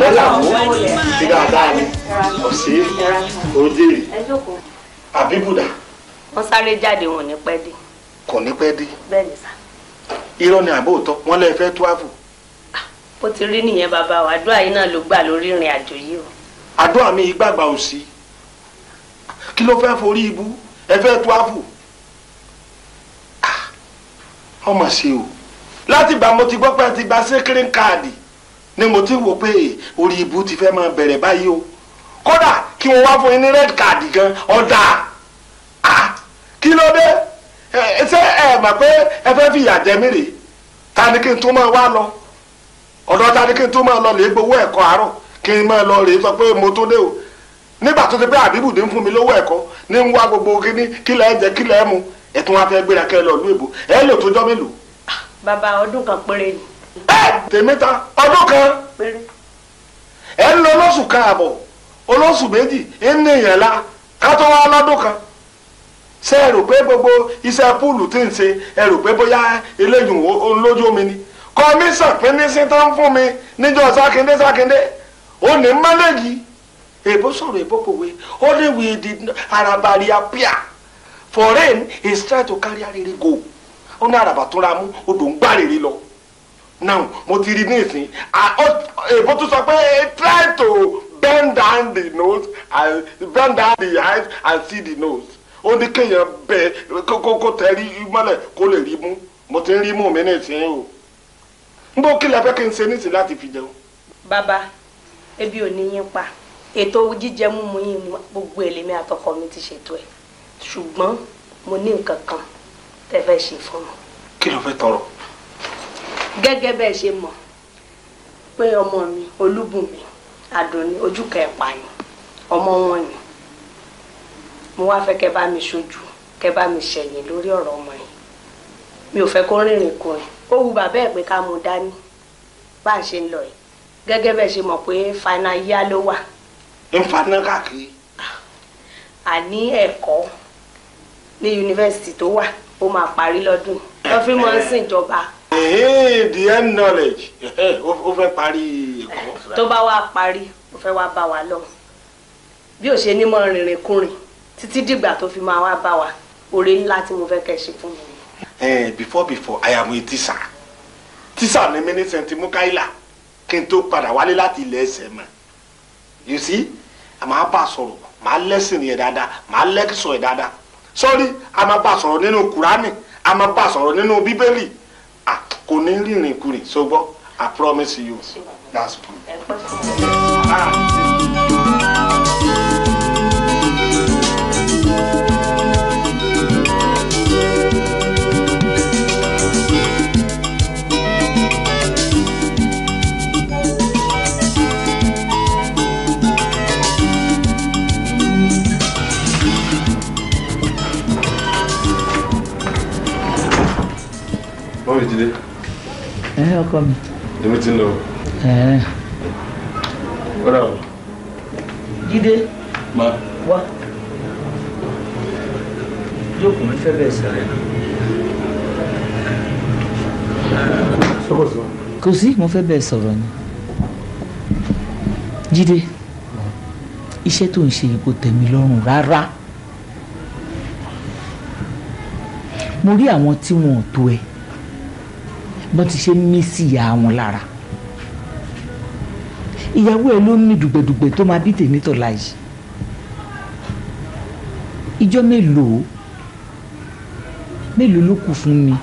lẹ́làwó ṣe dáadáa ni ọ̀sẹ̀ òjèrè àbíbùdà. wọ́n sáré jáde wọn ní pẹ́ dé. kò ní pẹ́ dé. bẹ́ẹ̀ni sá. irọ́ ni àbó òótọ́ wọ́n lẹ́ẹ̀ fẹ́ túwáfù. ó ti rí nìyẹn bàbá wa àdúrà yìí náà ló gbà lórí ìrìn àjò yìí o. àdúrà mi ìgbàgbà òsì kí ló fẹ́ forí ibú ẹ fẹ́ túwáfù. Ah, ọmọ ṣe o láti gbà mo ti gbọ́ pé ẹ ti gba sékírín káàdì ni mo ti wò pé orí ibu ti fẹ́ máa bẹ̀rẹ̀ báyìí o kódà kí wọ́n wá fún yín ní red card gan ọ̀dà kí ló dé ṣé ẹ mọ̀ pé ẹ fẹ́ fi ìyà jẹ mí rè ta ni kí n tún máa wá lọ ọ̀dọ̀ ta ni kí n tún máa lọ lè gbowó ẹ̀kọ́ àárọ̀ kí n máa lọ rè sọ pé mo tún dé o nígbà tó ti pé àbíbù ní fún mi lówó ẹ̀kọ́ ní ń wá gbogbo kíní kí lẹ́ jẹ kí lẹ́ mu ètò e wọn fẹ́ gbéra kẹ́ lọ lú èbò ẹ e tó jọ́ mélòó. Ah, bàbá ọdún kan péré ni e ọdún kan ẹ ń lọ lọ́sùn kan olóṣù méjì ń ní èèyàn la ká wá lọ́dún kan ṣé ẹ rò pé gbogbo iṣẹ́ púùlù tí ń ṣe ẹ rò pé bóyá eléyìí olójú omi ni kọmíṣàn pínísí tó ń fún mi sákindé sákindé ó ní mọ́lẹ́gì èbó sọ̀rọ̀ èbó ó ní we did apia now mo ti rí nísìn èbó tún sọ pé try to bend down the nose and bend down the eyes and see the nose ó ní kéèyàn bẹ kókó tẹrí mọ́lẹ̀ kó lè rí mú mo ti ń rí mú mi nísìn o n bó kílẹ̀ fẹ́ kí n ṣe nísìn láti fi jẹun. bàbá ebi ò ní yín pa ètò jíjẹ mímu yín gbogbo èlémi àtọkọ mi ti ṣètò ẹ ṣùgbọ́n mo ní nǹkan kan tẹ́ fẹ́ ṣe fún mi. kí ló fẹ́ tọrọ gẹ́gẹ́ bẹ́ẹ̀ ṣe mọ̀ pé ọmọ mi olúbùnmi àdùnní ojú kẹpa ni ọmọ wọn ni mo wá fẹ́ kẹ́ bá mi ṣojú kẹ́ bá mi ṣẹ̀yìn lórí ọ̀rọ̀ ọmọ yìí mi ò fẹ́ kó rìnrìn kùnrin ó wu bàbá ẹ̀ pé ká mú dání bá a ṣe ń lọ yìí gẹ́gẹ́ bẹ́ẹ̀ ṣe mọ̀ pé fana yá ló wà. ń fana káàkiri. àní ẹ̀kọ́ ní yunifásitì tó wà ó máa parí lọ́dún lọ́fíìmọ̀ ń sìn ìjọba the end knowledge ó fẹ́ parí ẹ̀kọ́. tó bá wá parí ó fẹ́ wá bá wa lọ bí ó ṣe nímọ̀ rìnrìn kùnrin títí dìgbà tó fi máa wá bá wa oore ńlá tí mo fẹ́ kẹ́ ṣe fún mi. Eh, before before I am a Tisa. Tisa, ni mi ní sẹ́ńtì mukaila kí n tó padà wálé láti ilẹ̀ ẹsẹ̀ mọ́ you see màá bá sọ̀rọ̀ màá lẹ́sìn yẹn dáadáa màá lẹ́kìsọ̀ yẹn dáadáa sọ́rí a máa bá sọ̀rọ̀ nínú kùránì a máa bá sọ̀rọ̀ nínú bíbélì kò ní rìnrìn kurì ṣùgbọ́n I promise you that's good. Ah. Jídé ẹ ọkọ mi. èmi ti lọ. ọ̀rọ̀ àwọn. gide ma. wá. jókòó mi fẹ́ bẹ́ẹ̀ sẹ́rẹ̀ náà. kò sí mo fẹ́ bẹ́ẹ̀ sọ̀rọ̀ ni jíde iṣẹ́ tó ń ṣe yìí kò tẹ̀mí lọ́rùn rárá mo rí àwọn tí wọn ò tó ẹ. E bọ́n ti ṣe mí sí ìyá wọn lára ìyàwó ẹ ló ní dùgbẹ̀dùgbẹ̀ tó máa bí tèmi tọ̀la yìí ìjọ́ mélòó mélòó ló kù fún mi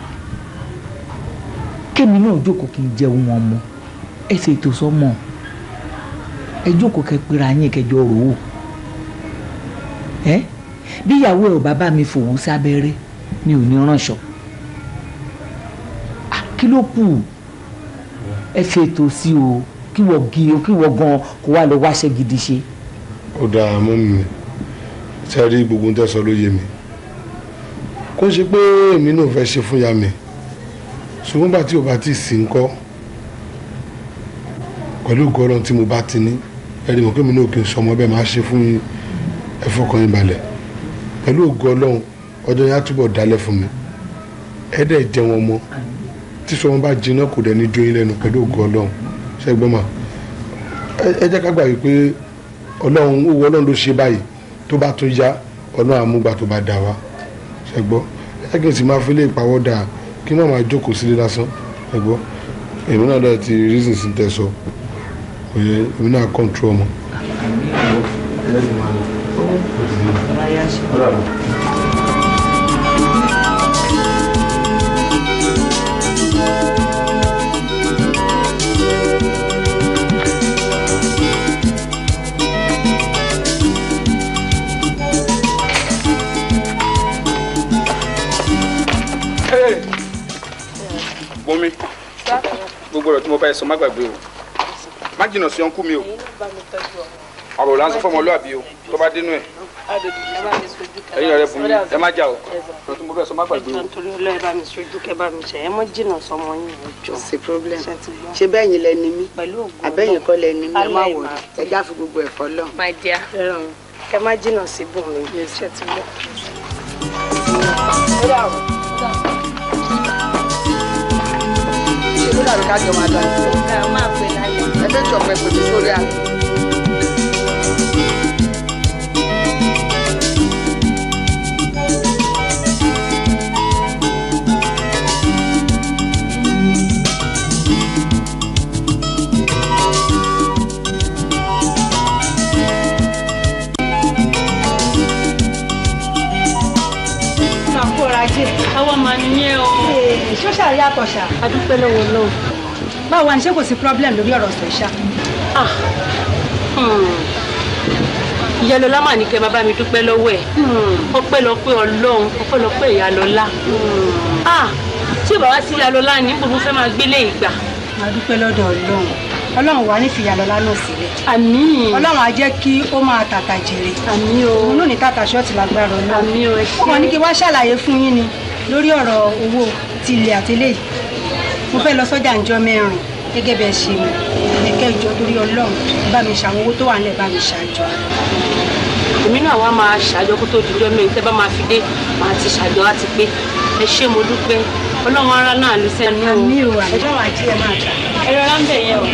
kémi náà jókòó kí n jẹun wọn mọ ẹ ṣètò sọmọ ẹ jókòó kẹ pera yín kẹjọ rò ó ẹ bí ìyàwó ẹ ò bá bá mi fòwò sábẹ́rẹ́ mi ò ní ránṣọ kí ló kù ẹ fi ètò sí o kí wọ́n gi o kí wọ́n gan kó wá lọ wáṣẹ́ gidi ṣe. ó dáa mú mi ṣe rí gbogbo tẹ́ sọ ló yé mi kó ṣe pé èmi náà fẹ́ ṣe fún ya mi ṣùgbọ́n bá tí o bá ti sì ń kọ́ pẹ̀lú ìkọ́rọ̀ tí mo bá ti ní ẹni mọ̀ pé mi náà kì í sọmọ bẹ́ẹ̀ máa ṣe fún ẹ̀fọ́ kan yín balẹ̀ pẹ̀lú ògo ọlọ́run ọjọ́ yẹn á túbọ̀ dálẹ̀ fún mi ẹ̀ẹ́dẹ̀ jẹun ọmọ tí sọmọ bá jiná kò dẹ̀ ní jó yín lẹ́nu pẹ̀lú ògùn ọlọ́run ṣe gbọ́n mà ẹ jẹ́ ká gbà yìí pé ọlọ́run owó ọlọ́run ló ṣe báyìí tó bá tún yá ọlọ́run àmúgbà tó bá dà wá ṣe gbọ́ ẹ kì í sì máa fi lè pàwọ́dà kí wọ́n máa jókòó sílé lásán ṣe èmi náà dẹ̀ ti reason sí tẹ̀ sọ òye èmi náà control ọmọ. Thank you. fẹ́ sọ má gbàgbé o má jìnnà sí ọ̀nkú mi o ọ̀rọ̀ là ń sọ fọmọ lóàbí o tó bá dénú ẹ̀ ẹ̀yin ọ̀rẹ́ fún mi ẹ má jà o ọ̀rọ̀ tí mo fẹ́ sọ má gbàgbé o. nítorí ọlọ́ ẹ bá mi sojú kẹ bá mi ṣe ẹ mọ jìnnà sọmọ yín ọjọ́ ṣe problem ṣe bẹ́ẹ̀ yín lẹni mí àbẹ́yìn kọ́ lẹni mí ẹ má wò ẹ já fi gbogbo ẹ̀fọ́ lọ. my dear kẹ má jìnnà sí bùnmi ṣe ti bọ́ ló dàbí kájọ máa máa pè láyé. ẹ fẹ́ pèsè sórí àná. àwọn màníyẹn ṣó ṣàrí àtọ̀ṣà adúpẹ́ lọ́wọ́ lọ́wọ́ báwo ni ṣé kò sí problem lórí ọ̀rọ̀ sọ̀ṣà. Ah, hmm. ìyálọ́lá mà ní kẹ́ máa bá mi dúpẹ́ lọ́wọ́ ẹ̀ ọpẹ́lọpẹ́ hmm. ọlọ́run ọpẹ́lọpẹ́ ìyálọ́lá hmm. ah, tí ò bá wá sí ìyálọ́lá ní gbogbo fẹ́ máa gbélé ìgbà. máa dúpẹ́ lọ́dọ̀ ọlọ́run ọlọ́run wà ní fìyàlọ́lá náà sílẹ̀. àmín. ọlọ́run á jẹ́ kí ó máa tàtà jèrè. àmín o. òun náà ní tàtà ṣọ́ọ̀tì lágbára ọlọ́run. àmín o ẹ ṣé. ọkàn ní kí wá ṣàlàyé fún yín ni lórí ọ̀rọ̀ owó ti ilẹ̀ àtẹlẹ́ yìí mo fẹ́ lọ sọ́jà ǹjọ́ mẹ́rin gẹ́gẹ́ bẹ́ẹ̀ ṣe mi ẹ̀kẹ́ ìjọ torí ọlọ́run bá mi ṣàwọn owó tó wà nílẹ̀ bá mi ṣàjọ. èmi náà wá máa ṣàjọ kó tó dijọ́ mẹ́rin tẹ́ bá máa fi dé máa ti ṣàjọ á ti pé ẹ ṣé mo dúpẹ́ ọlọ́run ara náà ló sẹ́nu o àmì o àjọ àti ẹ máa dà ẹ rọra ń bẹ̀ yẹn o.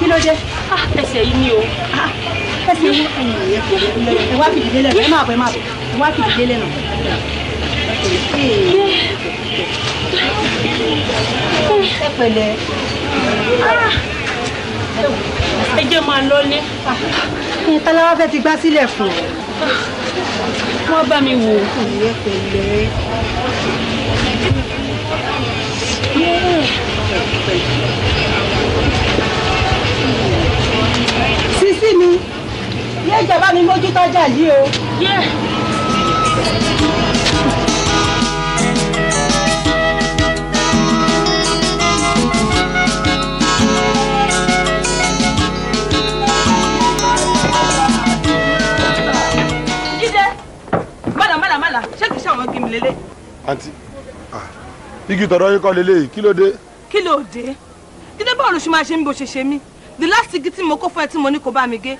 kí ló dé? Ah, ẹsẹ̀ yìí ni o. Ah, kẹsì ewu ẹ máa bọ̀ ẹ máa fẹ́ ti gbá sílẹ̀ fún wọ́n bá mi wò ó. mi yé ìjọba mi mójútó ọjà yìí o. mọ́là ṣé kìí ṣàwọn igi mi lélẹ̀. àǹtí ah, igi tọ̀dọ̀ yín kọ́ lélẹ̀ kí ló dé. kí ló dé dídé bọ́ọ̀lù ṣe máa ṣe ń bó ṣe ṣe mí the last igi tí mo kó fún ẹ tí mo ní kó bá mi gé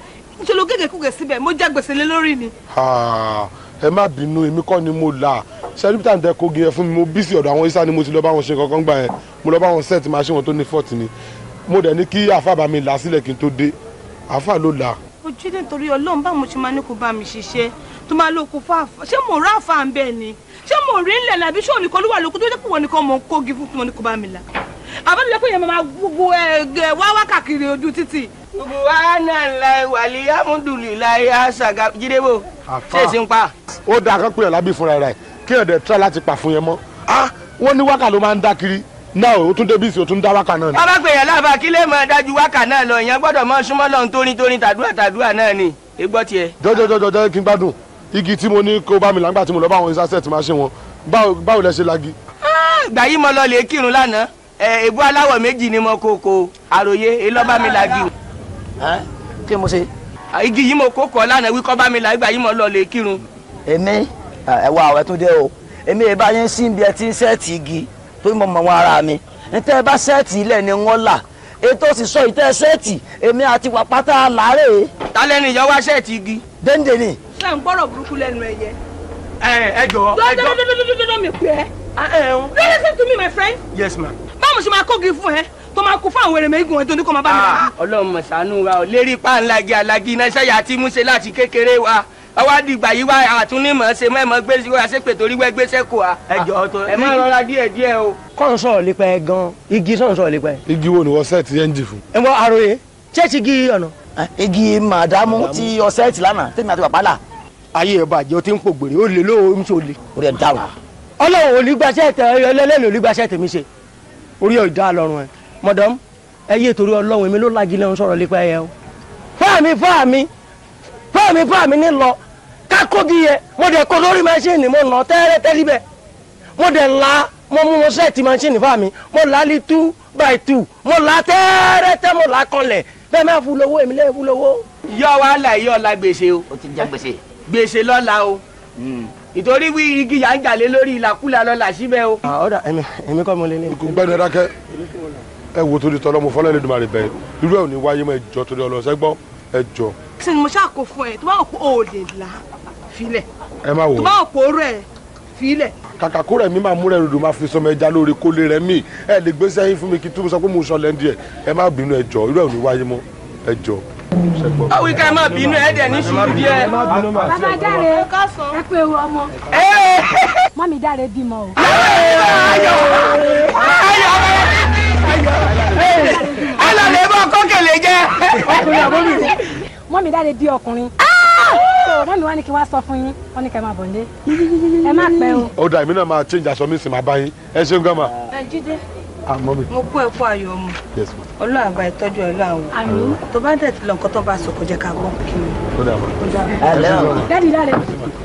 ṣe ló gègé kúgẹ̀ síbẹ̀ mo jẹ́ gbèsè lé lórí ni. ẹ má bínú èmi kọ́ ni mo là ṣẹ́ẹ́dí tá à ń tẹ kogi ẹ fún mi mo bí sí ọ̀dọ̀ àwọn isa ni mo ti lọ bá wọn ṣe kankan gbà yẹn mo lọ bá wọn sẹ́ẹ̀tì máa ṣe wọn tó ní fọ́ọ̀tì ni mo dẹ̀ ní kí àáfà bá mi là sílẹ̀ kí n tó dé àáfà ló là. ojú ní torí ọlọ́run báwo ṣe máa ní kó bá mi ṣiṣẹ́ tó máa lóko fáfá ṣé mo rá àfà ń bẹ́ẹ̀ ni ṣé mo rí ńlẹ̀ làbí ṣé òníkan olúwa lóko tó dé pọ̀ nìkan mọ̀ ń kógi fún tí mo ní kó bá mi là àbálòpọ̀ yẹn máa wá wákàkiri ojú títì subhanallah walhamdulillahi asaga jidebo ṣe ti ń pa. ó dáa kan pé ọ̀làbí fúnra rẹ̀ kí ọ̀dẹ̀ tíra láti pa fún yẹn mọ́ wọ́n ní wákà ló máa ń dá kiri náà o tún débi ìsìn o tún dá wákà náà ni. bàbá pèèyàn láàbà kí lè máa dájú wákà náà lọ ìyẹn gbọ́dọ̀ máa súnmọ́ lọ́n torin torin tàdúrà tàdúrà náà ni egbọ́ tiẹ̀. jọjọjọjọ kí n gbádùn igi tí mo ní kó bá mi làǹgbà tí mo lọ bá àwọn ìsásẹ̀ tí máa ṣe wọn báwo lẹ ṣe lagi. Ah, ìgbà yìí mo lọ lè kírun lánàá èbú aláwọ̀ méjì ni mo kò kò àròyé èlọ́bàmí lagi. kí mo ṣe. igi yìí mo kó kọ lánàá wí kọ́ bá mi là ìgbà yìí mo lọ lè kírun. èmi ẹ ọ̀rẹ́ dé o èmi ẹ bá yín sí ibi ẹ ti ń sẹ́ẹ̀tì igi tó mọ̀ mọ̀ wọn ara mi níta ẹ bá sẹ́ẹ̀tì ilẹ̀ ni wọ́n là ètò sì sọ ìtẹ́ sẹ́ẹ̀tì èmi àti wà pátá làárẹ̀. ta lẹ́nu ìyá wa sẹ́ẹ̀tì igi. dénde ni. ṣé n gbọ́dọ̀ burúkú lẹ́nu ẹ̀yẹ. ẹ ẹ jọ ẹ jọ. dọ́dọ́dọ́dọ́dọ́dọ́ mi pè é. lọ́dọ̀ sí to me my friend. yes ma. báwo ṣe máa gi fún ẹ tó máa kú fún àwọn èrèmé igun ẹ̀ tó ní kó máa bá mi ah, rà. ọlọ́run mọ̀ ṣàánú wa ò lérí pa ńlági iná iṣẹ́ yà á láti kékeré wa àwa di ìgbà yìí wa àtúnní mọ̀ ṣe mọ́ gbé sí wa ṣépè torí wẹ́ gbé sẹ́kù wa. ẹ jọ ah, tó ẹ má rọra díẹ̀ díẹ̀ o. kọ́n sọ̀rọ̀ lépa ẹ gan igi sọ̀rọ̀ sọ̀rọ̀ lépa ẹ. igi wo ni wọ́n sẹ́ẹ̀tì yẹn ń fún. ẹ wọ àròyé ṣẹ́ẹ̀tì igi ọ̀nà. Ah, igi màdàmú ti ọ̀sẹ́ẹ̀tì lánàá tèmi àti bàbá là. ayé ẹ bàjẹ́ o ti ń pò gbèrè o lè lóo omi tí o lè. orí ẹ dáhùn. ọlọ́run ò ní gbaṣẹ́ tẹ ọlọ́lẹ́ni mọ̀dọ́m ẹ yé torí ọlọ́run èmi ló lági lẹ́hún sọ̀rọ̀ lépa ẹ̀yẹ o fáàmì fáàmì fáàmì fáàmì ní lọ kákógi yẹ mo dẹ̀ kó lórí máṣíìnì mo nà tẹ́rẹ́ tẹ́rí bẹ́ẹ̀ mo dẹ̀ la mo mú mo sẹ́ẹ̀tì máṣíìnì fáàmì mo là á lé two by la mo là á la tẹ́ mo là á kọlẹ̀ bẹ́ẹ̀ máa fún lówó èmi lẹ́yìn fún lówó. yọ wa la yọ la gbèsè o. o ti jẹ gbèsè. gbèsè lọ́la o ìtorí hmm. wí igi yà ń jà lé lórí ìlàkulà lọ́la síbẹ̀ o. Ah, ọ̀dà èmi èmi kọ́ mo lè ní. kò gbẹ́dọ̀ dákẹ́ ẹ wo torí tọ́lọ́ mo fọ́lọ́ Ẹlẹ́dùmarè bẹ́ẹ̀ irú ẹ̀ ò ní wáyé mọ́ ẹjọ́ torí ọlọ́sẹ́ gbọ́ ẹjọ́. ṣé ni mo ṣàkó fún ẹ tó bá wò pé o lè là filẹ̀. ẹ má wò ó tó bá wò pé o rẹ̀ filẹ̀. kàkà kó rẹ̀ mi máa mú rẹ̀ ròdò máa fi sọmọ ẹja lórí kólé rẹ̀ mí ẹ lè gbé sẹ́yìn fún mi kí tó sọ pé mo sọ lẹ́ndí ẹ ẹ má bínú ẹjọ́ irú ẹ̀ ò ní wáyé mọ́ ẹjọ́. awo ika ẹ má bínú ẹ dẹ̀ ní sùúrù díẹ̀. bàbá dáre ẹ pé ọmọ. mọ́mí dáre ọkùnrin àbómi. mọ́ mi dáre bí ọkùnrin. ọ̀rẹ́ mi wá ní kí wá sọ fún yín wọ́n ní kẹ́ máa bọ̀ nílé. ẹ má pẹ́ o. ó dà èmi náà máa change aṣọ mi sì máa bá yín ẹ ṣeun gan ma. ẹ jíde mo kú ẹ kú ayọ̀ ọmọ Ọlọ́run àgbà ìtọ́jú ẹ láwọn tó bá dẹ̀ ti lọ nǹkan tó bá sọ kò jẹ́ ká gbọ́ kí ni. dáàdi dáre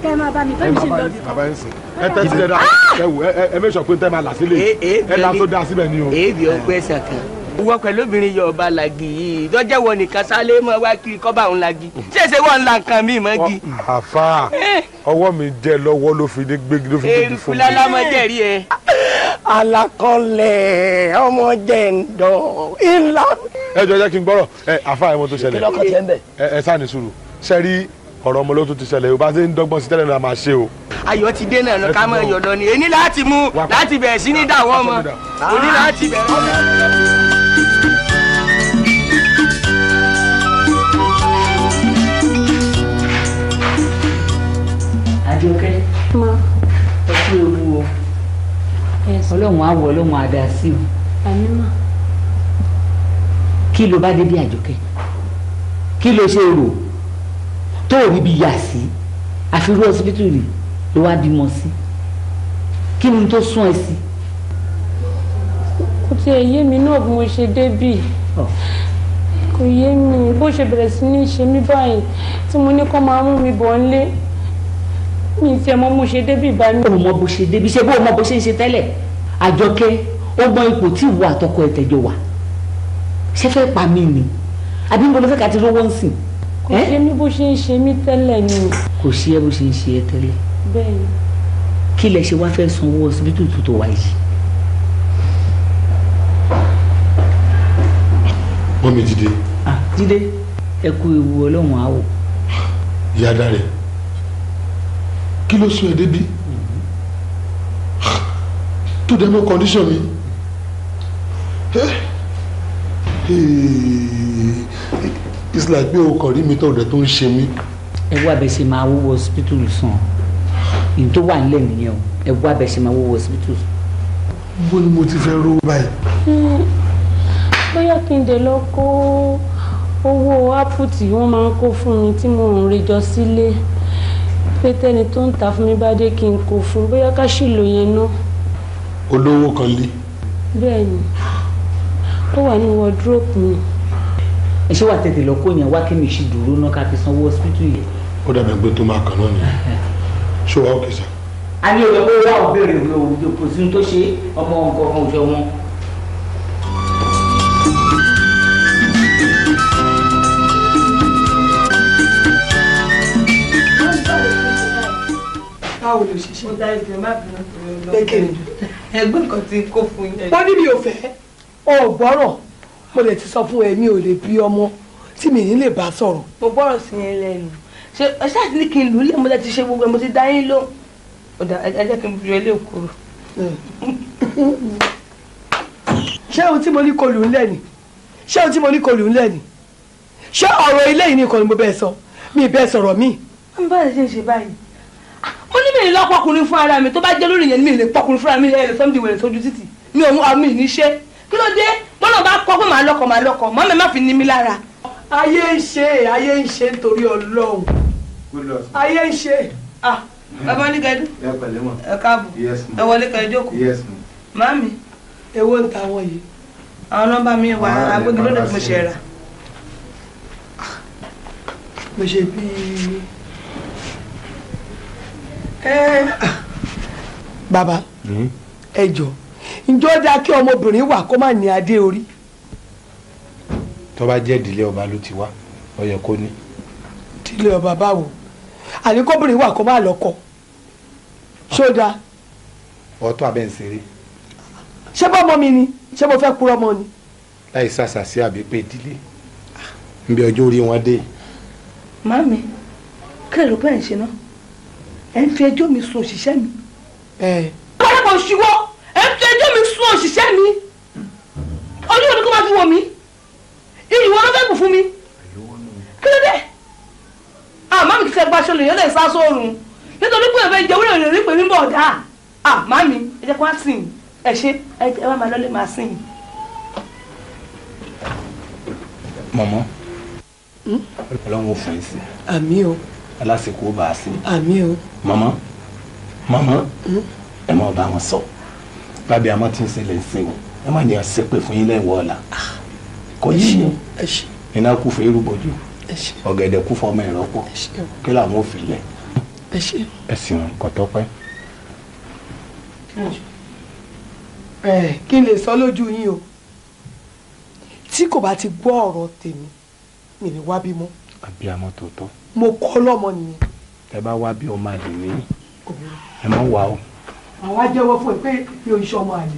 kẹ́ ẹ máa bá mi fẹ́ mi ṣe lọ bí kan. ẹ tẹ́tí dẹ́dá ẹ wò ẹ mẹ́sàn pé ń tẹ́ máa là sílé ẹ là tó dá síbẹ̀ ni o. èébì ọgbẹ́ ẹ̀sẹ̀ kan wọ́n pẹ̀lú obìnrin yorùbá lagi yìí lọ́jọ́ wọn nìkan sálé mọ́ wá kiri kọ́ bá òun lagi ṣèṣe wọ́n la nǹkan mi mọ́ gi. àfa ọwọ́ mi jẹ́ lọ́wọ́ ló fi dé gbégi ló fi gbégi fún mi. èrùkúlá lọ́mọdé rí ẹ. alakọlẹ ọmọdé ń dọ ìlà. ẹ jọ jẹ́ kí n gbọ́rọ̀ ẹ àfa ẹ mọ tó ṣẹlẹ̀ ẹ ẹ sùúrù ṣe ọ̀rọ̀ ọmọ ló tún ti ṣẹlẹ̀ yorùbá ń dọ́gbọ́n sí tẹ́lẹ̀ náà máa ṣe o. ayọ̀ ti dé náà ká mọ̀ ẹ̀yọ̀ lọ ni èyí ní láti mú láti bẹ̀rẹ̀ sí ní dàwọ́ ọmọ òní láti bẹ̀rẹ̀ àjọkẹ́ ọtí ewu o ọlọ́run á wọ ọlọ́run á dá sí o kí ló bá dé bí àjọkẹ́ kí ló ṣe rò tó o rí bí yà sí àfirú ọsibítù rè ló wá bímọ sí kí ni tó sún ẹ sí. kò tiẹ̀ yé mi náà bí mo ṣe débì kò yé mi bó ṣe bẹ̀rẹ̀ sí ní ṣe mí báyìí tí mo ní kó máa mú mi bọ̀ ń lé mi ti ẹ mọ mo ṣe débi ìbá mi. o mọ bó ṣe débi ṣe bó o mọ bó ṣe ń ṣe tẹ́lẹ̀ àjọkẹ́ ó mọ ipò tí ìwọ àtọkọ ẹ̀ tẹ̀jọ wà ṣé fẹ́ pa mí ni àbí mo lọ fẹ́ ká ti lówó ń sìn. kò ṣe mí bó ṣe ń ṣe mí tẹ́lẹ̀ ni. kò ṣe ẹ bó ṣe ń ṣe ẹ tẹ́lẹ̀. bẹ́ẹ̀ni. kí lẹ ṣe wá fẹ́ sanwó ọsibítù tó wá yìí. mọ́mi jíde. ah jíde ẹ kú ewu ọlọ́run àwò. ìyá dáre kí ló sún ẹ débi tó dẹ́ mọ́ condition mi it's like pé o kàn rí mi tọ̀dẹ̀ tó ń ṣe mí. ẹ wá bẹ́ẹ̀ ṣe máa wúwo hospital sàn ní tó wà nílẹ̀ nìyẹn o ẹ wá bẹ́ẹ̀ ṣe máa wúwo hospital. bó ni mo ti fẹ́ rówó báyìí. bóyá kí n dẹ̀ lọ kó owó apple tí wọ́n máa ń kó fún mi tí mò ń rejọ sílé. Si pé tẹ́ni tó ń ta fún mi bá dé kí n kó fún bóyá ká sì lò ná. olówó kan lé. bẹ́ẹ̀ ni ó wà ní wardrobe mi. ẹ ṣé wàá tètè lọ kó yẹn wá kí mi ṣì dúró náà ká fi sanwó hospital yẹn. ó dàbí pé tó máa kàn náà ni ṣé wàá kì í sá. a ní ọjọ́ pé wàá ò béèrè òun òun tó ṣe ọmọ nǹkan ọ̀ṣọ́ wọn. báwo lè ṣiṣẹ́. mo dá ìjọ má bínú torí ọlọ́pàá. pékèrè ẹgbẹ́ nǹkan ti kó fún yẹn. wọ́n ní mi ò fẹ́ ọ̀gbọ́rọ̀ mo lè ti sọ fún ẹ mi ò lè bí ọmọ tí mi ní lè bá sọ̀rọ̀. mo gbọ́rọ̀ sí yẹn lẹ́nu ṣe ẹ ṣáà ti ní kí n lù ú lé mo ti ṣe gbogbo ẹ mo ti dá yín ló ọ̀dà ẹ jẹ́ kí n fi ilé òkúrò. ṣé ohun tí mo ní kọlù ńlẹ̀ ni ṣé ohun tí mo ní kọlù ńlẹ̀ ni ṣé ọ̀rọ̀ ilé yìí nìkan ni mo bẹ́ẹ̀ sọ mi bẹ́ẹ̀ sọ̀rọ̀ mi. wọ́n bá ṣe ń ṣe báyìí ó ní mi ní fún ara mi tó bá jẹ́ lórí yẹn mi ní pọkùnrin fún ara mi ẹ̀ lọ́sọ́mdì wẹ̀rẹ̀ sójú títì mi ò mú àmì ní kí ló dé bọ́lá bá kọ́ pé màá lọ́kọ̀ màá lọ́kọ̀ mọ́ mi má fi ní mi lára. ayé ń ṣe ayé ń ṣe nítorí ọlọ́run ayé ń ṣe ah bàbá ní gẹdú ẹ káàbọ̀ ẹ wọlé kẹ jókòó mami èwo ń ta wọ yìí àwọn nọ́mbà mi wà ah, agbègbè lónìí mo ṣe rà mo ṣe bíi. Baba, hmm? ẹ jọ ǹjọ́ dáa kí ọmọbìnrin wà kó má ní adé orí. tó bá jẹ́ ìdílé ọba ló ti wá ó yẹ kó ní. ìdílé ọba báwo àní kóbìnrin wà kó má lọ́kọ ṣó dáa. ọtọ abẹ ń ṣeré. ṣé bọ́mọ mi ni ṣé mo fẹ́ kúrọ́ mọ́ ni. láì sàṣà sí àbí pé ìdílé ń bí ọjọ́ orí wọn dé. màmí kí èrò bẹ́ẹ̀ ń ṣe náà ẹ ń fi ẹjọ́ mi sun òṣìṣẹ́ mi. kọ́lẹ́pọ̀ ṣíwọ́ ẹ ń fi ẹjọ́ mi sun òṣìṣẹ́ mi ọdún òní kó máa fi wọ̀ mí iyì wọn ló fẹ́ bù fún mi kí ló dé ah, àmọ́ mi kì í ṣe gbaṣọ lè yọlẹ̀ sá sóòrùn nítorí pé ẹ̀fẹ́ ìjẹ́wúrò rẹ̀ rí pé mi bọ̀ dáa ah, àmọ́ mi ẹ jẹ́ kó wá sìn ẹ ṣe ẹ jẹ́ wá máa lọ́lé máa sìn. mọ̀mọ́ hmm? ọlọ́run ò fún yín sí. àmì o alásìkò bá a sí. àmì o. màmá màmá hmm? ẹ máa bá wọn sọ bábí àmọ́ tí ń ṣẹlẹ̀ ń sìn o ẹ má jẹ́ ṣépè fún yín lẹ́wọ̀ ọ̀la ah, kò yí yín iná kú fún irúgbòjú ọ̀gẹ̀dẹ̀ kú fún ọmọ ẹ̀rọ pọ̀ kí làwọn ò fi lẹ̀ ẹ sì ràn kọ́ tọ́pẹ́. kí n lè sọ lójú yín o tí kò bá ti gbọ́ ọ̀rọ̀ tèmi mi ni wá bímọ. àbí àmọ́ tòótọ́ mo kọ́ lọ́mọ nìyẹn. ẹ bá wá bí ọmọ àlè ní ẹ má wà o. àwa jẹ́wọ́ fún ẹ pé mi ò ṣe ọmọ àlè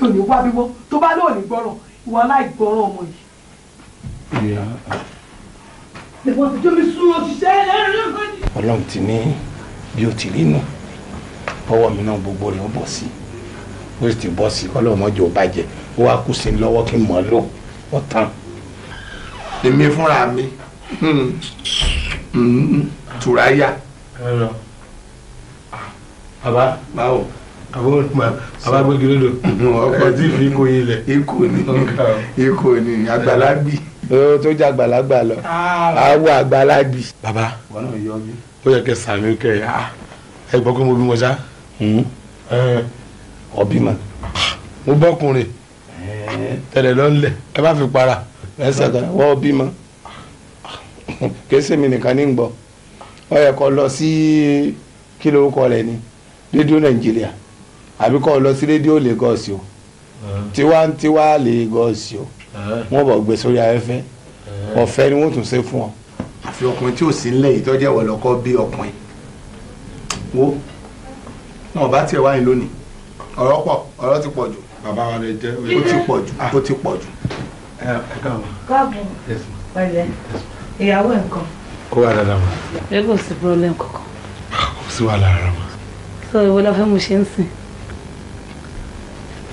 mi ò ní wá bímọ tó bá lóò ní gbọ́ràn ìwà aláìgbọ́ràn ọmọ yìí. ọlọ́run ti ní bí ó ti rí nù ọwọ́ mi náà gbogbo rẹ̀ ó bọ̀ sí ó sì ti bọ́ sí ọlọ́run mọ́jọ́ ò bàjẹ́ ó wá kù sí lọ́wọ́ kí n mọ̀ ọ́ lò ó èmi fúnra mi. Hmm. Mm-hmm. turaya. baba báwo. àbúrò ma baba gbégi lódò. ọkọ tí fi kò yin lẹ. ikú ni ikú ni àgbàlagbì. tó jẹ àgbàlagbà lọ àwọ ah. àgbàlagbì. baba ó yẹ kẹ sàmì kẹ ẹ gbọ́ pé mo bímọ ṣá. ọbí mm-hmm. ma. mo bọ́kùnrin eh. tẹ̀lé lọ́nlẹ̀ ẹ bá fi para ẹsẹ̀ kan wọ́n bímọ kì í ṣe mi nìkan ní ń gbọ́ ọ yẹ kó lọ sí kí ló kọ rẹ ni rédíò nàìjíríà àbí kó lọ sí rédíò Lagos o tiwantiwa Lagos o wọn bọ gbé sórí afẹ́fẹ́ ọ̀fẹ́ ni wọn tún ṣe fún ọ. àfi ọkùnrin tí ò sí nílẹ̀ yìí tó jẹ́ wọ̀lọ́kọ́ bí ọkùnrin wo náà bá tiẹ̀ wáyé lónìí ọ̀rọ̀ pọ̀ ọ̀rọ̀ ti pọ̀ jù bàbá wa lè jẹ́ ó ti pọ̀ jù ó ti pọ̀ jù. ẹ ah, ẹ káàbọ̀ káàbọ̀ pẹ̀lẹ́ ìyàwó ẹ̀ nǹkan. ó wà dáadáa ma. ẹ kò sí problem kankan. kò sí wàhálà rárá ma. sọ ìwọ la fẹ́ mo ṣe ń sìn.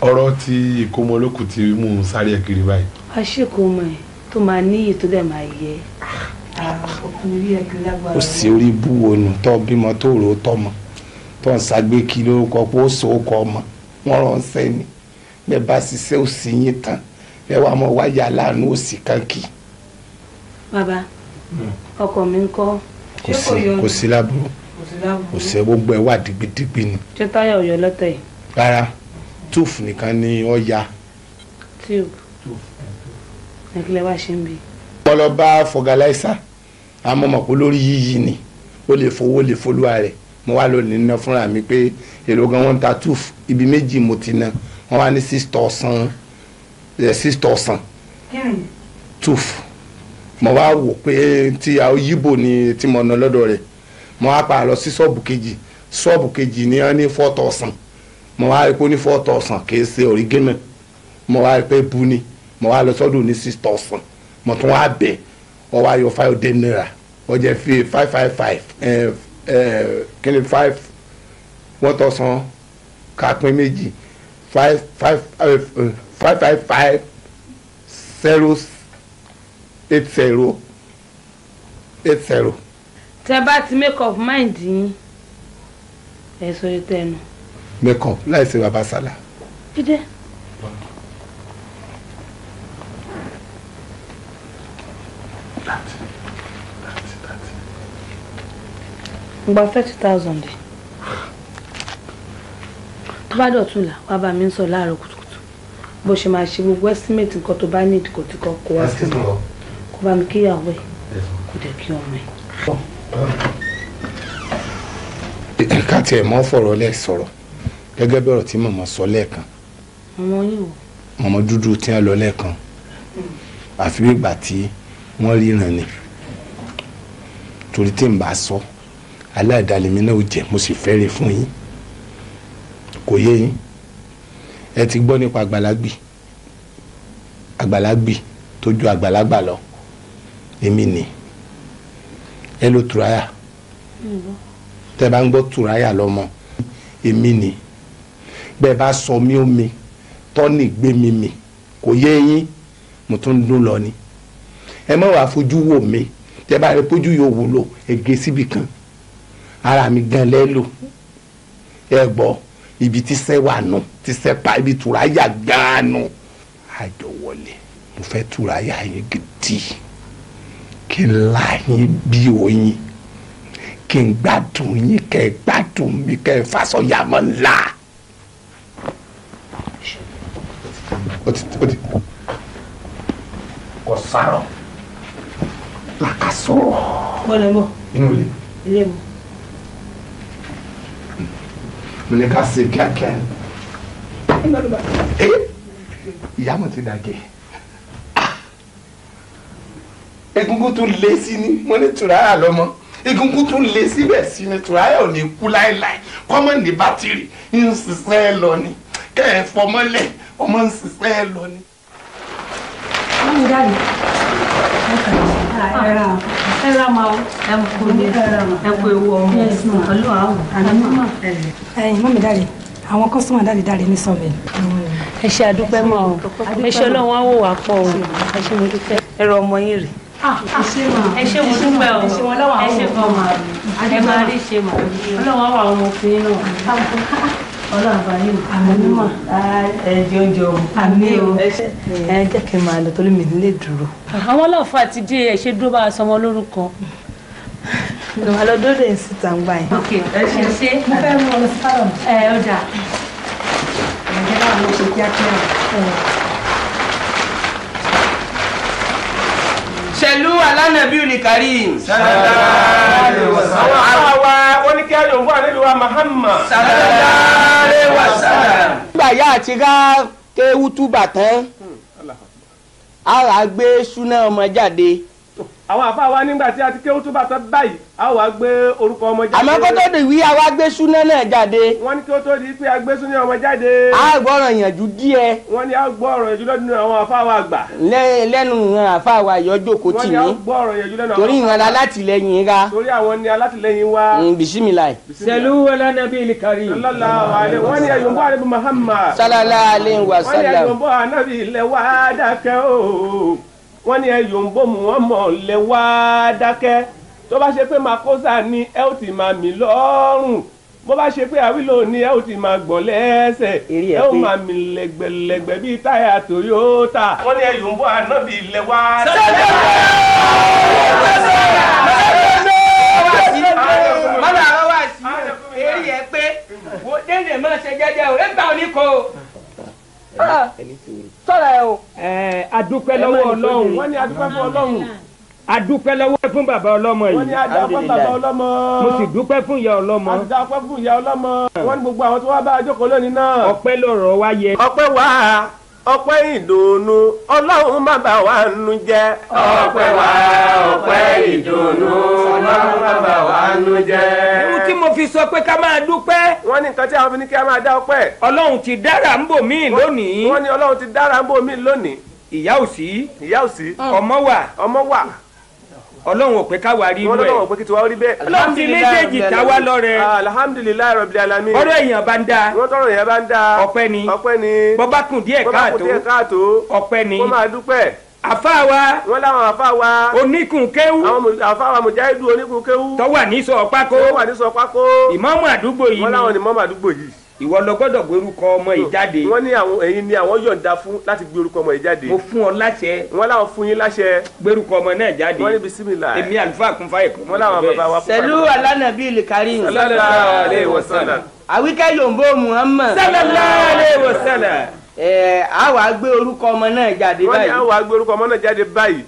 ọ̀rọ̀ tí ìkómọ olókùn ti mú un sáré ẹ̀ kiri báyìí. a ṣèkó ọmọ ẹ tó máa níyì tó dẹ̀ máa yẹ ó sì orí bú onù tó bímọ tó rò ó tọmọ tó ń ságbé kí lórúkọ pé ó so ókọ ọmọ wọn rán sẹni bẹ́ẹ̀ bá ṣiṣẹ́ òsì yín tán ẹ wàá mọ wáyà láàánú òsì kan baba, hmm. ọkọ mi ń kọ́ kò sí kò sí láburú kò sí gbogbo ẹ wà digbidigbi ni. ṣé táyà ọyọ lọtẹ yìí. rárá túùfù nìkan ni ó ya. tíùbù nàkìlẹ̀ wá ṣe ń bi. wọ́n lọ bá fọgàláìsà àmọ́ mọ̀ pé lórí yíyí ni ó lè fowó lè folúwa rẹ̀ mo wá lónìí ná fúnra mi pé èrò gan wọn ta túùfù ibi méjì mo ti ná wọn wá ní six thousand six thousand túùfù mo wá wò pé tí yíbò ni tí mo ná lọ́dọ̀ rẹ̀ mo wá pa lọ sí ṣọ́ọ̀bù kejì ṣọ́ọ̀bù kejì ni wọ́n ní four thousand mo wá rí pé ó ní four thousand kì í ṣe original mo wá rí pé bu ni mo wá lọ sọ́dọ̀ ní six thousand mo tún wá bẹ̀ ọ wá yọ five hundred naira ọ jẹ́ fi five five five kí ni five one thousand kápín méjì five five five five five zero eight zero eight zero. tẹ bá ti make up mind yín ẹ sọ yìí tẹnu. make up láìsí bàbá sálà. jíde. gba thirty thousand tó bá dọ̀tún là wàá bá mi ń sọ láàárọ̀ kùtùkùtù bó ṣe máa ṣe gbogbo estimate nǹkan tó bá ní ìdíkọ̀tìkọ̀ kó wá sí mi bá mi kíyàwó ẹ̀ kò dẹ̀ kí ọmọ ẹ̀. ká tiẹ̀ mọ́ fọ̀rọ̀ lẹ̀ sọ̀rọ̀ gẹ́gẹ́ bí ọ̀rọ̀ tí màmá sọ lẹ́ẹ̀kan. ọmọ yìí wò. màmá dúdú tí wọ́n lọ lẹ́ẹ̀kan hmm. àfi ìgbà tí wọ́n ríran ni torí tí n bá sọ aláìdálẹ́mí náà ò jẹ́ mo sì fẹ́rẹ̀ fún yín kò yé yín ẹ ti gbọ́ nípa àgbàlagbì àgbàlagbì tó ju àgbàlagbà lọ èmi ni ẹ lo tùráyà tẹ bá ń gbọ́ tùráyà lọ́mọ èmi ni bẹ́ẹ̀ bá sọ mí omi tọ́nì gbé mi mì kò yé yín mo tún dún lọ ni ẹ má wàá fojú wò mí tẹ bá rẹ pójú yóò wúlò ege síbì kan ara mi gan lẹ́lò ẹ gbọ́ ibi tí sẹ́ wà nù tí sẹ́ pa ibi tùráyà gan nù àjọwọlé mo fẹ́ tùráyà yín gidi kí n láyín bí oyin kí n gbádùn yín kẹ́ ẹ gbádùn mi kẹ́ ẹ fàṣọyà mọ́ ńlá. kò sárọ làkàsọ. bọ́lá ń bọ̀. inú ilé. ilé mi. mo ní ká ṣe kíákíá. ìyá mo ti dàgé egungun tún lé sí ni mo ní tùráyà lọ́mọ egungun tún lé síbẹ̀ sí ni tùráyà ò ní kú láéláé kọ́mọ̀ ní bátìrì ń ṣiṣẹ́ lọ ni kẹ́ ẹ̀ fọmọ́lẹ̀ ọmọ ń ṣiṣẹ́ lọ ni. wọ́n mi dáre ah, ẹ̀ra ẹ̀ra máa ẹ̀ kú ní ẹ̀ kú ewu ọmọ ọlọ́wà áwọ̀ àná ẹ̀yìn mọ́ mi dáre àwọn kọ́sọ́mà dáre dáre ní sọ́ọ̀bẹ̀. ẹ ṣe àdúpẹ́ mọ́ ọ ẹ ṣe ọlọ́run á wò wá pọ̀ ọ ẹ ṣe mo dúpẹ́. ẹ̀rọ ọmọ yín rèé. Ah, ah, ẹ ṣe mo dúpẹ́ o ẹ ṣe kan mà ẹ máa rí ṣe mà ọlọ́wọ́ wà ọmọ òfin náà ọlọ́run àbáyé àwọn ọlọ́fà ti dé ẹ dúró bá a sọmọ lórúkọ lọ́wọ́ lọ dóde ń síta ń gbà ok ẹ ṣe ṣe mo fẹ́ mú ọ lọ sí pálọ̀. ẹ ọjà ẹ̀jẹ̀ náà ló ṣe kíákíá. sẹ̀lú alánàbí olùkárí. sallallahu alaihi wasallam. àwa wa oníkẹ́ àjọ̀gbọ́n fún àlejò wa Muhammad. sallallahu alaihi wasallam. nígbà yá àti ká kéwú túbà tán ara gbé súná ọmọ jáde àwọn àfa wa nígbà tí a ti kéwú túbà tán báyìí a wàá gbé orúkọ ọmọ jáde. àmọ́ kó tó di wí àwa gbé súná náà jáde. wọ́n ní kí ó tó di pé a gbé súná ọmọ jáde. a gbọ́ ọ̀rọ̀ díẹ̀. wọ́n ní a gbọ́ ọ̀rọ̀ ìyànjú lọ́dún àwọn àfa wa gbà. lẹ́nu ìran àfa wa yọjọ́ kò tì mí. torí ìran alátìlẹyìn ra. torí àwọn ni wa. bisimilayi. sẹlú wàlá nàbí ilikari. wọ́n ní ẹ̀yọ̀ wa sallam. wọ́n wọ́n ní ẹyọ ń bòmù wọ́n mọ̀ lẹ wá dákẹ́ tó bá ṣe pé makosa ni ẹ ó ti máa mì lọ́rùn bó bá ṣe pé àwílò ni ẹ ó ti máa gbọ̀n lẹ́sẹ̀ ẹ ó máa mì lẹ́gbẹ̀lẹ́gbẹ̀ bíi táyà Toyota. wọ́n ní ẹyọ ń bọ̀ ànábì lẹ wá dákẹ́. mọ́nà àwọn wá sí eré ẹ pé wo dédé máa ṣe jẹ́jẹ́ o ẹ gbà ọ ní kò. ẹni tí o sọ̀rọ̀ ẹ o. ẹ adúpẹ́ lọ́wọ́ ọlọ́run. wọ́n ní adúpẹ́ fún ọlọ́run. adúpẹ́ lọ́wọ́ fún bàbá ọlọ́mọ yìí. wọ́n ní adúpẹ́ fún bàbá ọlọ́mọ. mo sì dúpẹ́ fún ìyá ọlọ́mọ. adúpẹ́ fún ìyá ọlọ́mọ. wọ́n ní gbogbo àwọn tó wá bá a jókòó lónìí náà. ọpẹ́ lọ́rọ̀ wa yẹ. ọpẹ́ wàá. ọpẹ́ ìdùnnú ọlọ́run má bà wá nú jẹ́. ọpẹ́ wa ọpẹ́ ìdùnnú ọlọ́run má bà wá nú jẹ́. irú tí mo fi sọ pé ká máa dúpẹ́. wọ́n ní nǹkan tí àwọn fi ní kí a máa dá ọpẹ́. ọlọ́run ti dára ń bò mí lónìí. wọ́n ní ọlọ́run ti dára ń bò mí lónìí. ìyá òsì! ìyá òsì! ọmọ wà. ọmọ wà. ọlọ́run ò pé ká wá rí rẹ̀ ọlọ́run ò pé kí tiwa rí bẹ́ẹ̀. ọlọ́run ti méjèèjì ta wá lọ́rẹ. alhamdulilayi rabil alamin. ọ̀rọ̀ èèyàn bá ń da. wọ́n tọrọ èèyàn bá ń da. ọpẹ́ ni ọpẹ́ ni. bọ́bá kùn díẹ̀ káàtó ọpẹ́ ni. kó máa dúpẹ́ àfa wa. wọ́n láwọn àfa wa. oníkun kéwú. àfa wa mujahidu oníkun kéwú. tọ́wà ní sọ tọ́wà ní sọ pákó. àdúgbò yìí ni. wọ́n láwọn ìmọ̀ọ́mù àdúgbò yìí ìwọ lọ gbọ́dọ̀ gbé orúkọ ọmọ yìí jáde. wọ́n ní àwọn ẹ̀yin ni àwọn yọ̀ǹda fún láti gbé orúkọ ọmọ yìí jáde. mo fún ọ láṣẹ. wọ́n láwọn fún yín láṣẹ. gbé orúkọ ọmọ náà jáde. wọ́n ní bisimilá. èmi àlùfáà kún fáyẹ kún. wọ́n láwọn bàbá wa fún wa. sẹlú alánàbí ìlìkárí. sallallahu alaihi wasallam. àwíkẹ́ yòǹbó muhammad. sallallahu alaihi wasallam. ẹ àwa gbé orúkọ ọmọ náà jáde báyìí. wọ́n ní àwa gbé orúkọ ọmọ náà jáde báyìí.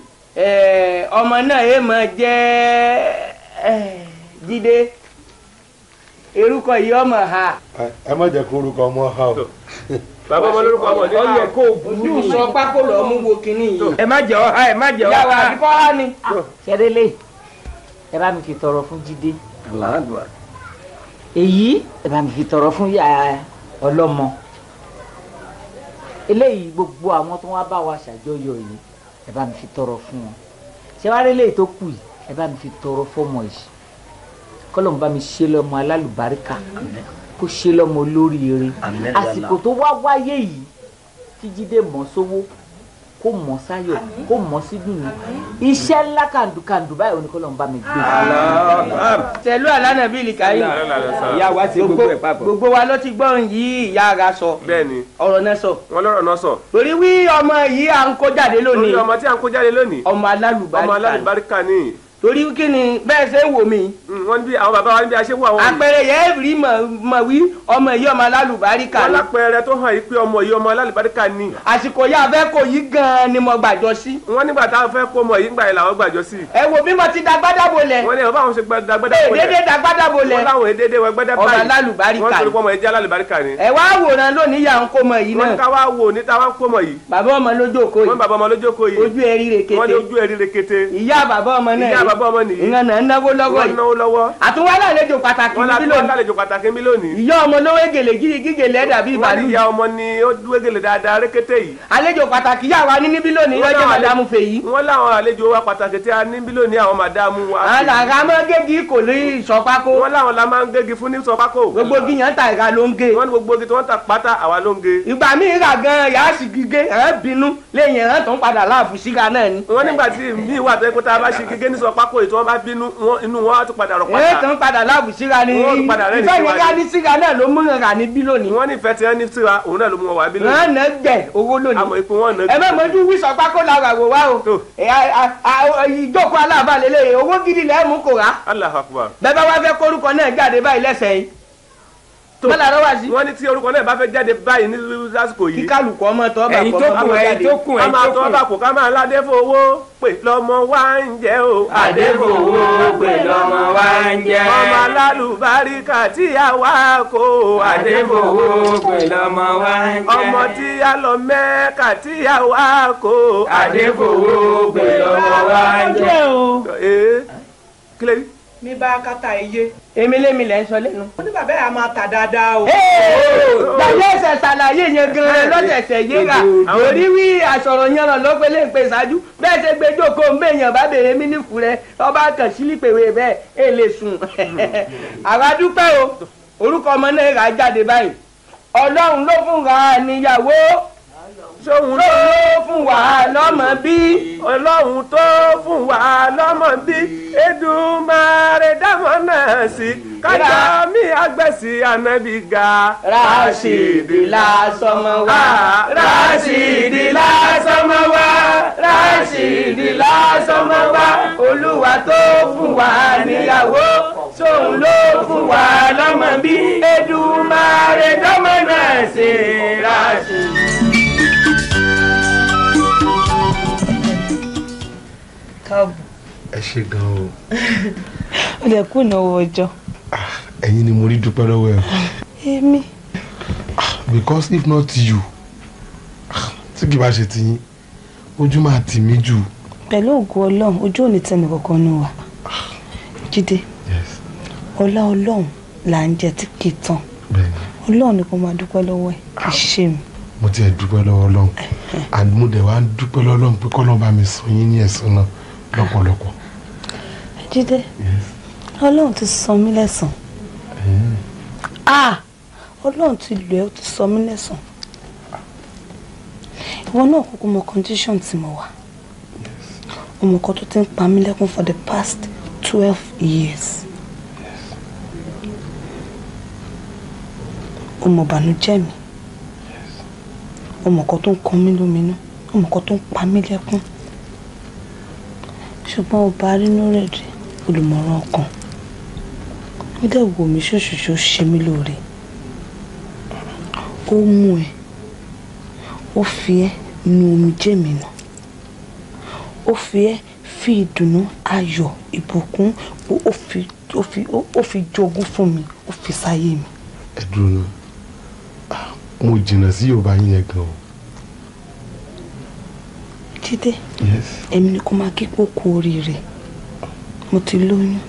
ọmọ erúkọ yìí ọmọ ha. ẹ má jẹ́ kó orúkọ ọmọ ha o. bàbá ọmọ lórúkọ ọmọ ní ha ọyọ kó ojú sọ pákó lọ mú wo kínní yìí. ẹ má jẹ́ ọha ẹ má jẹ́ ọha. yàrá àdìpọ̀ ha ni. ṣẹ́rẹ́lẹ̀ ẹ bá mi fi tọrọ fún Jídé. èyí ẹ bá mi fi tọrọ fún ọlọ́mọ eléyìí gbogbo àwọn tó wá bá wa ṣàjọyọ̀ yìí ẹ bá mi fi tọrọ fún wọn ṣé wàá rí eléyìí tó kù yìí ẹ bá mi fi tọrọ fọmọ yìí kọ́lọ́n bá mi ṣe lọ́mọ alálùbáríkà kó ṣe lọ́mọ olóríire àsìkò tó wá wáyé yìí kí Jídé mọ̀ sówó kó mọ̀ sáyọ̀ kó mọ̀ sí dùnú iṣẹ́ ńlá kàǹdùkàǹdù báyìí ni kọ́lọ́n bá mi gbé. tẹ̀lú àlànà bíi lìkàyè ìyá wa ti gbogbo ẹ̀ papọ̀. gbogbo wa ló ti gbọ́n yìí ìyá ara sọ ọ̀rọ̀ náà sọ. wọn lọ́rọ̀ náà sọ. torí wí ọmọ yìí à ń kó jáde lónìí. ọmọ tí à ń kó jáde lónìí. ọmọ alálùbáríkà ni torí kí ni bẹ́ẹ̀ ṣe ń wò mí. Hmm, wọ́n bí àwọn bàbá wa níbi aṣẹ́wó àwọn. àpẹẹrẹ yẹn rí mọ̀ wí ọmọ yìí ọmọ alálùbáríkà ni. wọ́n lápẹẹrẹ tó hàn yìí pé ọmọ yìí ọmọ alálùbáríkà ni. àsìkò yá fẹ́ kó yìí gan-an ni mo gbàjọ sí. wọ́n nígbà táwọn fẹ́ kó ọmọ yìí gbà yìí làwọn gbàjọ sí. ẹ wo bí mo ti dagbádàbò lẹ. wọ́n ní ọba àwọn ṣe dagbádàbò lẹ. èdèdè lẹ. wọ́n láwọn èdèdè wọ gbẹ́dẹ́ ni. wọ́n torí pé ọmọ yìí jẹ́ alálùbáríkà ni. ẹ wá wòran lónìí yà ń kó ọmọ yìí náà. wọ́n ká wá wò ní táwọn kó bọ́ ọmọ nìyí. ìyẹn náà ń náwó lọ́wọ́ yìí. wọ́n náwó lọ́wọ́. àtúnwá lálejò pàtàkì mi lónìí. wọ́n lálejò pàtàkì mi lónìí. ìyá ọmọ ló wégele gígele dàbí ìbàlú. wọ́n ní ìyá ọmọ ni ó wégele dáadáa rékété yìí. àlejò pàtàkì yà wá ní níbí lónìí lọ́jọ́ màdàmú fèyí. wọ́n láwọn àlejò wa pàtàkì tí a níbí lónìí wa. àlàra máa ń gégi kò ní ìsọpákó. wọ́n láwọn la máa ń gégi fún ní ìsọpákó. gbogbo igi yẹn ń ta ìra ló ń ge. wọ́n ní gbogbo igi tí wọ́n ta pátá àwa ló ń ge. yà ni. wọ́n pákó yìí tí wọ́n bá bínú inú wọn á tún padà rọ̀ padà. ètò ń padà láàbù síra ni ìfẹ́ yẹn ká ní síra náà ló mú ra ní bí lónìí. wọ́n ní ìfẹ́ tí wọ́n ní síra òun náà ló mú wọn wá bí lónìí. wọ́n náà gbẹ̀ owó lónìí. àmọ́ ipò wọn náà. ẹ má mọ ojú wíṣọ pákó la rà wò wá o oh. ìjókòó aláàbà lélẹ̀ owó gidi lẹ́ẹ̀mú kò rà. Allahu Akbar. bẹ́ẹ̀ bá wá fẹ́ kórúkọ náà jáde báyìí lẹ́sẹ̀ yìí bọ́lá rẹ wá sí. wọ́n ní tí orúkọ náà bá fẹ́ jáde báyìí ní lásìkò yìí. kíkàlùkọ́ ọmọ tó bá kọ́ ọmọ jáde. ẹ̀yin tó kùn ẹ̀yin tó kùn. a tọ́ bá ká máa ládé fowó pè lọ́mọ wá ń jẹ́ o. àdéfowó pè lọ́mọ wá ń jẹ́. ọmọ alálùbáríkà tí a wá kó. àdéfowó pè lọ́mọ wá ń jẹ́. ọmọ tí a lọ mẹ́ka tí a wá kó. àdéfowó pè lọ́mọ wá ń jẹ́. Eh, kílẹ̀ yìí mi bá kátà iye. èmi lèmi lẹ ń sọ lẹ́nu. ó ní bàbá yà máa tà dáadáa o. gbàgbé ẹsẹ̀ ṣàlàyé yẹn gan-an lọ́sẹ̀ẹ̀sẹ̀ yé ra lórí wí àsọ̀rọ̀ yẹn lọ lọ́pẹ́ lè pè ṣáájú bẹ́ẹ̀ ṣe gbé jókòó ń bèèyàn bá bèrè mí nífù rẹ ọba kan sílípèwé bẹ́ẹ̀ ẹ lè sùn. àwa dúpẹ́ o orúkọ ọmọ náà rà jáde báyìí ọlọ́run ló fún ra níyàwó sóhun tó fún wa lọ́mọ bí ọlọ́hun tó fún wa lọ́mọ bí Èdùmàrè dámọ̀ náà sí kájà mi àgbẹ̀sí ànábì ga. Rashidi la sọmọ ah, Rashidi la sọmọ Rashidi la sọmọ olúwa tó fún wa níyàwó sóhun ló fún wa lọ́mọ bí Èdùmàrè dámọ̀ náà sí Rashidi. káàbọ̀. ẹ ṣe gan o. ó lè kú ìnáwó ọjọ́. Ah, ẹ̀yin ni mo rí dúpẹ́ lọ́wọ́ ẹ. èmi. Ah, because if not you ah, tí kì bá ṣe ti yín ojú máa tì mí jù. pẹ̀lú ògùn ọlọ́run ojú ò ní tẹnì kankan nù wá. jíde ọlá ọlọ́run là ń jẹ tí kì í tán ọlọ́run ni kò máa dúpẹ́ lọ́wọ́ ẹ̀ kì í ṣe mi mo ti ẹ dúpẹ́ lọ́wọ́ lọ́hùn and mo dẹ̀ wá dúpẹ́ lọ́wọ́ lọ́hùn pé kọ́lọ́ bá mi sọ yín ní ẹ̀sùn náà lọ́pọ̀lọpọ̀. jíde ọlọ́run ti san mí lẹ́san ah! ọlọ́run ti lù ẹ́ ó ti san mí lẹ́san ìwọ náà kúkú mọ condition tí mo wà ọmọ kan tó ti ń pa mí lẹ́kún for the past twelve years ọmọ ìbànújẹ́ mi ọmọ kan tó ń kan mí lóminú ọmọ kan tó ń pa mí lẹ́kún. Yes ṣùgbọ́n ọba arínúrẹ̀dẹ̀ olùmọ̀ràn ọkàn ó dẹ̀ wò mí ṣòṣòṣò ṣe mí lóore ó mú ẹ ó fi ẹ nu omijé mi nà ó fi ẹ fi ìdùnnú ayọ̀ ìbùkún ó fi ó fi ó fi jogún fún mi ó fi sáyé mi. ẹ dùn ún ah, mo jìnnà sí yorùbá yín yẹn gan jíde èmi ni kò máa kíkó kú oríire mo ti lóyún.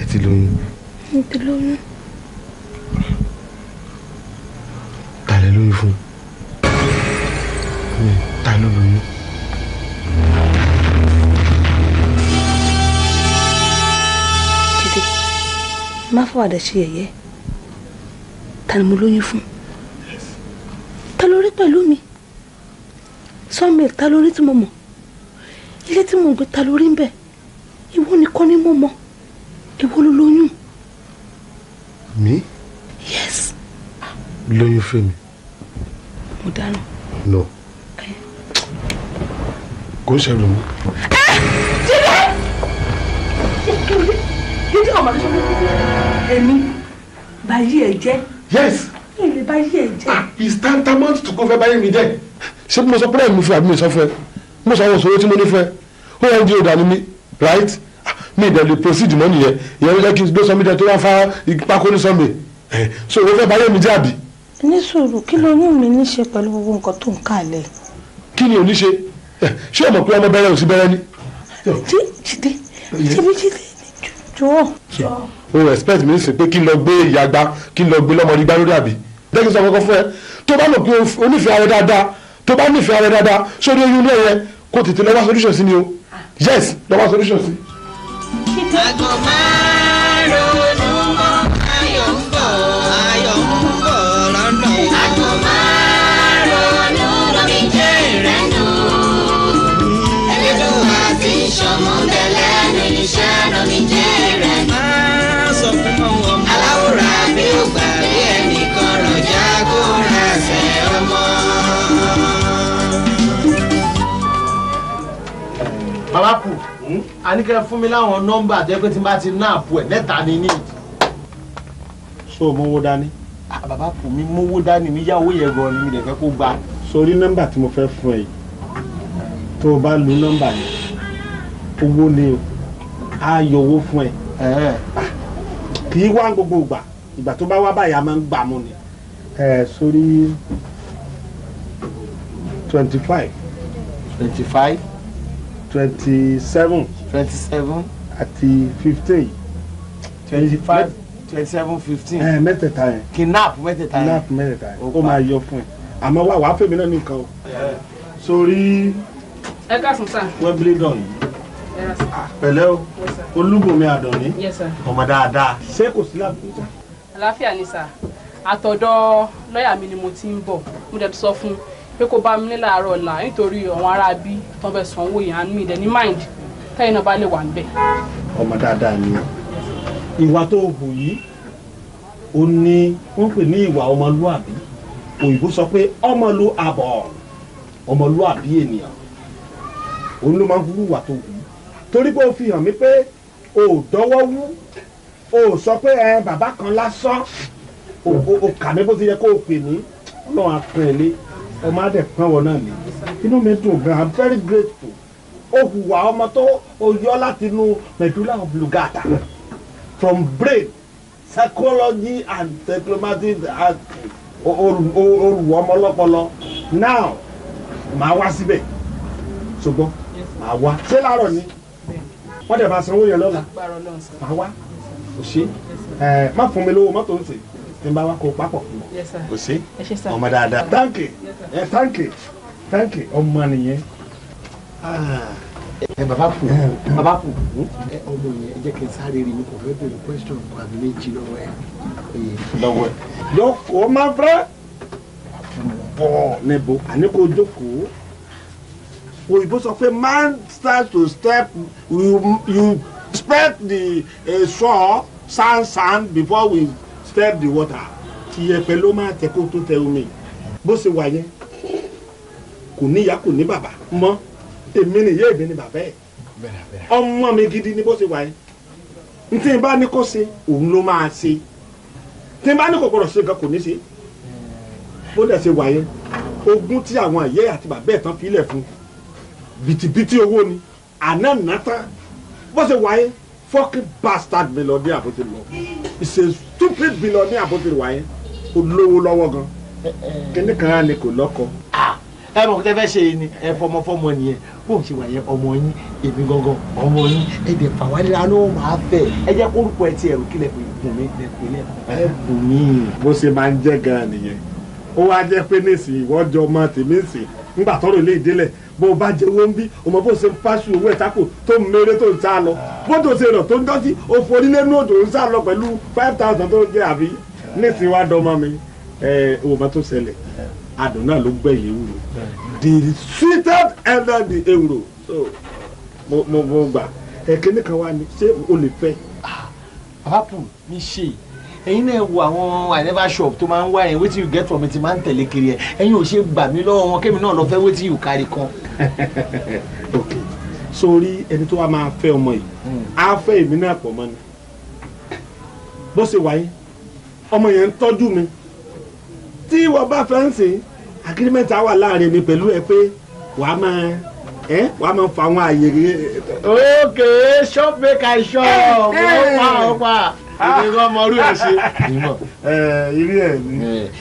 ẹ ti lóyún. mo ti lóyún. ta lẹ lóyún fún un. má fọwọ́dà ṣe ẹ̀yẹ ta ni mo lóyún fún ta ló rí pẹ̀lú mi sawmill ta ló rí tí mo mọ̀ ilé tí mo ń gbé ta ló ń bẹ̀ ìwọ nìkan ni mo mọ̀ ìwọ ló lóyún. mi. yes. lóyún fún mi. mo dáná. no. kò ń ṣe ẹrù mi. ẹ jíjí ọmọ tó ṣe èmi báyìí ẹ jẹ. yes. èmi báyìí ẹ jẹ. ah it's tantamount to go fẹ́ báyìí mi jẹ. ṣé mo sọ pé mi fẹ́ àbí mi sọ fẹ́ mo sọ àwọn òṣèré tí mo ní fẹ́ ó yẹ kí o dànù mi right ah, mi ìdẹ̀ lè proceed mọ́ nìyẹn ìyẹn ló jẹ́ kí n gbé sọmi dẹ tó wá fa pákó ní sọmi eh, so òun fẹ́ báyìí mi jẹ àbí. ní sùúrù kí ló yún mi níṣe pẹ̀lú gbogbo nǹkan tó ń kà lẹ̀. kí ni ò ní ṣe eh, ṣé ọmọ pé ọmọ bẹ̀rẹ̀ ò sí bẹ̀rẹ̀ ni. jíde jíde jíde jọ̀ọ́. o respect mi sì pé kí lọ gbé ìyàgbá kí lọ gbé lọ́mọdé gbá lórí àbí dẹ́kin sọ kankan fún ẹ tó bá lò pé onífẹ̀ẹ́ ara dáadáa tó bá nífẹ̀ẹ́ ara dáadáa sórí oyún náà yẹ kó tètè lọ wá solution sí ni o yes lọ wá solution sí. àníkẹ́ fún mi láwọn nọ́mbà tó yẹ pé tí n bá ti ná àpò ẹ̀ mẹ́ta ni ní. so mowó dání. bàbá kò mí mowó dání mi yáwó yẹn gan ni mi lè fẹ́ kó gba. sórí nọ́mbà tí mo fẹ́ fún ẹ tó o bá lu nọ́mbà yẹn owó ni o á yọ owó fún ẹ. kì í wá gbogbo ìgbà ìgbà tó bá wá báyà máa ń gbà mú ni. ẹ twenty five. twenty five. twenty seven twenty seven àti fifteen. twenty five twenty seven fifteen. ẹ eh, mẹ́tẹ̀ẹ̀ta yẹn. kidnap mẹ́tẹ̀ẹ̀ta yẹn. kidnap mẹ́tẹ̀ẹ̀ta yẹn ó máa yọ fún ẹ àmọ́ wà wàá fèmí náà nìkan o. sórí. ẹ ká sùn sá. wembley dàn yìí ah, pẹ̀lẹ́ o olúbomi àdànní ọmọ dáadáa ṣé kò sí lábújá. àlàáfíà ni sà àtọ̀dọ̀ lọ́ọ̀yà mi ni mo ti ń bọ̀ mo dẹ̀ sọ fún un pé kó bá mi ní láàárọ̀ ọ̀la nítorí àwọn ará bí tó fẹ́ sanwó yẹn and me dẹ̀ mind tẹ́yìn náà bá lè wà níbẹ̀. ọmọ dáadáa ni ìwà tó hù yìí ó ní wọ́n pè ní ìwà ọmọlúàbí òyìnbó sọ pé ọmọlú ọmọlúàbí ènìyàn òun ló máa ń hùwù wà tó hù yìí torí pé ó fi hàn mí pé o ò wú o sọ pé ẹ bàbá kan lásán o kà mí bó ti yẹ kó o pè mí ọlọ́run á ọmọ á náà ní inú mi dùn gan I'm very grateful ó hùwà ọmọ tó yọ láti inú medulla oblongata from brain psychology and diplomatic olùwọ́ ọmọ ọlọ́pọlọ now màá wá síbẹ̀ ṣùgbọ́n màá wá ṣé láàárọ̀ ni wọ́n dẹ̀ máa sanwó yẹn lọ́la màá wá kò sí ẹ má fún mi lówó mọ́tò ń sè tí n bá wá kó papọ̀ fún mi kò sí ọmọ dáadáa táǹkì ẹ táǹkì táǹkì ọmọ nìyẹn ẹ ah. eh, bàbá fò Baba. fò ẹ ọmọ yẹn ẹ jẹ́ kí n sáré rí mi kò fẹ́ bèrè question kan àbí méjì lọ́wọ́ ẹ. Eh. lọ́wọ́ ẹ. jókòó má fẹ́ bọ̀ níbo àní kò jókòó òyìnbó sọ pé man start to step you you spread the uh, saw sand sand before we step the water iyẹ̀pẹ̀ ló máa tẹ kó tó tẹ omi bó ṣe wà yẹn kò níyà kò ní bàbá mọ́ èmi nìyé èmi ni bàbá ẹ̀ ọmọ mi gidi ni bó ṣe wà yẹn ntí n bá ní kó ṣe òun ló máa ṣe tí n bá ní kò gbọdọ̀ ṣe nǹkan kò ní ṣe bó dẹ̀ ṣe wà yẹn ogún tí àwọn ìyá àti bàbá ẹ̀ tán filẹ̀ fún bìtìbìtì owó ni àná nàta bó ṣe wà yẹn fucking bastard billionaire bó ṣe lọ it's a stupid billionaire bó ṣe wà yẹn olówó lọ́wọ́ gan eh, eh. kíní kan á ní kò lọ́kọ. Ah, ẹ mọ̀ tẹ́ fẹ́ ṣe ni ẹ fọmọ fọmọ nìyẹn bó ń ṣe wà yẹn ọmọ yín èmi gangan ọmọ yín ẹ dẹ̀ fà wá nílá ló máa fẹ́ ẹ jẹ́ kórúkọ ẹ ti ẹ̀rù kílẹ̀ pé bùn mi lẹ pé lẹ́kọ̀ọ́ ẹ bùn mí. bó ṣe máa ń jẹ́ gan-an nìyẹn ó wá jẹ́ pé nèsì ìwọ́jọ ọmọ tèmi sì ńgbà tọrọ ilé ìdílẹ̀ bó o bá jẹ owó ń bí ọmọ bó ṣe ń fáṣu owó ẹ̀tákò tó ń mèrè tó ń sá lọ bódò ṣe rọ̀ tó ń dọ́sí òfò onílé ní òdò ń sá lọ pẹ̀lú five thousand tó ń jẹ àbí nèsì wá dọ́mọ mi ẹ̀ òmọ tó ṣẹlẹ̀ adùn náà ló gbẹ̀yìn ewúro the sweetest ever the euro. so mo mo mo gbà ẹ̀kẹ́ nìkan wá ní ṣé o lè fẹ́. Ah, papu mi ṣe ẹ̀yin náà wo àwọn i never shop tó máa ń wá yẹn wetin you get from it máa ń tẹ̀lé kiri ẹ̀ ẹ̀yin ò ṣe gbà mí lọ́wọ́ wọn kémi náà lọ fẹ́ wetin you carry kan. ok sórí ẹni tó wá máa fẹ́ ọmọ yìí á hmm. fẹ́ èmi náà pọ̀ mọ́ ni bó ṣe wáyé ọmọ yẹn ń tọ́jú mi tí wọ́n bá fẹ́ ń sìn agreement á wà láàrin mi pẹ̀lú ẹ pé wàá máa ẹ wàá máa fa àwọn àyè ok shop maker shop ọ̀pá ọ̀pá èmi kan mọ orú ẹ ṣe. irí ẹ ní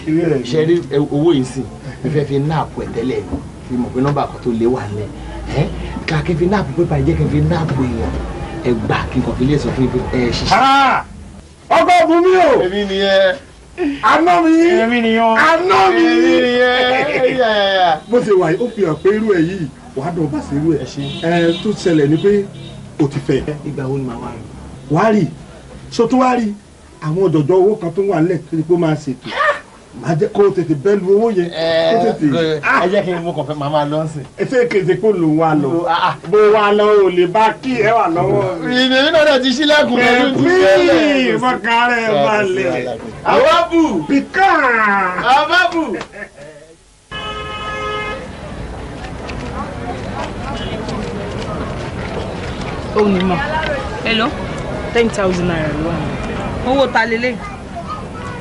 irí ẹ ní. ṣe rí owó yìí sìn mi fẹ́ fi náàpù ẹ̀ tẹ́lẹ̀ ni fi mọ̀ pé nọ́mbà kan tó lé wà ní ẹ̀ ká kí n fi náàpù pépà jẹ́ kí n fi náàpù èèyàn ẹ̀ gbà kí n kàn fi lè sọ fún ẹ ṣiṣẹ́. ọkọ̀ bùnmi o. èmi nìyẹn aná mi aná mi bó ṣe wà ó fi hàn pé irú ẹ yìí wàá dọ̀ bá sí irú ẹ ẹ tó ṣẹlẹ̀ ni pé o ti fẹ́. ìgbà wo ni màá wá rí. wàá rí so tó wá rí àwọn ọ̀dọ̀dọ̀ owó kan tó wà nílẹ̀ tó ti pé máa ṣètò màá jẹ́ kó tètè bẹ́ẹ̀lù owó yẹn kó eh, tètè. Ah! ẹ jẹ́ kí n mú kọfẹ́ màmá lọ sí. ẹ ṣe kèsè pé ló wà lọ ah, ah. bó wà lọ ò lè bá kí ẹ wà lọ́wọ́. ìrìn náà ti ṣílẹ̀kùn lọ́dún tí ẹ lọ sí. bọ́kà rẹ̀ balẹ̀. àwọ̀bù. bìkà. àwọ̀bù. òun ni mọ̀. hello ten thousand naira ló wà. owó ta lélẹ́yìí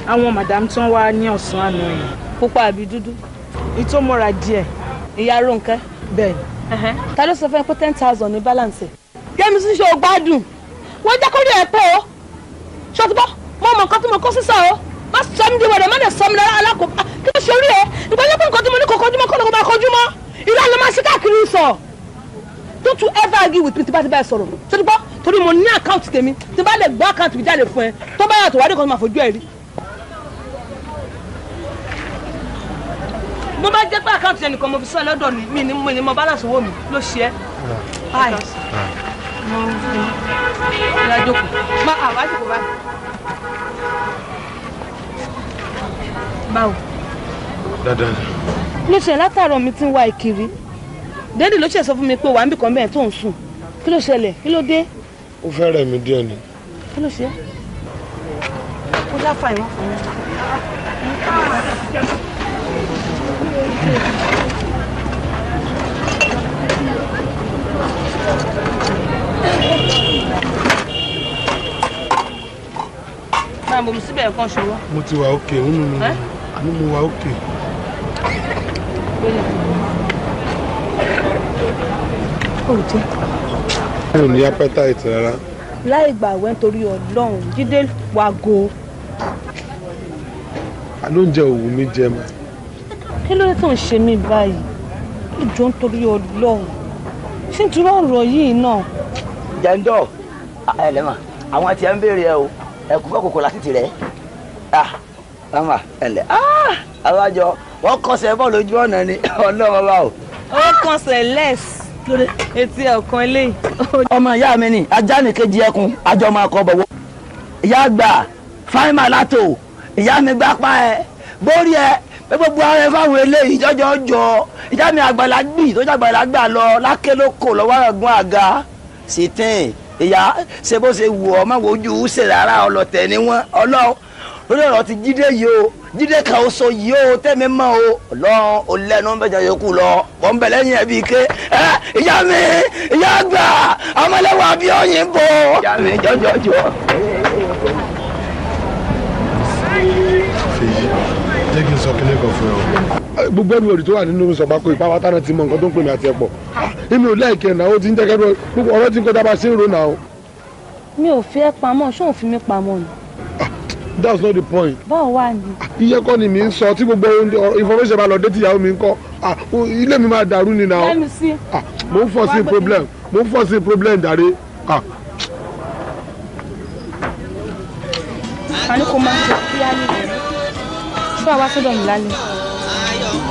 àwọn madam tán wá ní ọ̀sán àná yìí. pupa àbí dúdú. ìtò mọ́ra díẹ̀. ìyá Rónkẹ́. bẹ́ẹ̀. ta ló sọ fún ẹ pé ten thousand ní balance. kẹ́mi tún ṣe o gbádùn wọ́n jẹ́ kó rí ẹ̀ pé o ṣọtúbọ̀ mo mọ̀ nǹkan tí mo kó sísọ o má sọ mi di wẹ̀rẹ̀ má lè sọ mi lára alákòóbá ah, kí ló ṣe orí ẹ nígbà yẹn pé nǹkan tí mo ní kò kojú mọ́ kó lóko bá kojú mọ́ ìlú àná máa ṣe káàkiri sọ don't you ever argue with me tí bá ti bá ẹ sọ̀rọ̀ ṣọtúbọ̀ torí mo ní àkáǹtì tèmi tí bá lè gbọ́ àkáǹtì mi jáde fún ẹ tó bá yàtọ̀ wá dé kan tó máa fojú ẹ rí mo bá jẹ́ pé àkáǹtì ẹnìkan mo fi sọ lọ́dọ̀ mi ni mo ní mo balance owó mi ló ṣe é báyìí mo ń fi ìrìnàjò kù má àwọn àjòkò báyìí. báwo. dáadáa. ló ṣe látàárọ̀ mi ti ń wá ìkiri dẹ́dì ló ṣe sọ fún mi pé wà á ń bìkan bẹ́ẹ̀ tó ń sùn kí ló ṣẹlẹ̀ kí ló dé. ó fẹ́ rẹ̀ mí díẹ̀ ni. kí ló ṣe é. ó dá fàìmọ́ fún mi báyìí mo sì bẹ̀rẹ̀ kan ṣòwò. mo ti wà òkè ń nu àní mo wà òkè. òjò. mi ò ní appetite rárá. láì gbàwẹ̀ nítorí ọlọ́run jíde wàá go. alóúnjẹ òwú mi jẹ mọ́ kí ló dé tó ń ṣe mí báyìí ìjọ ń torí ọlọ́run ṣé nítorí ọ̀rọ̀ yìí náà. jẹ́ńdọ̀ ẹlẹ́mà àwọn tí ẹ ń béèrè ẹ o ẹkú fẹ́ kòkòrò àti tìrẹ́ mama ẹlẹ alájọ wọn kọsẹ̀ bọ́ọ̀lù ojú ọ̀nà ni ọ̀nà bàbá o. ó kọsẹ̀ less etí ọ̀kan eléyìí. ọmọ ìyá mi ni ajá nìkejì ẹkùn àjọ máa kọ bọ̀wọ́. ìyá àgbà fáìmà látò ìyá mi gbá pa ẹ bórí ẹ pé gbogbo ara ẹ fáwọn eléyìí jọjọ jọ ìjà mi àgbàlá gbì tó jẹ àgbàlá gbà lọ lákè ló kò lọ́wọ́ ẹ̀gbọ́n àga sìtìn ìyá ṣe bó ṣe wù ọ má wo ojú ṣe rárá ọlọ̀tẹ̀ ni wọn Ọlọ́run lórí ọ̀rọ̀ ti Jídé yìí o Jídé kan ó sọ yìí o tẹmí mọ o Ọlọ́run ó lẹ́nu ń bẹjọ yòókù lọ wọn ń bẹ lẹ́yìn ẹbí ké ẹ ìyá mi ìyá àgbà ọmọlẹ́wà bí ọyìn bò. ìyá mi jọjọ jọ. gbogbo ẹnu òrì tó wà nínú sọ̀bákò ìpáwátá náà ti mọ nǹkan tó ń pè mí àti ẹ̀pọ̀ èmi ò láìkẹ́ náà ó ti ń jẹ́ kẹ́rọ gbogbo ọ̀rọ̀ tí ń kọjá bá sí ń ro o. mi ò fi ẹ́ pamọ́ ṣé fi mí pamọ́ ni. Ah, that's not the point. báwo wà ní. Ah, iye kọ́ ni mi ń sọ tí gbogbo information bá lọ dé tìyàwó mi ń kọ́ ah, ilé mi máa dàrú ni náà. lẹ́nu sí. mo ń fọ́ sí problem mo ń fọ́ sí problem dàre. a ní máa ń sọ kíá ní ìlú tí wàá wá sọ́dọ̀ mi lálẹ́.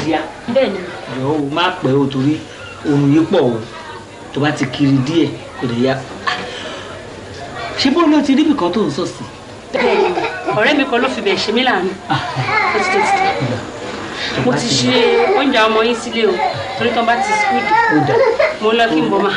nàìjíríà yóò má pẹ́ o torí ohun yìí pọ̀ o tó bá ti kiri díẹ̀ kò lè yá ṣé bó ló ti ríbi kan tó ń sọ sí. bẹ́ẹ̀ni ọ̀rẹ́ mi kan ló fi bẹ́ẹ̀ ṣe mí láàánú ah. mo ti ṣe oúnjẹ ọmọ yín sílé o torí tán bá ti skúlì mo lọ kí n bọ ma.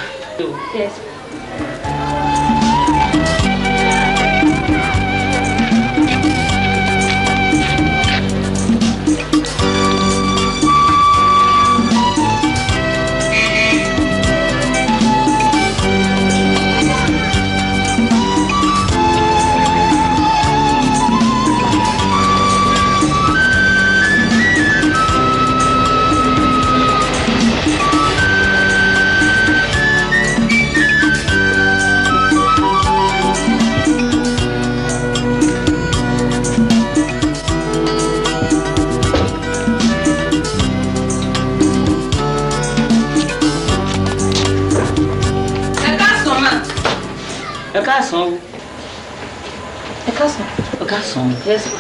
Ọ̀gásán. Ọ̀gásán. Yes ma.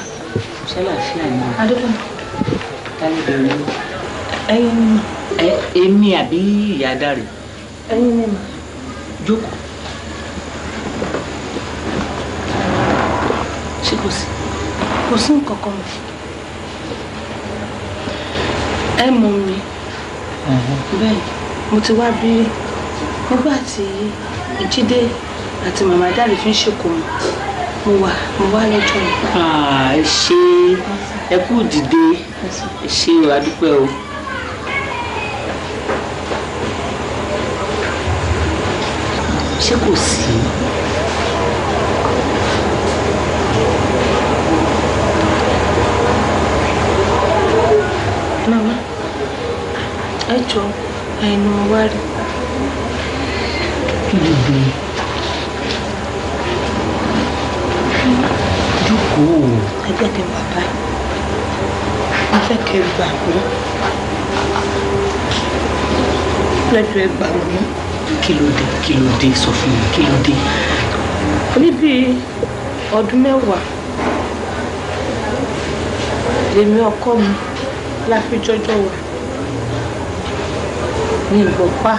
Ṣé àlàáfíà ni? Adékùnrin. Táyé bẹ̀rẹ̀ ló. Ẹyin ni. Ẹ èmi àbí ìyá Dàrẹ́? Ẹyin ni ma. Jókòó. Ṣé kò sí? Kò sí nǹkan kan mọ̀. Ẹ mú mi. Bẹ́ẹ̀ni, mo ti wá bí nígbà tí Jídé àti màmá Dàrẹ́ fi ń ṣèkómọ mo wà mo wà lẹ́jọ́ ìgbà. Ah, ẹ ṣe ẹ kú dìde ẹ ṣe ìwà dúpẹ́ o. ṣé kò sí. mama ẹ jọ àìní mo wá rí. kí ló dé. ẹ jẹ́ kí n wà báyìí mo fẹ́ kí n gbà mí lẹ́jọ́ ẹ gbà mí kí ló dé kí ló dé sọ fún mi kí ló dé. níbi ọdún mẹ́wàá lèmi ọkọ mi la fi jọjọ wà ní ìgbọ́pá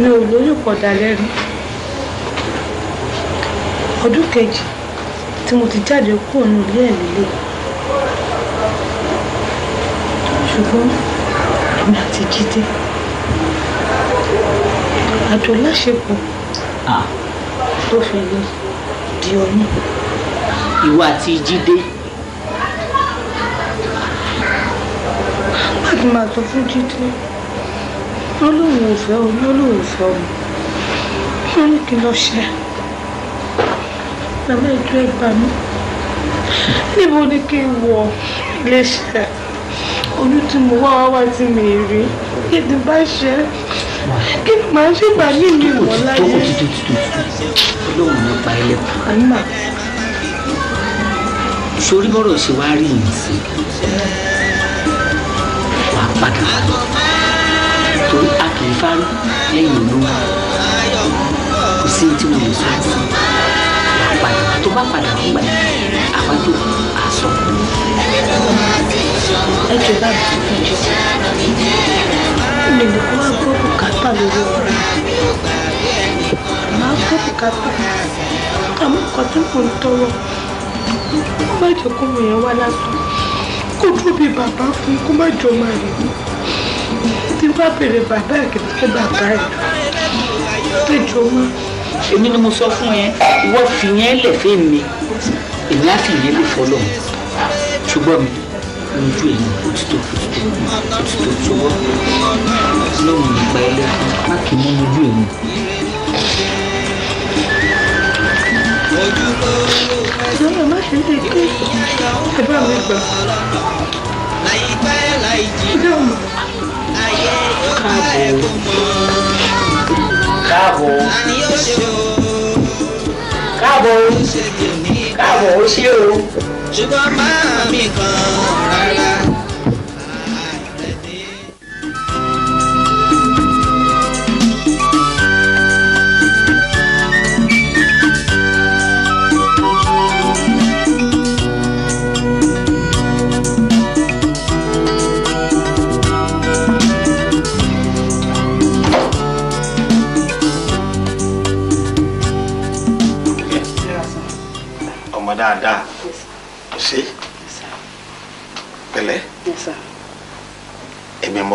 mi ò lóyún pọ̀dà lẹ́nu ọdún kejì tí mo ti jáde kúrò ní ilé ẹ̀ lélẹ̀ ṣùgbọ́n èmi àti Jídé àjọ láṣepọ̀ tó fi lè di ọyún. ìwọ àti Jídé. má ti máa sọ fún Jídé wọn lóun ò fẹ́ o wọn lóun ò fẹ́ o wọn ní kí n lọ ṣe é pẹ̀lú ìjọ ìbànú níbo ni kí n wọ iléeṣẹ́ ojú tí mo wá wá tí mi rí kí ni bá ṣe kí ni màá ṣe gbà ní mi wọ̀ láyé. olóhùn ló pa ẹlẹ́kùn. àmà. sórí bọ́rọ̀ ṣe wá rí yìí sí wàá padà torí a kì í fárí lẹ́yìn olúwa kò sí tí mo lè sọ fún un tó bá padà ń gbà àwọn tó a sọ fún mi. ẹ jọ bá mi fún ẹjọ mi lè kó wá gbọ́ bùkátà lórí ọ̀rọ̀ máa gbọ́ bùkátà àmọ́ nǹkan tí mò ń tọrọ kó má jẹ́ kó mi yẹn wá lásán kó dúró bíi bàbá fún kó má jọ máa rè mí tí bá bèrè bàbá ẹ̀ kìí ṣe bàbá ẹ̀ tó jọ máa èmi ni mo sọ fún ẹ ìwọ fi yẹn lẹ̀ fẹ́ mi èmi á fi yẹn lè fọlọ́ ṣùgbọ́n mi ojú ẹ̀ ní òtítọ́ òtítọ́ ṣọwọ́ lọ́rùn nípa ẹlẹ́kùn má kì í mú ojú ẹ̀ ní. ìjọba má ṣe lè ké ẹ mi gbà. káàbọ̀ káàbọ̀ káàbọ̀ káàbọ̀ ó ṣe o. ṣùgbọ́n máa mi kan rárá.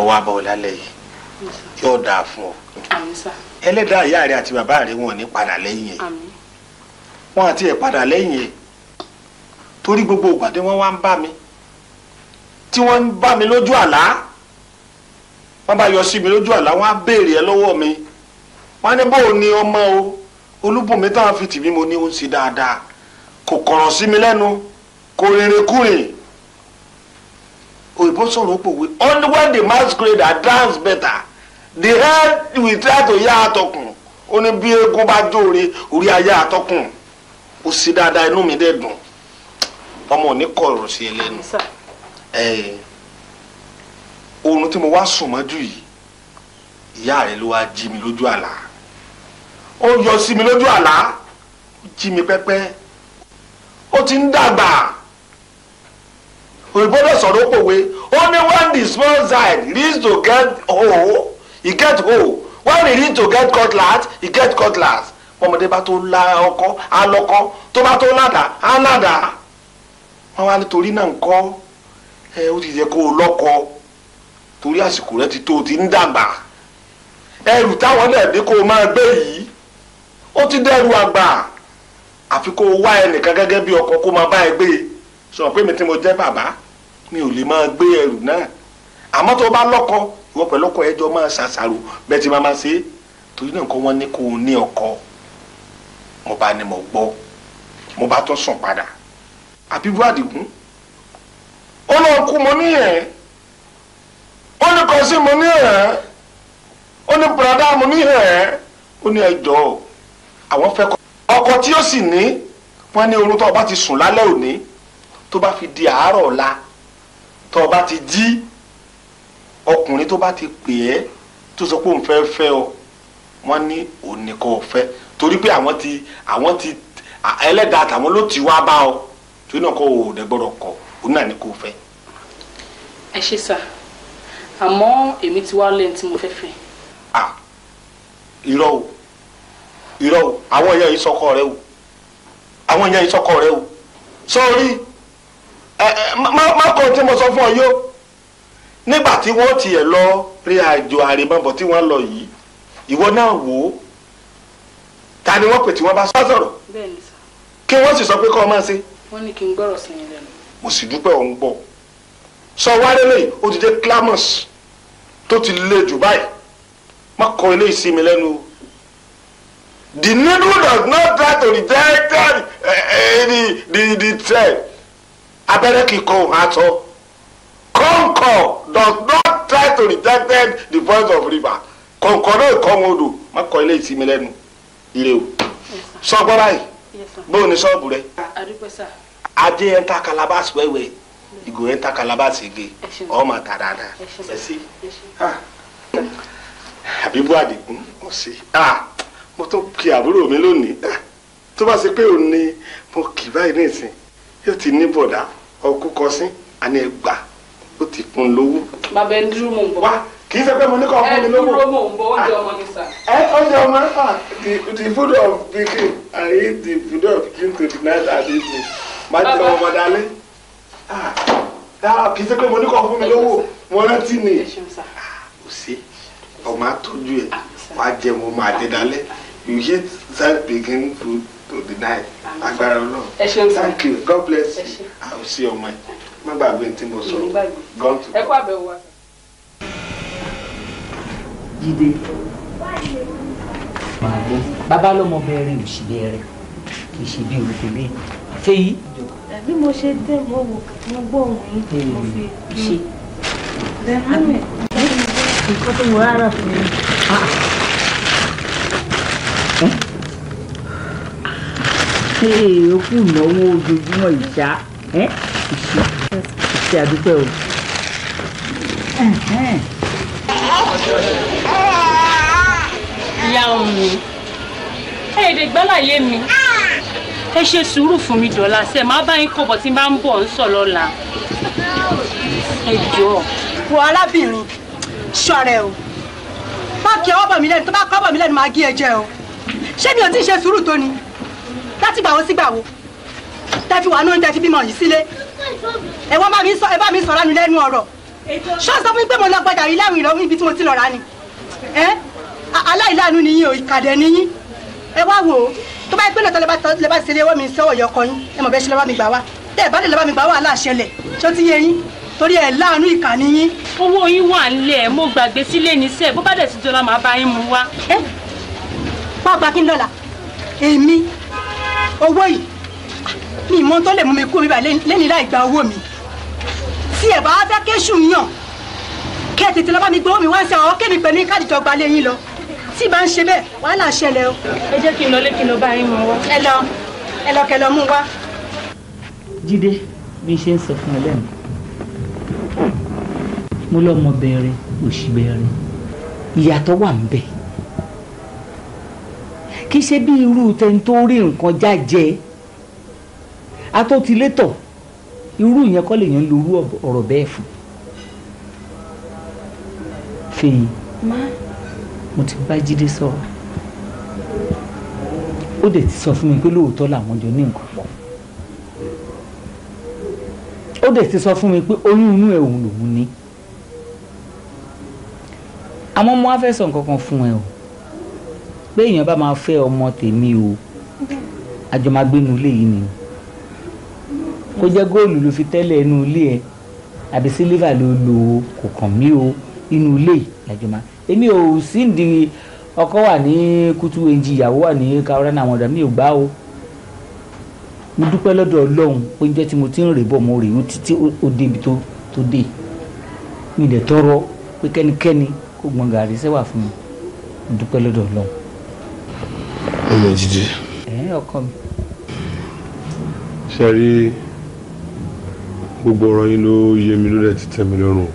mo wá bọ̀ lálẹ́ yìí yóò dáa fún ọ ẹlẹ́dàá ìyá rẹ àti bàbá rẹ wọn ní padà lẹ́yìn ẹ̀ wọn àti ẹ̀ padà lẹ́yìn ẹ̀ torí gbogbo ìgbà tí wọ́n wá ń bá mi tí wọ́n ń bá mi lójú àlá wọ́n bá yọ sí mi lójú àlá wọ́n á béèrè ẹ lọ́wọ́ mi wọ́n ní bó o ní ọmọ o olúbùnmi táwọn fi tì mí mo ní ó ń ṣe dáadáa kò kọ̀rọ̀ sí mi lẹ́nu kò rere kúrè òyìnbó sọ̀rọ̀ pòwe only when the masquerader dance better the head will try to yá àtọkùn ó ní bí eégún bá jóore orí ayé àtọkùn ó sì dáadáa inú mi dẹ̀ dùn ọmọ ò ní kọ ọ̀rọ̀ sí ẹlẹ́nu oorun tí mo wá sùn mọ́jú yìí ìyá rẹ̀ ló wá jí mi lójú àlá ó yọ sí mi lójú àlá jí mi pẹ́pẹ́ ó ti ń dàgbà. oyinbo sọ̀rọ̀ pòwe only when the small child reach to get hoe e get hoe when e reach to get cutlass e get cutlass ọmọdé bá tó la ọkọ alọkọ tó bá tó ládàá aládàá wọn wá nítorí náà ńkọ́ ẹ ó ti yẹ kó o lọ́kọ torí àsìkò rẹ ti tó o ti ń dàgbà ẹrù táwọn náà dé kó o máa gbé yìí ó ti dẹrù àgbà àfi kó o wá ẹnìkan bí ọkọ kó máa bá ẹ gbé e sọ pé mi mo mi ò lè máa gbé ẹrù náà àmọ́ tó bá lọ́kọ ìwọ pẹ̀lú ọkọ ẹjọ́ máa ṣàṣàrò bẹ́ẹ̀ ti máa máa ṣe é torí náà kọ́ wọ́n ní kó o ní ọkọ mo bá ní mo gbọ́ mo bá tún sùn padà àbí bú àdìgún ó lọ kú mo ní ẹ̀ ó ní kọ́ sí mo ní ẹ̀ ó ní bùrọ̀dá mo ní ẹ̀ ó ní ẹjọ́ àwọn fẹ́ kọ́ ọkọ tí ó sì ní wọ́n ní orun tó o bá ti sùn lálẹ́ òní tó bá fi di àárọ̀ ọ̀la tó o bá ti jí ọkùnrin tó bá ti pè ẹ́ tó sọ pé òun fẹ́ fẹ́ ọ wọ́n ní òun nìkan ò fẹ́ torí pé àwọn ti àwọn ti ẹlẹ́dàá àtàwọn ló ti wá bá ọ torí náà kọ́ ò dẹ̀ gbọ́dọ̀ kọ̀ òun náà ní kò fẹ́. ẹ ṣe sà àmọ́ èmi ti wá lẹ́yìn tí mo fẹ́ fẹ́. irọ́ o irọ́ o àwọn èèyàn yìí sọkọ rẹ o àwọn èèyàn yìí sọkọ rẹ o sọ́ọ́rí. So, má kọ́ tí mo sọ fún ọ yó nígbà tí wọ́n tiẹ̀ lọ rí àjò àrèmabọ̀ tí wọ́n lọ yìí ìwọ náà wò ó ta ni wọ́n pè tí wọ́n bá sọ̀rọ̀ kí wọ́n sì sọ pé kọ́ ọ máa ṣe. wọ́n ní kí n gbọ́rọ̀ sí yín lẹ́nu. mo sì dúpẹ́ òun gbọ́ sọ wáré lè ó tó ti le jù báyìí má kọ eléyìí sí mi lẹ́nu the needle does not try to reject uh, the the the thread abẹ́rẹ́ kì í kọ òun does not try to reject the voice of river concord náà kọ́ wọn odò má kọ ilé ìtì mi lẹ́nu ire o sọgbọ́n báyìí bóun ni sọ́ọ̀bù rẹ adé ẹ̀ ń ta calabas wẹ́wẹ́ ìgò ẹ̀ ń ta calabas ege ọmọ tàdáadáa ẹ sí àbíbú àdìgún mo sí mo tún kí àbúrò mi lónìí tó bá ṣe pé òun ni mo kì báyìí ní yóò ti ní bọ̀dá ọkú kọsí àní ẹgbà ó ti kun lówó. bàbá ẹni dúró mò ń bọ̀. wá kì í ṣe pé mo ní kọ́ ọkùnrin lówó. ẹ dúró mò ń bọ̀ oúnjẹ ah, ọmọ mi sà. ẹ oúnjẹ ọmọ à ah, the the food of pikin i eat the food of pikin to the night and evening. má ti lọ ọmọ dalẹ. Ah, kì í ṣe pé mo ní kọ́ ọkùnrin lówó mo rántí ni. ò sí ọmọ àtọ́jú ẹ wàá jẹ mo máa dé dalẹ́ you hit that begin to to deny agbára Ọlọ́run thank you God bless you I will see you ọmọ ẹ má gbàgbé tí mo sọ gone to. ẹ kó àbẹ̀wò wa. Jídé máa gbọ́ bàbá lọ́mọ bẹ̀rẹ̀ ò sì bẹ̀rẹ̀ kì í ṣe bí olùkọ́ lé fẹ́yì. bí mo ṣe dé mo wò mo gbọ́ òun yìí mo fi ṣe. nǹkan tó wọ ara fún mi. Ah, ó kù náwó ojoojúmọ́ ìṣá ìṣe àdúpẹ́ o. ìyá mi èdè gbálàyé mi ẹ ṣe sùúrù fún mi dọ̀la ṣe má bá yín kọ̀bọ̀ tí n bá ń bọ̀ ń sọ̀ lọ́la ẹ jọ̀ọ́. wo arábìnrin ṣọrẹ o má kí ọwọ́ bọ̀ mí lẹ́nu tó bá kọ́ bọ̀ mí lẹ́nu máa gé ẹ jẹ o ṣé mi ò tí ì ṣe sùúrù tó ni láti gbà wo sí gbà wo tẹ́fi wà náà ń tẹ́fi bímọ yìí sílé ẹ wọ́n bá mi sọ ẹ bá mi sọ lánàá lẹ́nu ọ̀rọ̀ ṣọ́ọ̀sì fún mi pé mo lọ gbọ́dọ̀ rí láwìn ìlọ́wọ́ ibi tí mo ti lọ rà ni aláìláàánú nìyí o ìkàdé nìyí ẹ wá wò ó tó bá yẹ pé lọ́tọ́ lè bá ṣeré owó mi sọ́wọ́ yọkọ yín ẹ mọ̀ bẹ́ẹ̀ ṣe lọ́wọ́ mi gbà wá tẹ́ ẹ bá lè lọ́wọ́ mi gbà wá aláṣẹlẹ̀ tó ti yẹ yín torí ẹ láàánú ìkà nìyí. owó yín wà nílẹ̀ ẹ mo gbàgbé sílé ní sẹ́ẹ̀ bó bá dẹ̀ ti jọra màá bá yín mú wá. ẹ pàápàá kí n lọ́la èmi owó yìí ni ìmọ̀ tó lè mú mi kú mi báyìí lẹ́ni láì gba owó mi tí ẹ̀ bá fẹ́ kéṣù yàn kí ẹ tètè lọ́ bá mi gbowó mi wá sí àwọn kéde pẹ̀lú káàdì tó gbalẹ̀ yín lọ tí bá ń ṣe bẹ́ẹ̀ wàhálà ṣẹlẹ̀ o. ẹ jẹ́ kí n lọ lé kí n lọ bá yín mọ wá. ẹ lọ ẹ lọ kẹ lọ mú wá. jíde bí n ṣe ń sọ fún ẹ lẹ́nu mo lọ́mọ bẹ̀rẹ̀ òṣì bẹ̀rẹ̀ ìyàtọ̀ wà ń bẹ̀ kì í ṣe bí irú tẹni tó rí nǹkan jájẹ atótilétọ̀ irú yẹn kọ́ lèèyàn lo irú ọ̀rọ̀ bẹ́ẹ̀ fún fèyí mo ti bá jíde sọ̀rọ̀ ó dẹ̀ ti sọ fún mi pé lóòótọ́ làwọn jọ ní nǹkan pọ̀ ó dẹ̀ ti sọ fún mi pé oyún inú ẹ̀ òun lòun ní àmọ́ mo á fẹ́ sọ nǹkan kan fún ẹ o pé èèyàn bá máa fẹ́ ọmọ tèmi o àjọmágbénu ilé yìí ni kó jẹ́ góòlù ló fi tẹ́lẹ̀ inú ilé ẹ̀ àbí sílífà ló lò ó kò kàn mí o inú ilé làjọmá èmi ò sí di ọkọ wà ní kútú ẹnjì ìyàwó wà ní káwọn àwọn ọ̀dà mi ò gbá o mo dúpẹ́ lọ́dọ̀ ọlọ́run oúnjẹ tí mo ti ń rè bọ̀ mo rè ó títí ó débi tó tó dé mi dẹ̀ tọrọ pé kẹ́nikẹ́ni kó gbọ̀ngàn àrísẹ́wà fún mi mo dúpẹ́ lọ́dọ̀ ọlọ́run ọmọ jíjí. ẹ ọkọ mi. ṣe rí gbogbo ọ̀rọ̀ yín ló yé mi lórí ẹ̀ ti tẹ́ mi lọ́rùn.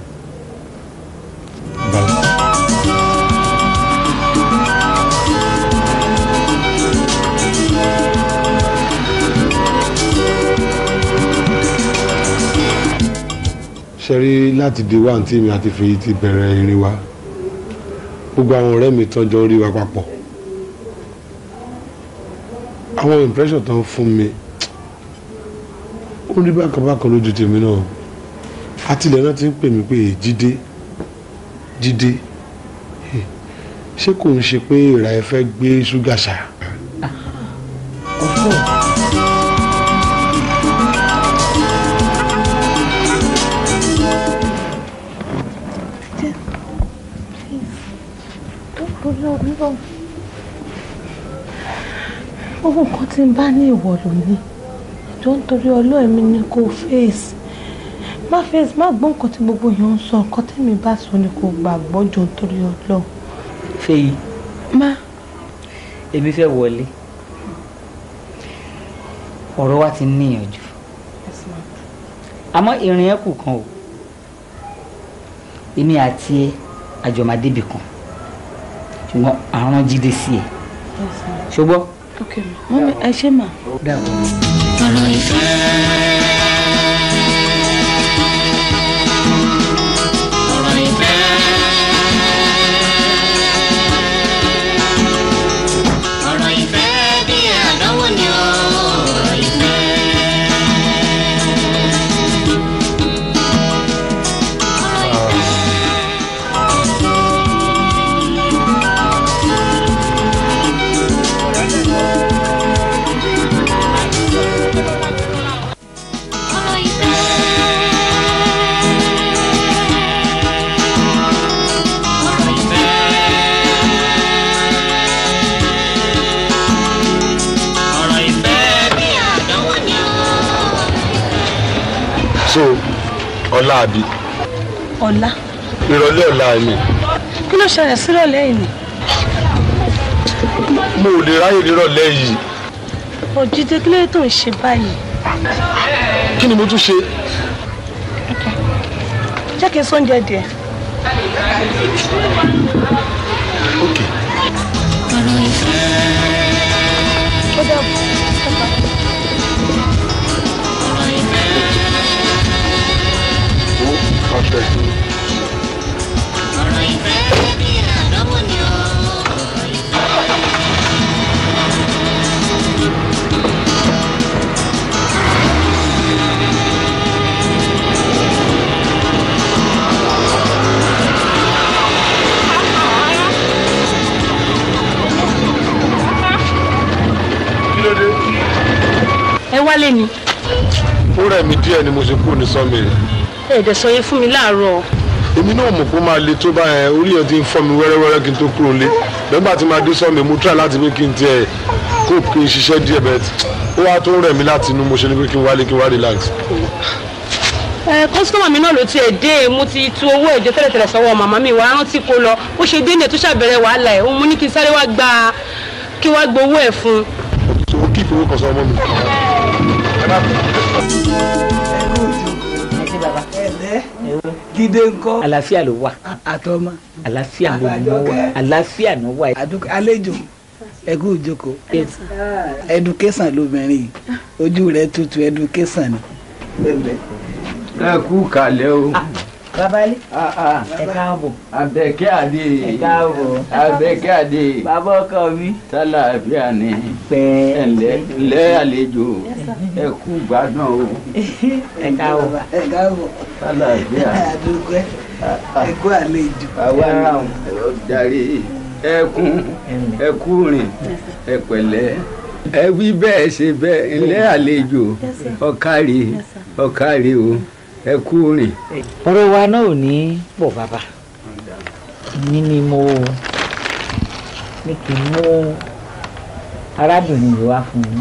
ṣe rí láti di wá àǹtí mi àti fèyí ti bẹ̀rẹ̀ ìrìn wa gbogbo àwọn ọ̀rẹ́ mi tọ́jọ́ rí wa papọ̀ àwọn impression tó ń fún mi ó rí bákan bákan lójú tèmi náà àtìlẹ̀ náà ti ń pè mí pé jíde jíde ṣé kò ń ṣe pé ìrà ẹ fẹ́ gbé ṣúgà ṣáà. owó nǹkan tí ń bá ní ìwọ ló ní ìjọ nítorí ọlọ́ọ̀mí ni kò fèsì má fèsì má gbọ́ nǹkan tí gbogbo èèyàn ń sọ nǹkan tẹ́mi bá sọ ni kò gbàgbọ́ jọ nítorí ọlọ́ọ̀. fèyí má èmi fẹ́ wọlé ọ̀rọ̀ wa ti níyànjú àmọ́ ìrìn ẹ̀kù kan o èmi àti ẹ àjọmọdébì kan ṣùgbọ́n àrùn jíde sí ẹ ṣùgbọ́n ok mọ́mí ẹ ṣé mà. ọ̀rọ̀ àbí. ọ̀la. ìrọ̀lẹ́ ọ̀la ni. kí ló ṣẹlẹ̀ sírọ̀lẹ́ yìí ni. mo ò lè ráyè nírọ̀lẹ́ yìí. òjìdé kí ló tó ń ṣe báyìí. kí ni mo tún ṣe. jẹ́ kí n sóúnjẹ díẹ̀. díẹ̀ ni mo ṣe kúrò ní sọ́mi. ẹ ẹ̀ dẹ̀ sọ yẹn fún mi láàárọ̀. èmi náà mọ̀ pé máa le tó bá yẹn orí yẹn ti ń fọ́ mi wẹ́rẹ́wẹ́rẹ́ kí n tó kúrò lé bẹ́ẹ̀gbà tí máa dé sọ́mi mo try láti pé kí n tiẹ̀ cope kí n ṣiṣẹ́ díẹ̀ bẹ́ẹ̀ ó wá tó ń rẹ̀ mí láti inú mo ṣe ni pé kí n wálé kí n wá relax kọ́sítọ́mà mi náà ló tiẹ̀ dé mo ti tu owó ẹ̀jẹ̀ tẹ́lẹ̀tẹ́lẹ̀ kí wá gbowó ẹ̀ fún un. òkè ìfowópamọ́sọ ọmọ mi gide ńkọ́. àlàáfíà ló wà. àtọmọ. àlàáfíà ló wà àlàáfíà ló wà. àlejò ẹ kú ìjókòó education lobìnrin ojú rẹ tutù education ni. ẹ kú kalẹ̀ o. Ah babali ah, ah. ẹ káàbọ̀. abẹ́kẹ́ adé. ẹ káàbọ̀. abẹ́kẹ́ adé. bàbá ọkọ mi. tálàáfíà ni. pẹ́ẹ́ ẹ̀lẹ́ ẹ̀lẹ́ àlejò ẹ kú gbádùn o. ẹ káàbọ̀. ẹ káàbọ̀. tálàáfíà. àdúgbò ah, ẹ kú àlejò. àwa náà jàre ẹkún ẹkúrin ẹpẹ̀lẹ́ ẹ wí bẹ́ẹ̀ ṣe bẹ́ẹ̀ ẹ̀lẹ́ àlejò ọkàrí ọkàrí o ẹ kú rè. ọ̀rọ̀ wa náà ò ní pọ̀ bàbá èmi ni mo ní kí n mú arábìnrin yìí wá fún mi.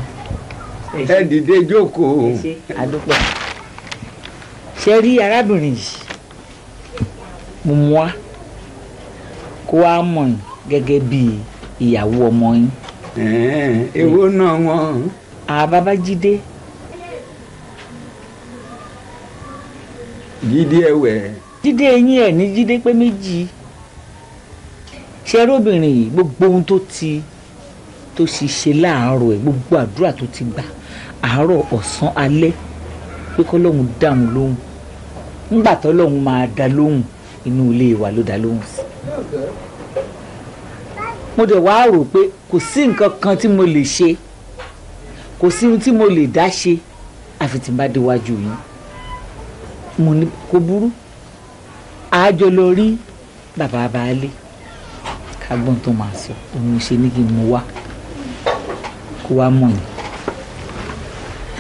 ẹ dìde jókòó. àdúpẹ́ ṣe rí arábìnrin yìí mo mú wa kó wa mọ̀ gẹ́gẹ́ bí ìyàwó ọmọ yín. èwo náà wọn. àbábájídé. Ah, jíde ẹwẹ. jíde eyín ẹ ní jíde pé méjì ṣe arábìnrin yìí gbogbo ohun tó ti tó ṣiṣẹ́ láàárọ̀ ẹ̀ gbogbo àdúrà tó ti gbà àárọ̀ ọ̀sán alẹ́ pé kọ́lọ́hún dáhùn lóhùn ńgbà tọ́lọ́hún máa dá lóhùn inú ilé wa ló dá lóhùn sí. mo dẹ̀ wá rò pé kò sí nǹkan kan tí mo lè ṣe kò sí ohun tí mo lè dá ṣe àfi tí n bá déwájú yín mo ní kò burú àájọ lọ rí bàbá baálé kágbọ́n tó máa sọ òun ṣe ní kí n mú wá kó wá mọ̀ yín.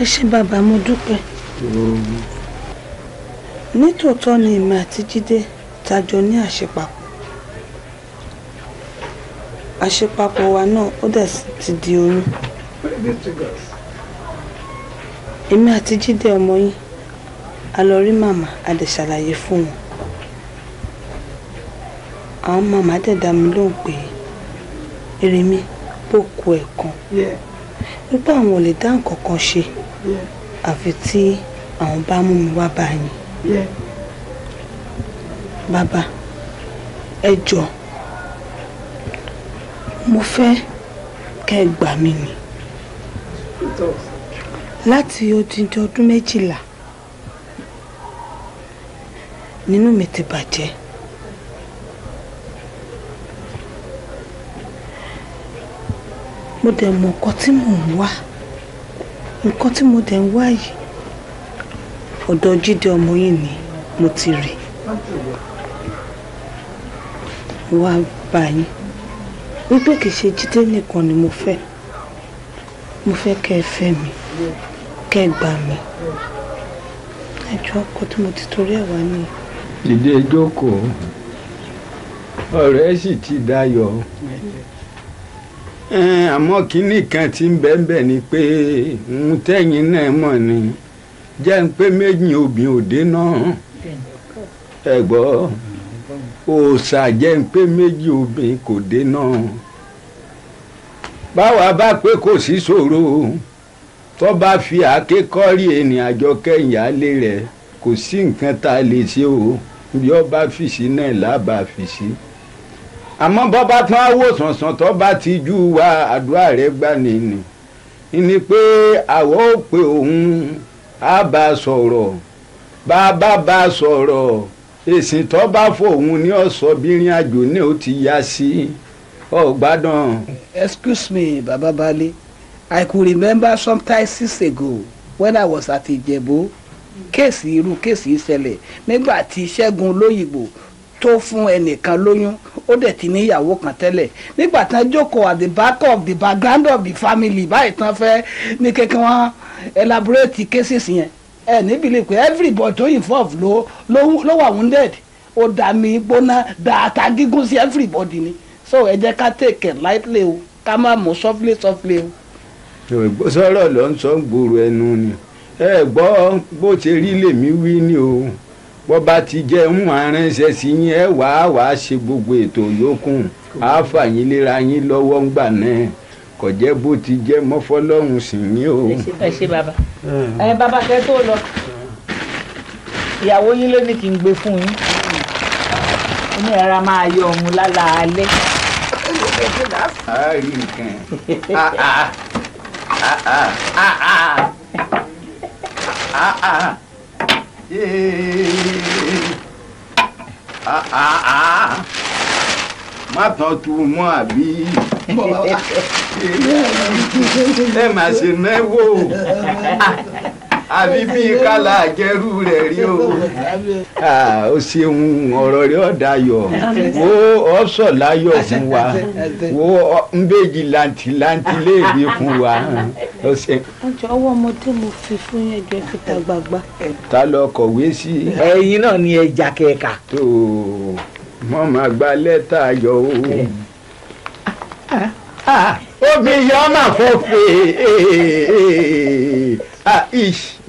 ẹ ṣé bàbá mo dúpẹ́ nítòótọ́ ni èmi àti Jídé tajọ ní àṣepapọ̀ àṣepapọ̀ wa náà ó dẹ̀ ti di oyún èmi àti Jídé ọmọ yín a lọ rí màmá a dẹ̀ ṣàlàyé fún wọn àwọn màmá dẹ̀ dá mi lóhùn pé eré mi bò kú ẹ̀ kan wípé àwọn ò lè dá nǹkan kan ṣe àfi tí àwọn bá mú mi wá báyìí bàbá ẹ jọ mo fẹ́ kẹ́ ẹ gbà mí ni láti odindi ọdún méjìlá nínú mi ti bàjẹ́ mo dẹ̀ mọ̀ nǹkan tí mò ń wá nǹkan tí mo dẹ̀ ń wá yìí ọ̀dọ̀ Jídé ọmọ yìí ni mo ti rí wá bá yín wípé kì í ṣe Jídé nìkan ni mo fẹ́ mo fẹ́ kẹ́ ẹ fẹ́ mi kẹ́ ẹ gbà mí ẹjọ́ ọkọ tí mo ti torí ẹ̀ wá nìyí dìde jókòó ọ̀rẹ́ sì ti dayọ̀ àmọ́ kínní kan tí ń bẹ́ẹ̀ ni pé ń tẹ̀yìn náà mọ̀ ni jẹ́ ń pé méjì obìnrin òde náà ẹ gbọ́ òòṣà jẹ́ ń pé méjì obìnrin kò dé náà báwa bá pé kò sí ṣòro tó bá fi àáké kọ́rí ènìyàn àjọ kẹ́yìn alẹ́ rẹ̀ kò sí nǹkan tá a lè ṣe o bí ó bá fìsí náà lábà fìsí àmọ́ bọ́ tán á tó bá ti jú wa àdúrà rẹ̀ gbà nìyí ni pé àwọn ò pe òun á bá a sọ̀rọ̀ bá a bá bá a sọ̀rọ̀ èsì tó bá fòun ní ọ̀sọ́ bírin àjò ní ó ti yá sí ọ̀gbádùn. excuse me baba Bali. i could remember some time six ago when i was at Ijebu kéèsì irú kéèsì ìṣẹ̀lẹ̀ nígbà tí Ṣẹ́gun Lóyìnbó tó fún ẹnìkan lóyún ó dẹ̀ ti níyàwó kan tẹ́lẹ̀ nígbà tán jókòó at the back of the background of the family báyìí tán fẹ́ ní kékeré wọn elaborate cases yẹn ẹ níbi lè pé everybody tó involve ló ló wà wounded ó dà mí gbóná dà ata gígùn sí everybody ni so ẹ jẹ́ ká take it lightly o ká má mú softly softly o. sọ̀rọ̀ ló ń sọ gbòòrò ẹnu ni ẹ gbọ́ bó ṣe rí lèmi wí ni o bọ́ bá ti jẹ́ ń aránṣẹ́ sí yín ẹ wàá wàá ṣe gbogbo ètò yòókù àáfà yín léra yín lọ́wọ́ ńgbà náà kò jẹ́ bó ti jẹ́ mọ́fọ́lọ́hún sì ní o. ẹ ṣe bàbá ẹ bàbá kẹ tó lọ ìyàwó yín ló ní kí n gbé fún yín ó ní máa yọ ọmú lálaalẹ́. a rí nǹkan. Ah ah, Ah ah ah. yeah. má tán tu mọ́ àbí ẹ má ṣe náwó. abi bi kálá àjẹrú rẹ rí o o ṣeun ọrọ rẹ̀ ọ̀dà o wo ọ̀sọ̀ láyọ̀ fún wa wo nbèjì làǹtì làǹtì léèrè fún wa. ọjọ́ ọwọ́ ọmọdé mo fi fún yẹn jẹ́ fìtà gbàgbà. ta lọ kọ̀wé sí. ẹyin náà ni ẹja kẹka. tó o mọ̀ máa gba lẹ́tà yọ o. omi yọ mà fọ́fẹ́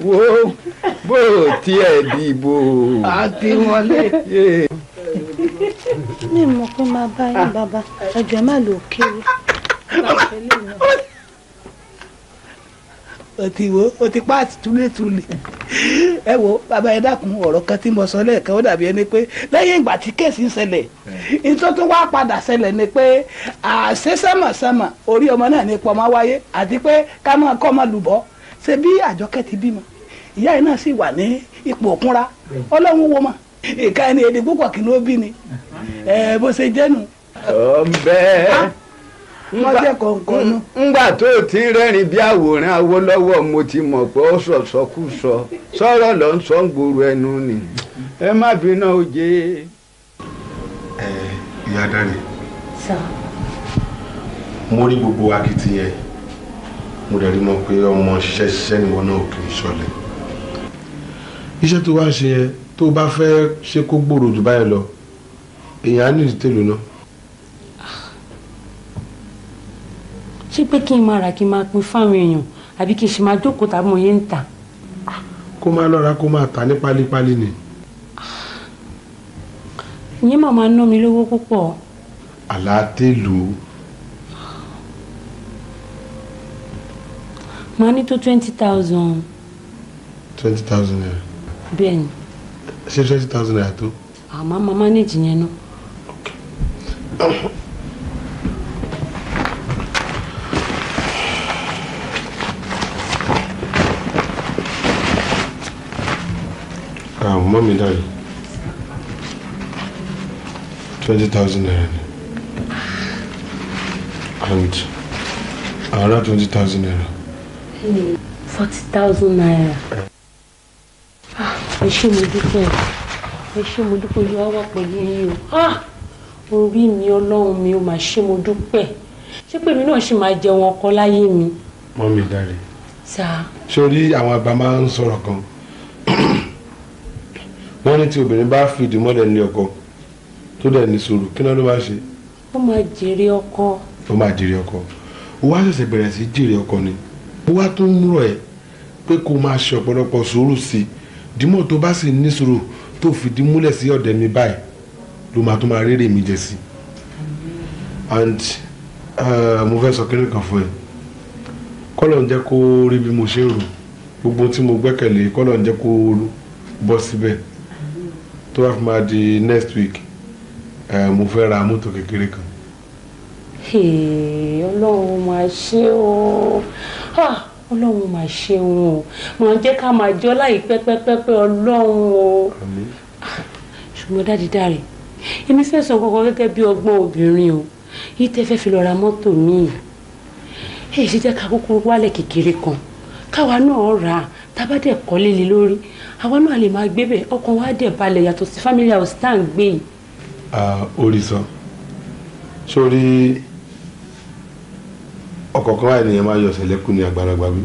wo bó tiẹ̀ dìbò. a ti wọlé. mi mọ̀ pé máa bá yín bàbá ẹ̀jẹ̀ má lò kéré ọtí wo ọtí páàtì túlétúlé ẹ wo bàbá ẹ dákun ọ̀rọ̀ kan tí mo sọ lẹ́ẹ̀kan ó dàbí ẹni pé lẹ́yìn ìgbà tí kéèsì ń ṣẹlẹ̀ hmm. nítorí tó wá padà ṣẹlẹ̀ ni pé àṣẹ sẹ́mọ̀sẹ́mọ̀ orí ọmọ náà ní pọ́nmọ́ wáyé àti pé ká máa kọ́ ọmọ lùbọ́ ṣe bí àjọkẹ́ ti bímọ ìyá yìí náà sì wà ní ipò òkúnra ọlọ́run wo mà ìka ẹni èdè púpọ̀ kí ló bí ni hmm. bó ṣe jẹ́nu. ọ̀bẹ mọ́jẹ́ kọ̀ọ̀kan náà. ńgbà tó o ti rẹ́rìn bí àwòrán Awólọ́wọ̀ mo ti mọ̀ pé ó sọ̀sọ́ kù sọ sọ̀rọ̀ lọ ń sọ ń gbòòrò ẹnu ni ẹ má bínú oje. ẹ ìyá dáre mo rí gbogbo akitiyan mo dẹ̀ rí mọ̀ pé ọmọ ṣiṣẹ́ ṣiṣẹ́ nìwọ náà kì í ṣọlẹ̀ iṣẹ́ tó wá ṣe yẹn tó bá fẹ́ ṣe kó gbòòrò jù báyìí lọ èèyàn á nìdí tèlò náà ṣé pé kí n máa rà kí n máa pin fáwọn èèyàn àbí kí n ṣe máa jókòó tàbí mo yé ń tà. kó máa lọ́ra kó máa tà ní pálípálí ni. ìyẹn màmá ná mi lówó púpọ̀. àlàtẹ́lù. màá ní tó twenty thousand. twenty thousand naira. bẹ́ẹ̀ ṣé twenty thousand naira tó. àmọ́ màmá ní ìjìyẹn náà. mọ́ mi dàrí twenty thousand naira ni and ara twenty thousand naira. forty thousand naira. Ah, ẹ ṣé mo dúpẹ́ ẹ ṣé mo dúpẹ́ yóò wá pẹ̀lú yìí o ah, orí mi ọlọ́run mi ò máa ṣé mo dúpẹ́ ṣé pèmí náà ṣì máa jẹun ọkọ láyé mi. mọ́ mi dàrí. sá. sórí àwọn àgbà máa ń sọ̀rọ̀ gan-an wọ́n ní tí obìnrin bá fìdí mọ́lẹ̀ ní ọkọ tó dẹ̀ ní sùúrù kí náà ló máa ṣe. ó máa jèrè ọkọ. ó máa jèrè ọkọ wá ṣẹ̀ṣẹ̀ bẹ̀rẹ̀ sí jèrè ọkọ ni wá tó ń rọ̀ ẹ́ pé kó máa ṣe ọ̀pọ̀lọpọ̀ sùúrù sí i dìmọ̀ tó bá sì ní sùúrù tó fìdí múlẹ̀ sí ọ̀dẹ̀ mi báyìí ló máa tó máa rere mi jẹ sí i and eh, mo fẹ́ sọ kínní kan fún ẹ kọ́lọ̀ ń jẹ́ kó rí bí mo ṣe rò gbogbo tí mo gbẹ́kẹ̀lé kọ́lọ̀ ń jẹ́ kó bọ́ síbẹ̀ tó wá fi máa di next week mo fẹ́ ra mọ́tò kékeré kan. ọlọ́run máa ṣe o ọlọ́run máa ṣe o máa jẹ́ ká máa jọ láìpẹ́ pẹ́pẹ́pẹ́ ọlọ́run o ṣùgbọ́n dáàdi dáre èmi fẹ́ sọ kankan gẹ́gẹ́ bí ọgbọ́n obìnrin o yìí tẹ́ fẹ́ fi lọ ra mọ́tò míì èyí ṣe jẹ́ ká kúkúrú wálẹ̀ kékeré kan káwa náà rà á tábàdẹ̀ kọ́lé lé lórí àwa náà lè máa gbé bẹ́ẹ̀ ọkàn wa dẹ̀ balẹ̀ yàtọ̀ sí family house tá à ń gbé yìí. orí sàn sórí ọ̀kọ̀ọ̀kan wáyé nìyẹn máa yọ ọ̀sẹ̀ lẹ́kùn ní àgbàlagbà mi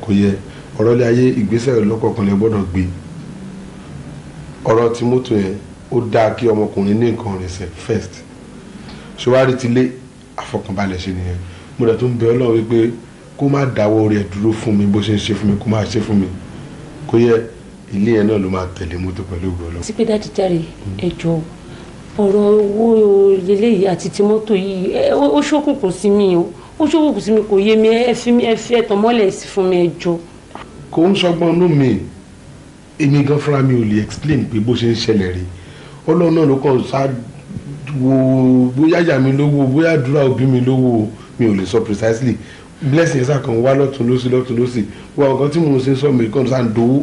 kò yẹ ọ̀rọ̀ ilé ayé ìgbésẹ̀ lọ́kọ̀ọ̀kan lè gbọ́dọ̀ gbé ọ̀rọ̀ tí mọ́tò yẹn ó dáa kí ọmọkùnrin ní nǹkan rẹ̀ sẹ̀ first ṣọwárí ti lé àfọkànbalẹ̀ ṣe nìyẹn mo dẹ̀ tún bẹ Ọlọ́run wípé kó má dáwọ́ rẹ̀ dúró fún mi bó ṣe ń ṣe fún mi kó má ṣe fún mi kò yẹ ilé ẹ náà ló máa tẹ̀lé mọ́tò pẹ̀lú ògbó ọlọ́run. sípé dáàdì járe ẹ jọ ọ̀rọ̀ owó eléyìí àti ti mọ́tò yìí ó ṣókùnkùn sí mi o ó ṣókùnkùn sí mi kò yé mi ẹ fi ẹ fi ẹtàn mọ́lẹ̀ sí fún mi ẹ jọ. kò ń sọgbọ́n inú mi èmi gan fúnra mi ò lè explain pé bó ṣe ń ṣẹlẹ̀ rí ọlọ́run náà ló kàn sá wo bóyá ìyá mi lówó bóyá àdúrà òbí mi lówó mi ò lè sọ precisely blessing yẹn sá kan wá lọ́tún lọ́sí lọ́tún lọ́sí wá ọ̀kan tí mo ṣe sọ mi kàn sá ń dowó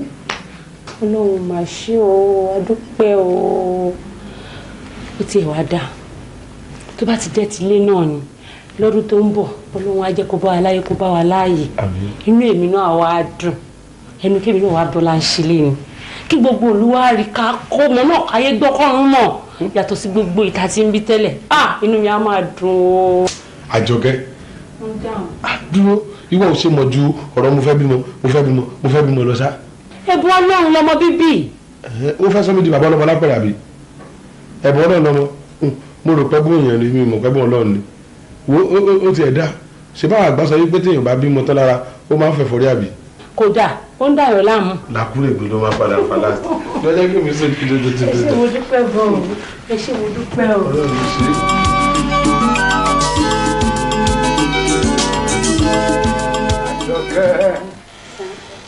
ọlọ́run mà ṣe o adúpẹ́ o ó tiẹ̀ wá dáa tó bá ti dẹ́ ti lé náà ni lọ́dún tó ń bọ̀ ọlọ́run á jẹ́ kó bá wa láyé kó bá wa láàyè inú èmi náà wá dùn ẹnu kí èmi náà wá bọ́lá ń ṣe lé ni kí gbogbo olúwarí ká kó mọ náà káyé gbọ́kọ́rún mọ̀ yàtọ̀ sí gbogbo ìta tí ń bí tẹ́lẹ̀ ah inú mi á máa dùn o. àjọkẹ́ dúró ìwọ ò ṣe mọ̀ ju ọ̀rọ̀ mo fẹ́ bímọ mo fẹ́ bímọ mo fẹ́ bímọ lọ sáà ẹ̀bùn ọlọ́run lọmọ bíbí. ó fẹ́ sọ di bàbá ọlọ́mọ lápẹ̀rẹ̀ àbí ẹ̀bùn ọlọ́run lọmọ hmm, mo rò pé èèyàn ni mi mọ̀ pé ọlọ́run ni ó ti ẹ̀ dá ṣe bá àgbà sọ wípé téèyàn bá bímọ tán lára ó máa ń fẹ̀fọ́ rí àbí. kò dà ó ń dàrọ láàmú. làkúrẹ̀ gbé ló máa padà fà lọ́jọ́ kí mi sọ̀rọ̀ kí ló ti bẹ̀rẹ̀. ẹ ṣé mo dúpẹ́ gan ẹ ṣé mo dúpẹ́ o. ọlọ́run ṣe é. Yeah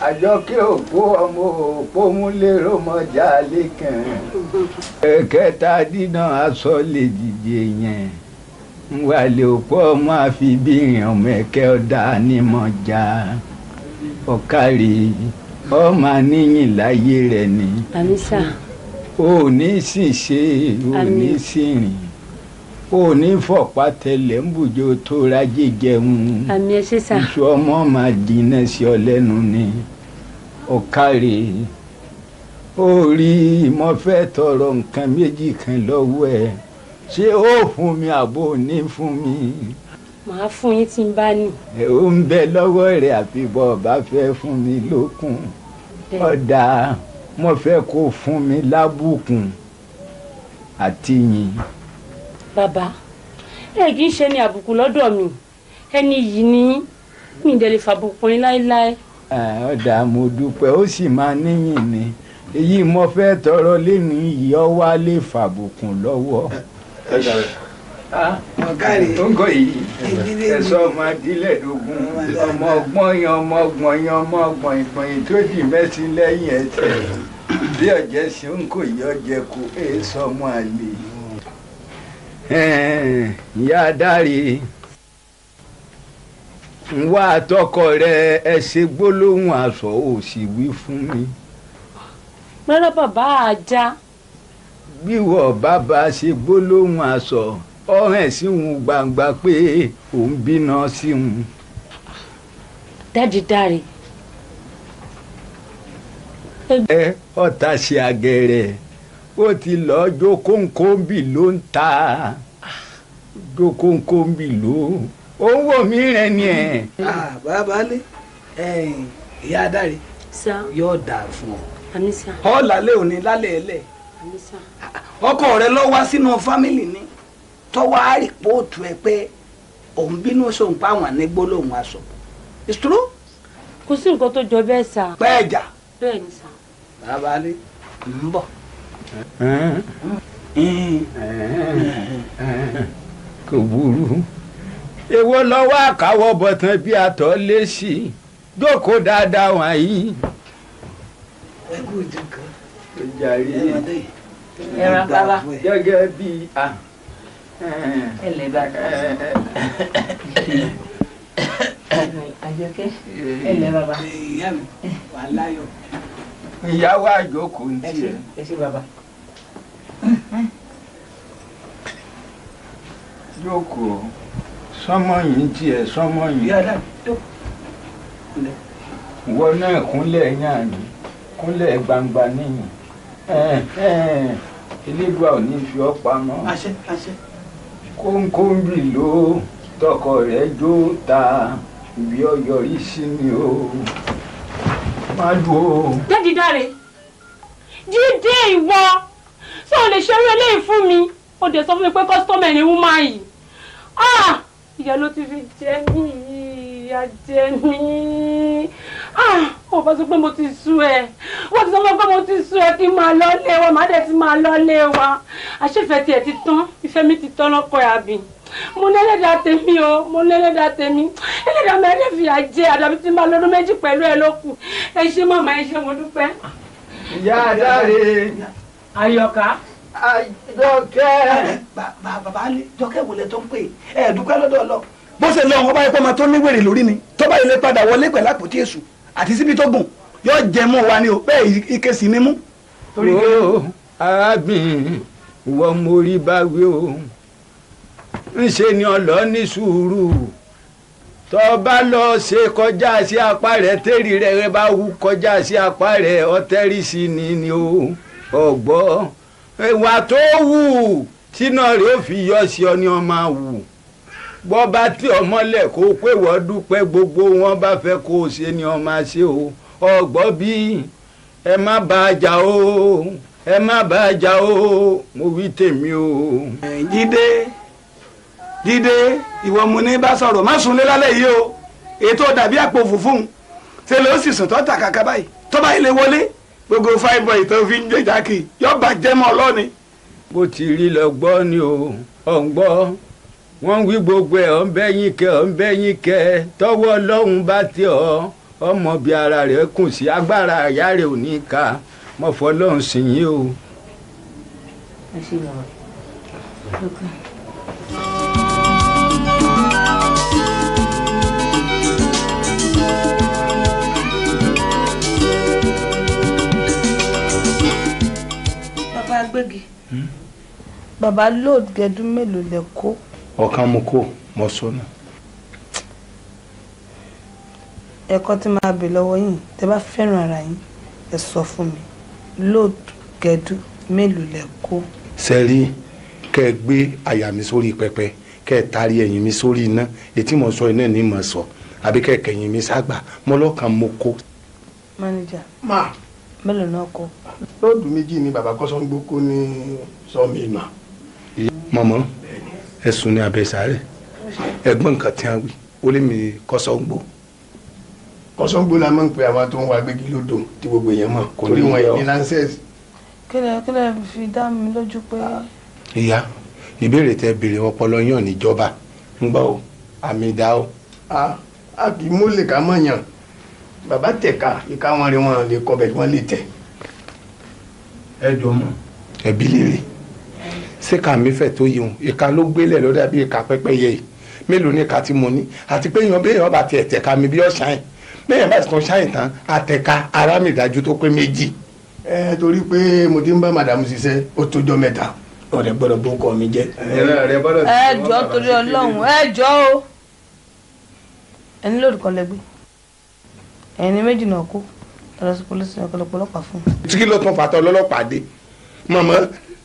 àjọkẹ́ òpó ọmọ òpó múlẹ́rọ mọ́jà lẹ́kàn ẹ̀kẹta dínà aṣọ lè dìde yẹn wàlẹ̀ òpó ọmọ àfibìrìn ọmọ ẹ̀kẹ́ ọ̀dà nímọ̀já ọ̀kàrí ọmọ aníyìn láyé rẹ̀ ni ò ní sì ṣe ò ní sì rìn ó ní fọ̀pá tẹlẹ̀ ń bùjọ tó rájé jẹun iṣu ọmọ máa dínà sí ọ lẹ́nu ni. Àmín, ọ̀kàrè orí mo fẹ́ tọrọ nǹkan méjì kan lọ́wọ́ ẹ̀ ṣé ó fún mi àbò ní fún mi. màá fún yín tí n bá nì. ó ń bẹ lọ́wọ́ rẹ̀ àfi bọ́ ọba fẹ́ fún mi lókun ọ̀dà mo fẹ́ kó fún mi lábùkún àti yìn. bàbá ẹ kì í ṣe ní àbùkù lọ́dọ̀ mi ẹni yìí ni mí ìdẹ̀lẹ̀ fàbùkù yín láéláé ọ̀dà mo dúpẹ́ ó sì máa níyìn ni èyí mo fẹ́ tọrọ lẹ́nu yìí ọ wá lè fàbùkùn lọ́wọ́. Ah, ọ̀gáre ọ̀gọ́ yìí ẹ̀sọ́ ọmọ adílẹ̀dógún ọmọ ọgbọ́n yan ọmọ ọgbọ́n yan ọmọ ọgbọ́n ìgbọ̀n yìí tó dì mẹ́sìn lẹ́yìn ẹ̀tẹ̀ bí ọ̀jẹ̀ ṣe ń kò yí ọ̀jẹ̀ kó èé sọ ọmọ àlè. ìyá adarí ń wá àtọkọ rẹ ẹ ṣe gbólóhùn aṣọ ò sì wí fún mi. rárá bàbá ajá. bíwọ bàbá ṣe gbólóhùn aṣọ ọ̀rẹ́ síhun gbangba pé òun bínà síhun. dájídáre. ẹ ọ̀tá ṣe àgẹ̀rẹ̀ ó ti lọ́ọ́ jókòó kóńbì ló ń ta jókòó kóńbì ló ń ta. owó mi rẹ ni ẹ. Ah, bàbá lé ìyá adarí yóò dà fún ọ ọ lálẹ́ òní lálẹ́ ẹlẹ́ ọkọ rẹ lọ wá sínú fámìlì ni tọwọ́ àrípòtù ẹ pé òun bínú sóun pa aṣọ it's true. kò sí nǹkan tó jọ bẹ́ẹ̀ sà. bẹ́ẹ̀ jà. bẹ́ẹ̀ ni èwo lọ́wọ́ àkáwọ́ bọ̀tán bí àtọ̀ lé sí i jókòó dáadáa wọn yìí. ẹ kú ìdí kan. ó jàre ẹran bí a. ìyàwó àjọkò ń tiẹ̀. jókòó sọmọ yìí tiẹ̀ sọmọ yìí. yàrá tó kúnlẹ̀. ìwọ náà kúnlẹ̀ yàn mí kúnlẹ̀ gbangba níyìn elégbà ò ní fi ọ́ pamọ́. àṣẹ àṣẹ. kóńkóńbì ló tọkọ rẹ̀ jó ta ibi ọyọrí sí mi o má dùn o. jáde dáre dídé ìwọ ṣé o lè ṣerú eléyìí fún mi o dẹ̀ sọ fún mi pé kọ́sítọ́mù ẹ̀ ni wọ́n ìyá ló ti fi jẹ mí ìyá jẹ mí ọba ah, sọ pé mo ti sú ẹ wọ́n ti sọ pé mo ti sú ẹ kí n máa lọ́lé wa màá dẹ̀ ti máa lọ́lé wa àṣefẹ́ tiẹ̀ ti tán ìfẹ́ mi ti tán lọ́kọ̀ ẹ̀ àbí mo ní ẹlẹ́dàá tèmi o mo ní ẹlẹ́dàá tèmi ẹlẹ́dàá mi ẹlẹ́dàá fìyà jẹ àdàbí tí n bá lọ́dún méjì pẹ̀lú ẹ ló ẹ ṣé màmá ẹ ṣé mo dúpẹ́. ìyá adáre ayọ̀ká àjọkẹ́. bàbá lè jọkẹ́ wò lẹ tó ń pè ẹ dúpẹ́ lọ́dọ̀ lọ. bó ṣe lọ wọn bá yẹ kó máa tó ní wèrè lórí ni tó bá yẹ lè padà wọlé pẹ̀lú àpótí èṣù àti síbi tó gùn yóò jẹ mọ́ wa ni o bẹ́ẹ̀ ike sì ni mú. o arábìnrin ìwọ mo rí báwí o ńṣe ni ọlọ ní sùúrù tó bá lọ ṣe kọjá sí apá rẹ̀ tẹ́rì rẹ̀ bá wú kọjá sí apá rẹ̀ ọtẹ́rì sí ni ni o ọgbọ́n ìwà tó wù tíná rẹ̀ ó fi yọ sí ọ ni ọ wù bọ́ bá tí ọmọ lẹ̀ kó pé wọ́n dúpẹ́ gbogbo wọn bá fẹ́ kó o ṣe ni ọ ṣe o ọgbọ́n bí ẹ má bá a jà o ẹ má bá a jà o mo wí tèmi o. jíde jíde ìwọ mu ní bá sọ̀rọ̀ má sùn lé lálẹ́ yìí o ètò dàbí àpò fùfún ṣe ló sì sùn tó tà kàkà báyìí tó báyìí lè wọlé gbogbo fáìbọ̀ ìtàn fi ń gbèjà kì yóò bàjẹ́ mọ́ ọlọ́ni. bó ti rí lọ gbọ́ ni o ọ̀ ń gbọ́ wọ́n wí gbogbo ẹ̀ ọ̀ ń bẹ́yìn kẹ́ ọ̀ ń bẹ́yìn kẹ́ tọ́wọ́ ọlọ́run bá ti ọ̀ ọmọ bí ara rẹ̀ kùn sí agbára àyà rẹ̀ ò ní ká mọ̀fọ́ ọlọ́run sì yín o. ẹ ṣe bàbá. gbégi hmm? bàbá lóòdù gẹdú mélòó lẹ kó. ọ̀kan mo kó mo sọ náà. ẹ̀kọ́ tí máa bè lọ́wọ́ yìí tẹ́ bá fẹ́ràn ara yín ẹ sọ fún mi lóòdù gẹdú mélòó lẹ kó. sẹ́rí kẹ́ ẹ gbé àyà mi sórí pẹpẹ kẹ́ ẹ taari ẹ̀yìn mi sórí iná etí mo sọ iná ni mo sọ àbí kẹ́ ẹ kẹ̀yìn mi ságbà mo mo kó. manager. máa mélòó náà kọ. lóòdù méjì ni bàbá kọ́sọ́ngbó kó ní sọ́ọ̀mì ìnà. mọ̀mọ́ ẹ̀sùn ní abẹ́ sáré ẹ̀gbọ́n nǹkan tí a wí ó lé mi kọ́sọ́ngbó. kọ́sọ́ngbó la máa ń pe àwọn tó ń wá gbégi lódò tí gbogbo èèyàn mọ̀ kò ní wọn ní lancers. kílẹ̀ kílẹ̀ fi dá mi lójú pé. Ah. ìyá ìbéèrè tẹ béèrè ọpọlọ yàn níjọba ń gbọ́ àmì ìdá o. Ah, a kì í mólè ká mọ̀ yàn bàbá tẹ̀ka ìka wọn rí wọn lè kọbẹ̀ wọn lè tẹ̀. ẹ jọ mọ. ẹbí lèrè síkà mi fẹ̀ tó yẹun ìka ló gbélé ló dàbí ìka pẹ́pẹ́ yẹ yìí mélòó ni ìka tí mo ní àti pé yan béèyàn bá tiẹ̀ tẹ̀ka mi bí ọ̀sán yìí béèyàn bá tún ṣáyìn tán àtẹ̀ka ara mi dájú tó pé méjì. ẹ torí pé mo ti ń bá màdàmú ṣiṣẹ́ ó tójọ́ mẹ́ta ọ̀rẹ́ gbọ́dọ̀ bó ń kọ́ mi jẹ́. ẹ jọ torí Ọlọ́run ẹ jọ o ẹni lórúkọ lẹ́gbẹ̀ẹ́ ẹni méjì náà kú lọ sí polisi ọkọlọ ọlọ́pàá fún un. tí ló tún fàtọ lọlọpàá dé mọmọ.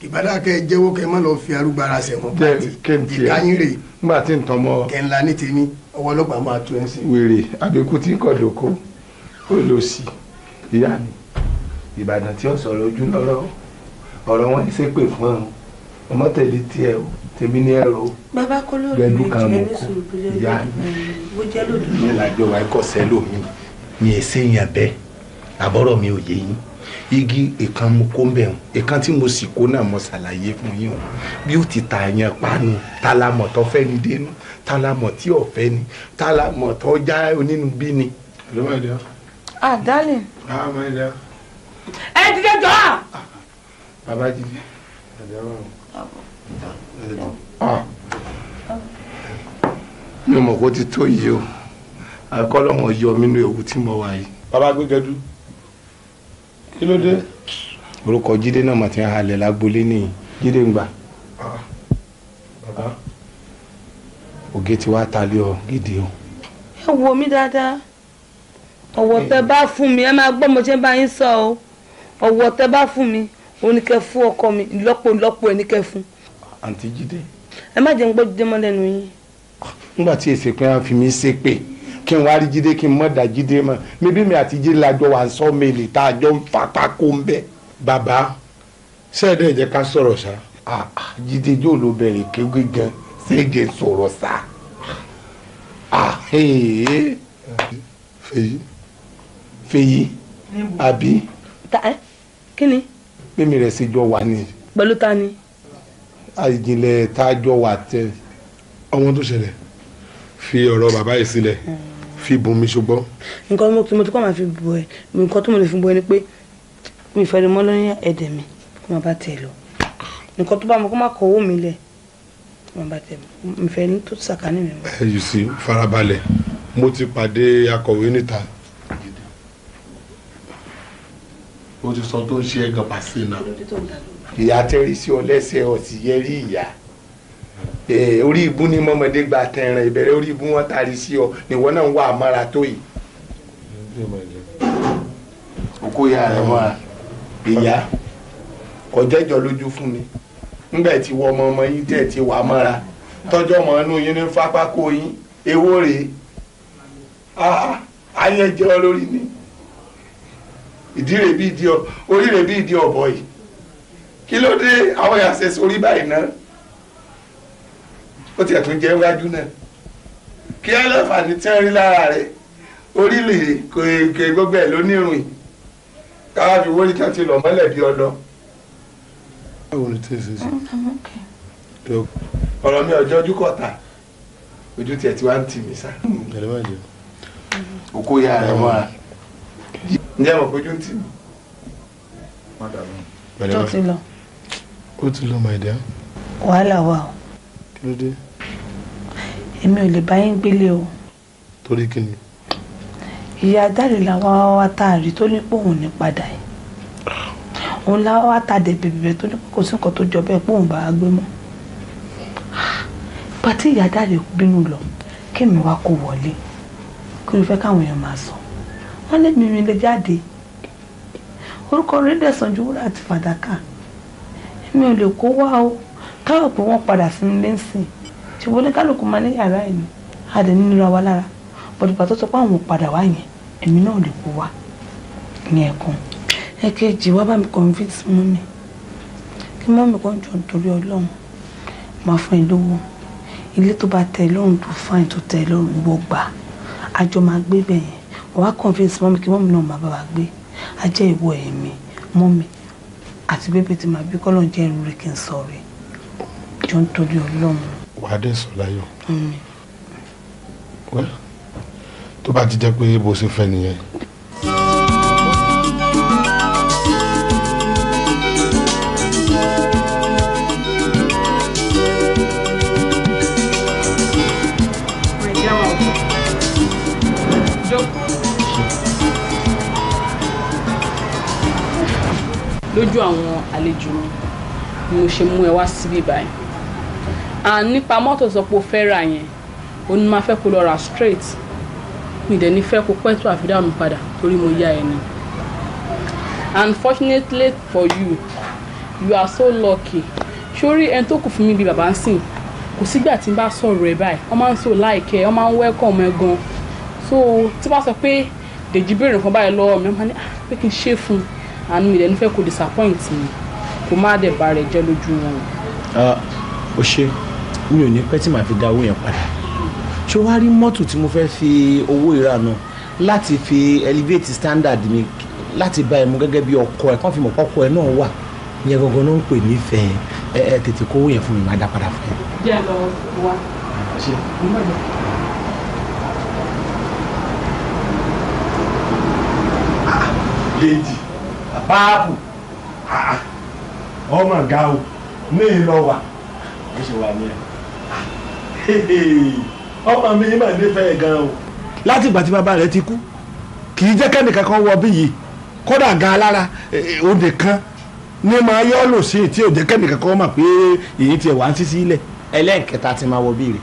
ìbádà kẹ jẹ́wọ́ kẹ má lọ fi arúgbára sẹwọn pàtì ìdáyín rè. nígbà tí n tọmọ. kẹńlá ní tèmi ọwọ́ ọlọ́pàá máa tu ẹ sí. wèrè àbíkú tí kò dòkó ó lọ sí ìyá mi ìbàdàn tí ó sọ̀rọ̀ ojú lọ́rọ̀ ọ̀rọ̀ wọn ṣe pè fún ọ ọmọ tẹ̀lé tiẹ̀ o tèmi ní ẹ̀rọ gbẹdú kan mọ̀ kó ìyá mi ìyá làjọ wa ẹ̀kọ́ sẹ́lómi mi ẹ̀ sẹ́yìn bẹ́ẹ̀ àbọ̀rọ̀ mi ò yé yín igi ìkan mo kó bẹ̀ hàn ìkan tí mo sì kó náà mo ṣàlàyé fún yín o bí ó ti ta àyàn panu talamọ̀ tó fẹ́ ni dénú talamọ̀ tí ò fẹ́ ni talamọ̀ tó já onínúbí ni. hello my dear. ah darling. ah my dear. ẹ eh, ah, ah, ah. ti dé jọ. bàbá jíjí. mi ò mọ̀ kó ti tó yìí o akọ́lọ́wọ̀n yọ mí nínú ewu tí mo wà yìí. bàbá gbẹgẹdú kí ló dé. orúkọ jíde náà mà ti ń halẹ̀ lágbolé nìyí jíde ń gbà. Ah, ògé ti wá ta lé ọ gidi o. ẹ wo mi dáadáa ọ̀wọ̀ tẹ bá fún mi ẹ máa gbọ́ mo ṣe ń bá yín sọ o ọ̀wọ̀ tẹ bá fún mi òun fún ọkọ mi lọ́pọ̀ lọ́pọ̀ ẹ fún. àǹtí jíde. ẹ má jẹun gbọ́ jíde mọ́ lẹ́nu yín. nígbà tí èsì pé wọ́n fi mí ṣépè kí n wá rí jíde kí n mọ̀ dá jíde mọ̀ mébí mi àti jíde la jọ wà ń sọ mélè tá a jọ ń fapá kó ń bẹ. bàbá sẹ́ẹ̀dẹ̀ jẹ́ ká sọ̀rọ̀ sá. jíde yóò ló bẹ̀rẹ̀ kéwé gan ṣéèjẹ sọ̀rọ̀ sá. fèyí fèyí àbí. ta ẹ kí ni. mímí rẹ̀ ṣe jọ wà ní. pẹ̀lú ta ni. àìjìnlẹ̀ tá a jọ wà tẹ. ọmọ tó ṣẹlẹ̀ fi ọ̀rọ̀ bàbá yìí sílẹ̀. Mm fi bùn mi ṣùgbọ́n. nǹkan mo mo ti kọ́ máa fi bù ẹ nǹkan tó mo lè fi bù ẹ ni pé mi ìfẹ́ ni mo lọ ní ẹ̀dẹ̀ mi kó máa bá tẹ̀ lọ nǹkan tó bá mo kó máa kọ owó mi lẹ̀ kó máa bá tẹ̀ mi ìfẹ́ tó sàkání mi. ẹ yìí sí farabalẹ̀ mo ti pàdé akọ̀wé níta o ti sọ tó ń ṣe é gan pàṣẹ náà. ìyá tẹ́rí sí ọ lẹ́sẹ̀ ọ̀sì yẹrí ìyá. Eh, orí ibú ni mọ́mọdé gba tẹ̀ràn ìbẹ̀rẹ̀ orí ibú wọn tari sí ọ nìwọ náà ń wà mọ́ra tó yìí. òkú ya rẹ̀ mọ́ra ìyá kọjẹ́jọ lójú fún mi ńgbà tí wọ́n ọmọ ọmọ yín tẹ̀ ti wà mọ́ra tọ́jọ́ mọ́ inú yín ní fapákó yín ewó rèé ah, ah, ayé jẹ́ ọ lórí ni ìdí rẹ̀ bí ìdí ọ orí rẹ̀ bí ìdí ọ̀bọ yìí kí ló dé àwọn yàtọ̀ sórí báyìí náà ó tiẹ̀ tún jẹ́ wájú náà kí aláǹfààní tí wọ́n rí lára rẹ̀ orílẹ̀ kò gbogbo ẹ̀ lónírùn káwá fi wọ́n ìtàn ti lọ mọ́lẹ̀ bí ọdọ. báwo ni tẹ̀sí sí. ọ̀rọ̀ mi ọjọ́ ojú kọ̀tà ojú tiẹ̀ tí wàá ń tì mí sá. òkú ya rẹ̀ mọ́ra ǹjẹ́ mo fojú ń tì mí. tó ti lọ. ó ti lọ màdìá. wàhálà wà o. kí ló dé èmi ò lè bá yín gbélé o. torí kí ni. ìyá dáre làwa wá táàrí tó ní pòun ní padà yìí òun láwa tàdé bèbè tó ní kò sí nǹkan tó jọ bẹ́ẹ̀ pòun bá a gbé mọ́ ìgbà tí ìyá dáre bínú lọ kémi wá kó wọlé kí ló fẹ́ káwọn èèyàn máa sọ wọ́n lé mímí lè jáde orúkọ rédíò ju wúrà àti fàdákà èmi ò lè kó wá o káwọ̀ pé wọ́n padà sí ilé ń ṣùgbọ́n ní kálukú máa ní yàrá ẹ̀ ní adẹ̀ nínú ra wa lára bọ̀dùgbà tó sọ pé àwọn padà wá yẹn èmi náà lè kó wa ní ẹ̀kan ẹ̀kejì wá bá mi convince mummy kí mummy kan jọ nítorí ọlọ́run máa fún ẹ lówó ilé tó bá tẹ́ lọ́rùn tó fáìn tó tẹ́ lọ́rùn wọ́ gbà àjọ máa gbé bẹ̀yẹn wọ́n wá convince mummy kí mummy náà máa bá wa gbé ajẹ́ ìwọ ẹ̀mí mummy àti bébí ti máa bí kọ́lọ́n jẹ́ irú kí n sọ rẹ̀ jọ nítorí ọlọ́run wàá dẹ̀ sọ láyọ̀ tó bá ti jẹ́ pé bó ṣe fẹ́ nìyẹn. lójú àwọn àlejò mi ni mo ṣe mú ẹ wá síbí báyìí and nípa mọ́tò sọ pé yẹn o ní máa fẹ́ kó lọ rà straight mi dẹ̀ ní fẹ́ kó pẹ́ tó àfidà mi padà torí mo yá ẹ ni unfortunately for you you are so lucky sórí ẹni tó kù fún mi bíi bàbá ń sìn kò sígbà tí n bá sọ̀rọ̀ ẹ̀ báyìí wọ́n máa ń sọ láìkẹ́ wọ́n máa ń welcome ẹ gan so tí wọ́n sọ pé dèjì béèrè nǹkan báyìí lọ́wọ́ mi wọ́n máa ní ah, pé kí n ṣe fún un àánú mi lẹ́nu fẹ́ kó disappoint mi kó má dẹ̀ bá rẹ̀ jẹ́ lójú wọn. ó ah, ṣe mi ò ní pẹ́ tí màá fi dá owó yẹn padà ṣé wàá rí mọ́tò tí mo fẹ́ fi owó ìrànà láti fi elevate standard mi láti bá ẹ mú gẹ́gẹ́ bí ọkọ ẹ kàn fi mọ̀ ọkọ ẹ náà wà ìyẹn gangan ló ń pè nífẹ̀ẹ́ ẹ ẹ tètè kówó yẹn fún mi màá dá padà fún ẹ. díẹ̀ lọ wá. ṣe ah, báàbù ah, ah. ọmọ ga o ní ìlọ wa ó ṣe wà ní ẹ ọmọ mi mà nífẹ̀ẹ́ gan o. láti ìgbà tí bàbá rẹ ti kú kì í jẹ́ kẹ́nìkan kan wọ bí yìí kódà gan alára eh, eh, òde kan ní máa yọ lò sí tí ò jẹ́ kẹ́nìkan kan mọ̀ pé èyí tiẹ̀ wá ń sí sílẹ̀. ẹlẹ́ǹkẹta ti máa wọ bí rè.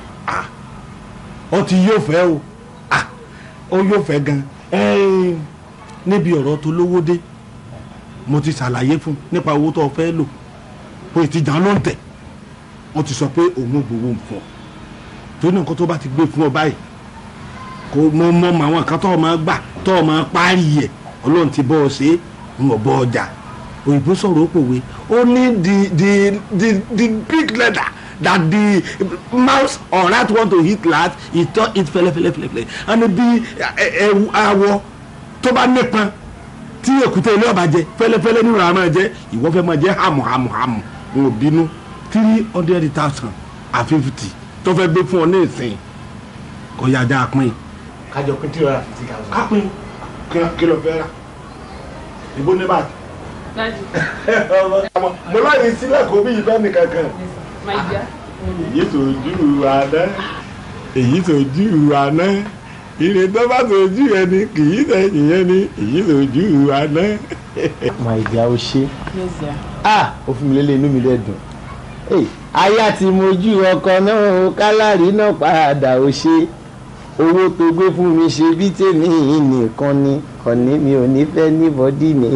ó ti yóò fẹ́ o ó yóò fẹ́ gan níbi ọ̀rọ̀ tó lówó dé mo ti ṣàlàyé fún nípa owó tó o fẹ́ lò pé ìtìjà ló ń tẹ̀ ó ti sọ pé òun gbowó ń fọ́ ọ tó ní nǹkan tó bá ti gbé fún ọ báyìí kò mọ mọ mọ àwọn kan tó o máa gbà tó o máa parí ẹ ọlọ́run ti bọ́ ọ ṣe é ń wọ̀ bọ́ ọjà òyìnbó sọ̀rọ̀ ó pòwe ó ní the the the the big letter that the mouse or rat want to hit last it turn it fẹlẹfẹlẹfẹlẹ and bí ẹwù awọ tó bá nípọn tí èkúté ilé ọba jẹ fẹlẹfẹlẹ ní ìrora máa jẹ ìwọ fẹ́ máa jẹ hàmù hàmù hàmù ń bínú three hundred thousand and fifty tó fẹ́ gbé fún ọ ní ìsìn kò yá dáa pín. kájọ pín tí ọ̀rá fìtí ká. ká pín kí ló fẹ́ rà ìbò ní bàtà. mo láyé sílẹ̀ kó bí ìfẹ́ nìkan kan. èyí sòjú àná èyí sòjú àná ire tó bá sòjú ẹni kì í sẹ́yìn yẹn ni èyí sòjú àná. màìjà o ṣe ah òfin mi lélẹ̀ inú mi lẹ́dùn aya ti mojú ọkọ náà o kálárì náà padà ò ṣe owó tó gbé fún mi ṣe bí tèmi nìkan ni kọ̀ní mi ò ní fẹ́ níbọ̀dí ní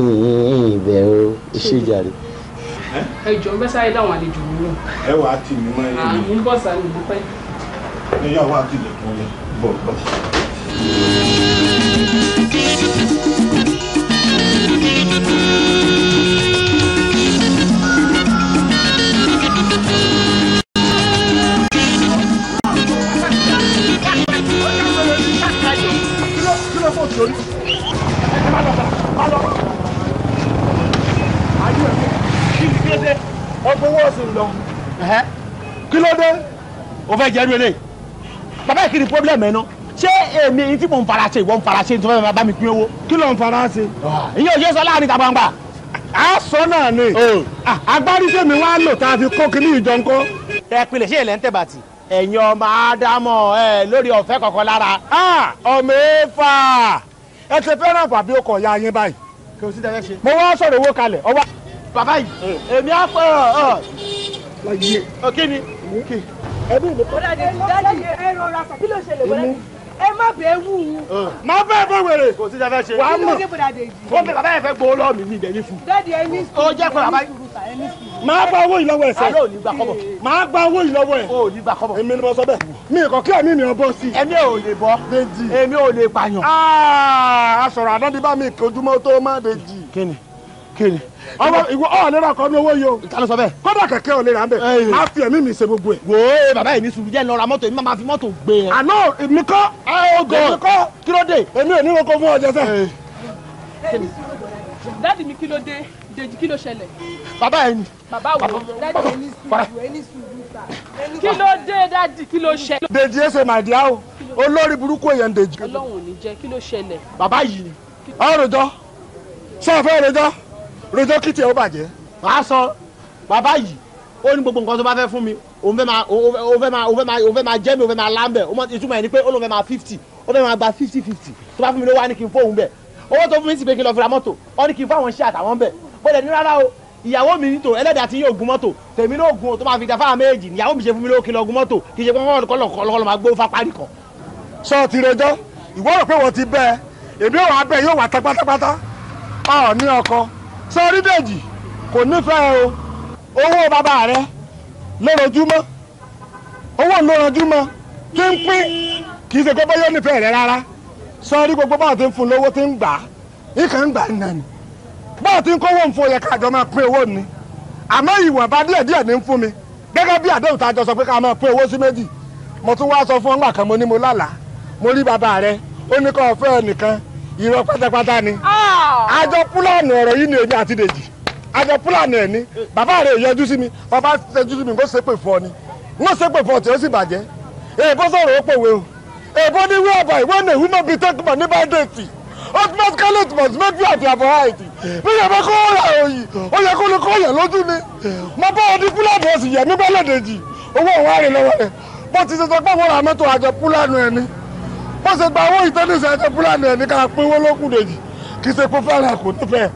ibẹ̀ o ìṣèjàre. ẹ jọ bẹ sáré dáhùn àlejò mi náà. ẹ wàá tì mí mọ́ ẹ. à ń bọ̀ sáré gbọ́pẹ́. ẹ yà wá tìlẹ̀kùn yẹn bọ̀ bọ̀. kí ló dé ọgbọ́n wọ́ọ̀sì ń lọ kí ló dé o fẹ́ jẹ́rú eléyìí bàbá ìkiri pọ́blẹ́mù ẹ̀ náà ṣé èmi yìí tí mò ń fara ṣe ìwọ ń fara ṣe nítorí bàbá mi pín owó. kí ló ń fara ṣe. Ah. ìyẹn òye sọ láàrin ìta gbangba. a sọ náà ni ah, agbáríṣẹ́ mi wá lò tá a fi kó kínní ìjọ ńkọ́. ẹ pilẹ̀ ṣé ilẹ̀ ń tẹ̀ bàtì ẹ̀yin ọmọ ádámọ̀ ẹ lórí ọ̀fẹ́ kọ̀ọ̀kan lára. ọmọ èèfà ẹ ti fẹ́ràn bàbí ọkọ̀ ya yín báyìí. kò sí tẹ́lẹ̀ ṣe. mo wá sọ̀rọ̀ owó kalẹ̀ ọwọ́ bàbá yìí mm. èmi á pẹ́ ọ. kí ni. ọ̀dàdì dájú ẹ rọra kí ló ṣẹlẹ̀ wọlé ẹ má bẹ wú. má bẹ bọ wèrè. kò sí jáfẹ́ ṣe. wàá mọ̀ kó bẹ bàbá yẹn fẹ́ gbowó lọ́ọ̀ mi ní ìdẹ́ni fún. dáàdi ẹ ní sùúrù. ó jẹ́ pé bàbá máa gba owó yìí lọ́wọ́ ẹ̀ sẹ́. àlọ́ ò ní gbà kọ́bọ̀. máa gba owó yìí lọ́wọ́ ẹ̀. ò ní gbà kọ́bọ̀. èmi ni mo sọ bẹ́ẹ̀. mi kò kí ẹ̀mí mi ò bọ́ sí i. èmi ò lè bọ́. Dèjì. èmi ò lè pààyàn. Ah, a sọ̀rọ̀ àdán ti bá mi kojúmọ́ tó má Dèjì. kí ni kíni ọwọ ìwọ ọ lera kọ ní owó yìí o. ìtàn sọ bẹ́ẹ̀. kódà kẹ̀kẹ́ ò lera bẹ́ẹ̀. a fi ẹ̀mí mi ṣe gbogbo ẹ̀. wo bàbá yìí ní sùúrù jẹ́ lọ́ra mọ́tò èmi máa fi mọ́tò gbé e. àná èmi kọ́ èmi kọ́ kí ló dé èmi ò ní koko fún ọjọ́ sẹ́. dáàdi mi kí ló dé dèjì kí ló ṣẹlẹ̀. bàbá yìí ni. bàbá wo dáàdi ẹni sùúrù ẹni sùúrù ta. kí ló dé dáàdi kí ló ṣẹlẹ̀. dèjì ẹsẹ̀ màdìá o olórí burúkú èèyàn dèjì. ọlọ́run ò ní jẹ́ kí ló ṣẹlẹ̀. bàbá yìí ni. ọ̀rọ̀ jọ sọ fẹ́ rẹ̀ jọ rojọ́ kìtì ẹ̀ ó bàjẹ́. màá sọ bàbá yìí ó ní gbogbo nǹkan tó bá fẹ́ fún mi òun fẹ́ máa òun fẹ́ máa òun fẹ́ máa òun fẹ́ máa jẹ́ mi òun fẹ́ máa láǹbẹ̀ ìtumọ̀ ẹ̀ ni pé olóun fẹ́ máa fifty ó fẹ́ máa gba fifty fifty tó bá fún mi ló wá ní kí n fóun bẹ̀ owó tó fún mi sì pé kí n lọ fira mọ́tò ó ní kí n fún àwọn iṣẹ́ àtàwọn bẹ̀ bọ́dẹ̀ ní rárá o ìyàwó mi ní tò ẹlẹ́dàá tí yóò gun mọ́tò tèmi náà gun tó máa fi dáfà méjì ìyàwó mi ṣe fún mi lóò kí n lọ gun mọ́tò kì í ṣe pọ́n kọ́lọ́kọ́lọ́ máa gbó fapárí kan. sọ ti rojọ́ ìwọ rò pé wọn ti bẹ ẹ èmi ò wá bẹ yóò wá tán pátápátá ní ọkọ sọ orílẹ̀-èdè kò nífẹ̀ẹ́ o owó bàbá rẹ lórojúmọ́ owó lórojúmọ́ tí ń pín kì í ṣe gbogbo yóò nífẹ̀ẹ́ rẹ rárá sọ orí gbogbo báwo ti ń fún lówó ti ń gbà á ń gbà ni báwo ti ń kówó ń fún yẹ máa pín owó ni mi gẹ́gẹ́ bí àdéhùn a sọ pé ká máa pín owó sí sọ fún ọgbà kan mo ní mo lálàá mo rí bàbá rẹ ó irọ́ pátápátá ni ah. àjọ púlànù ọ̀rọ̀ yìí ni èmi àti dèjì àjọ púlànù ẹ̀ ni bàbá rẹ̀ yọjú sí mi bàbá yọjú sí mi kó ṣépè fún ọ ni wọ́n ṣépè fún ọ tí ó sì bàjẹ́ èèbó sọ̀rọ̀ ó pòwe o èèbó ní wíwá báyìí wọ́n ní woman be take money by date automatically it must make you at your variety bí yẹn bá kó ọ̀rọ̀ òyì ó yẹ kó ló kó yẹ lójú ni mo bá ọ ní púlànù ọ̀sìn yẹ mi gbọ́dọ̀ dèjì owó òun á rìn lọ́wọ́ rẹ̀ bó ti ṣe sọ pé wọ́n ra mọ́tò àjọ púlànù ẹ̀ ni bó ṣe gba owó ìtẹ́lẹ̀sẹ̀ àti fúlàní ẹ̀ ní ká pínwó lókùn dèjì kì í ṣe kó fẹ́ràn kò nífẹ̀ẹ́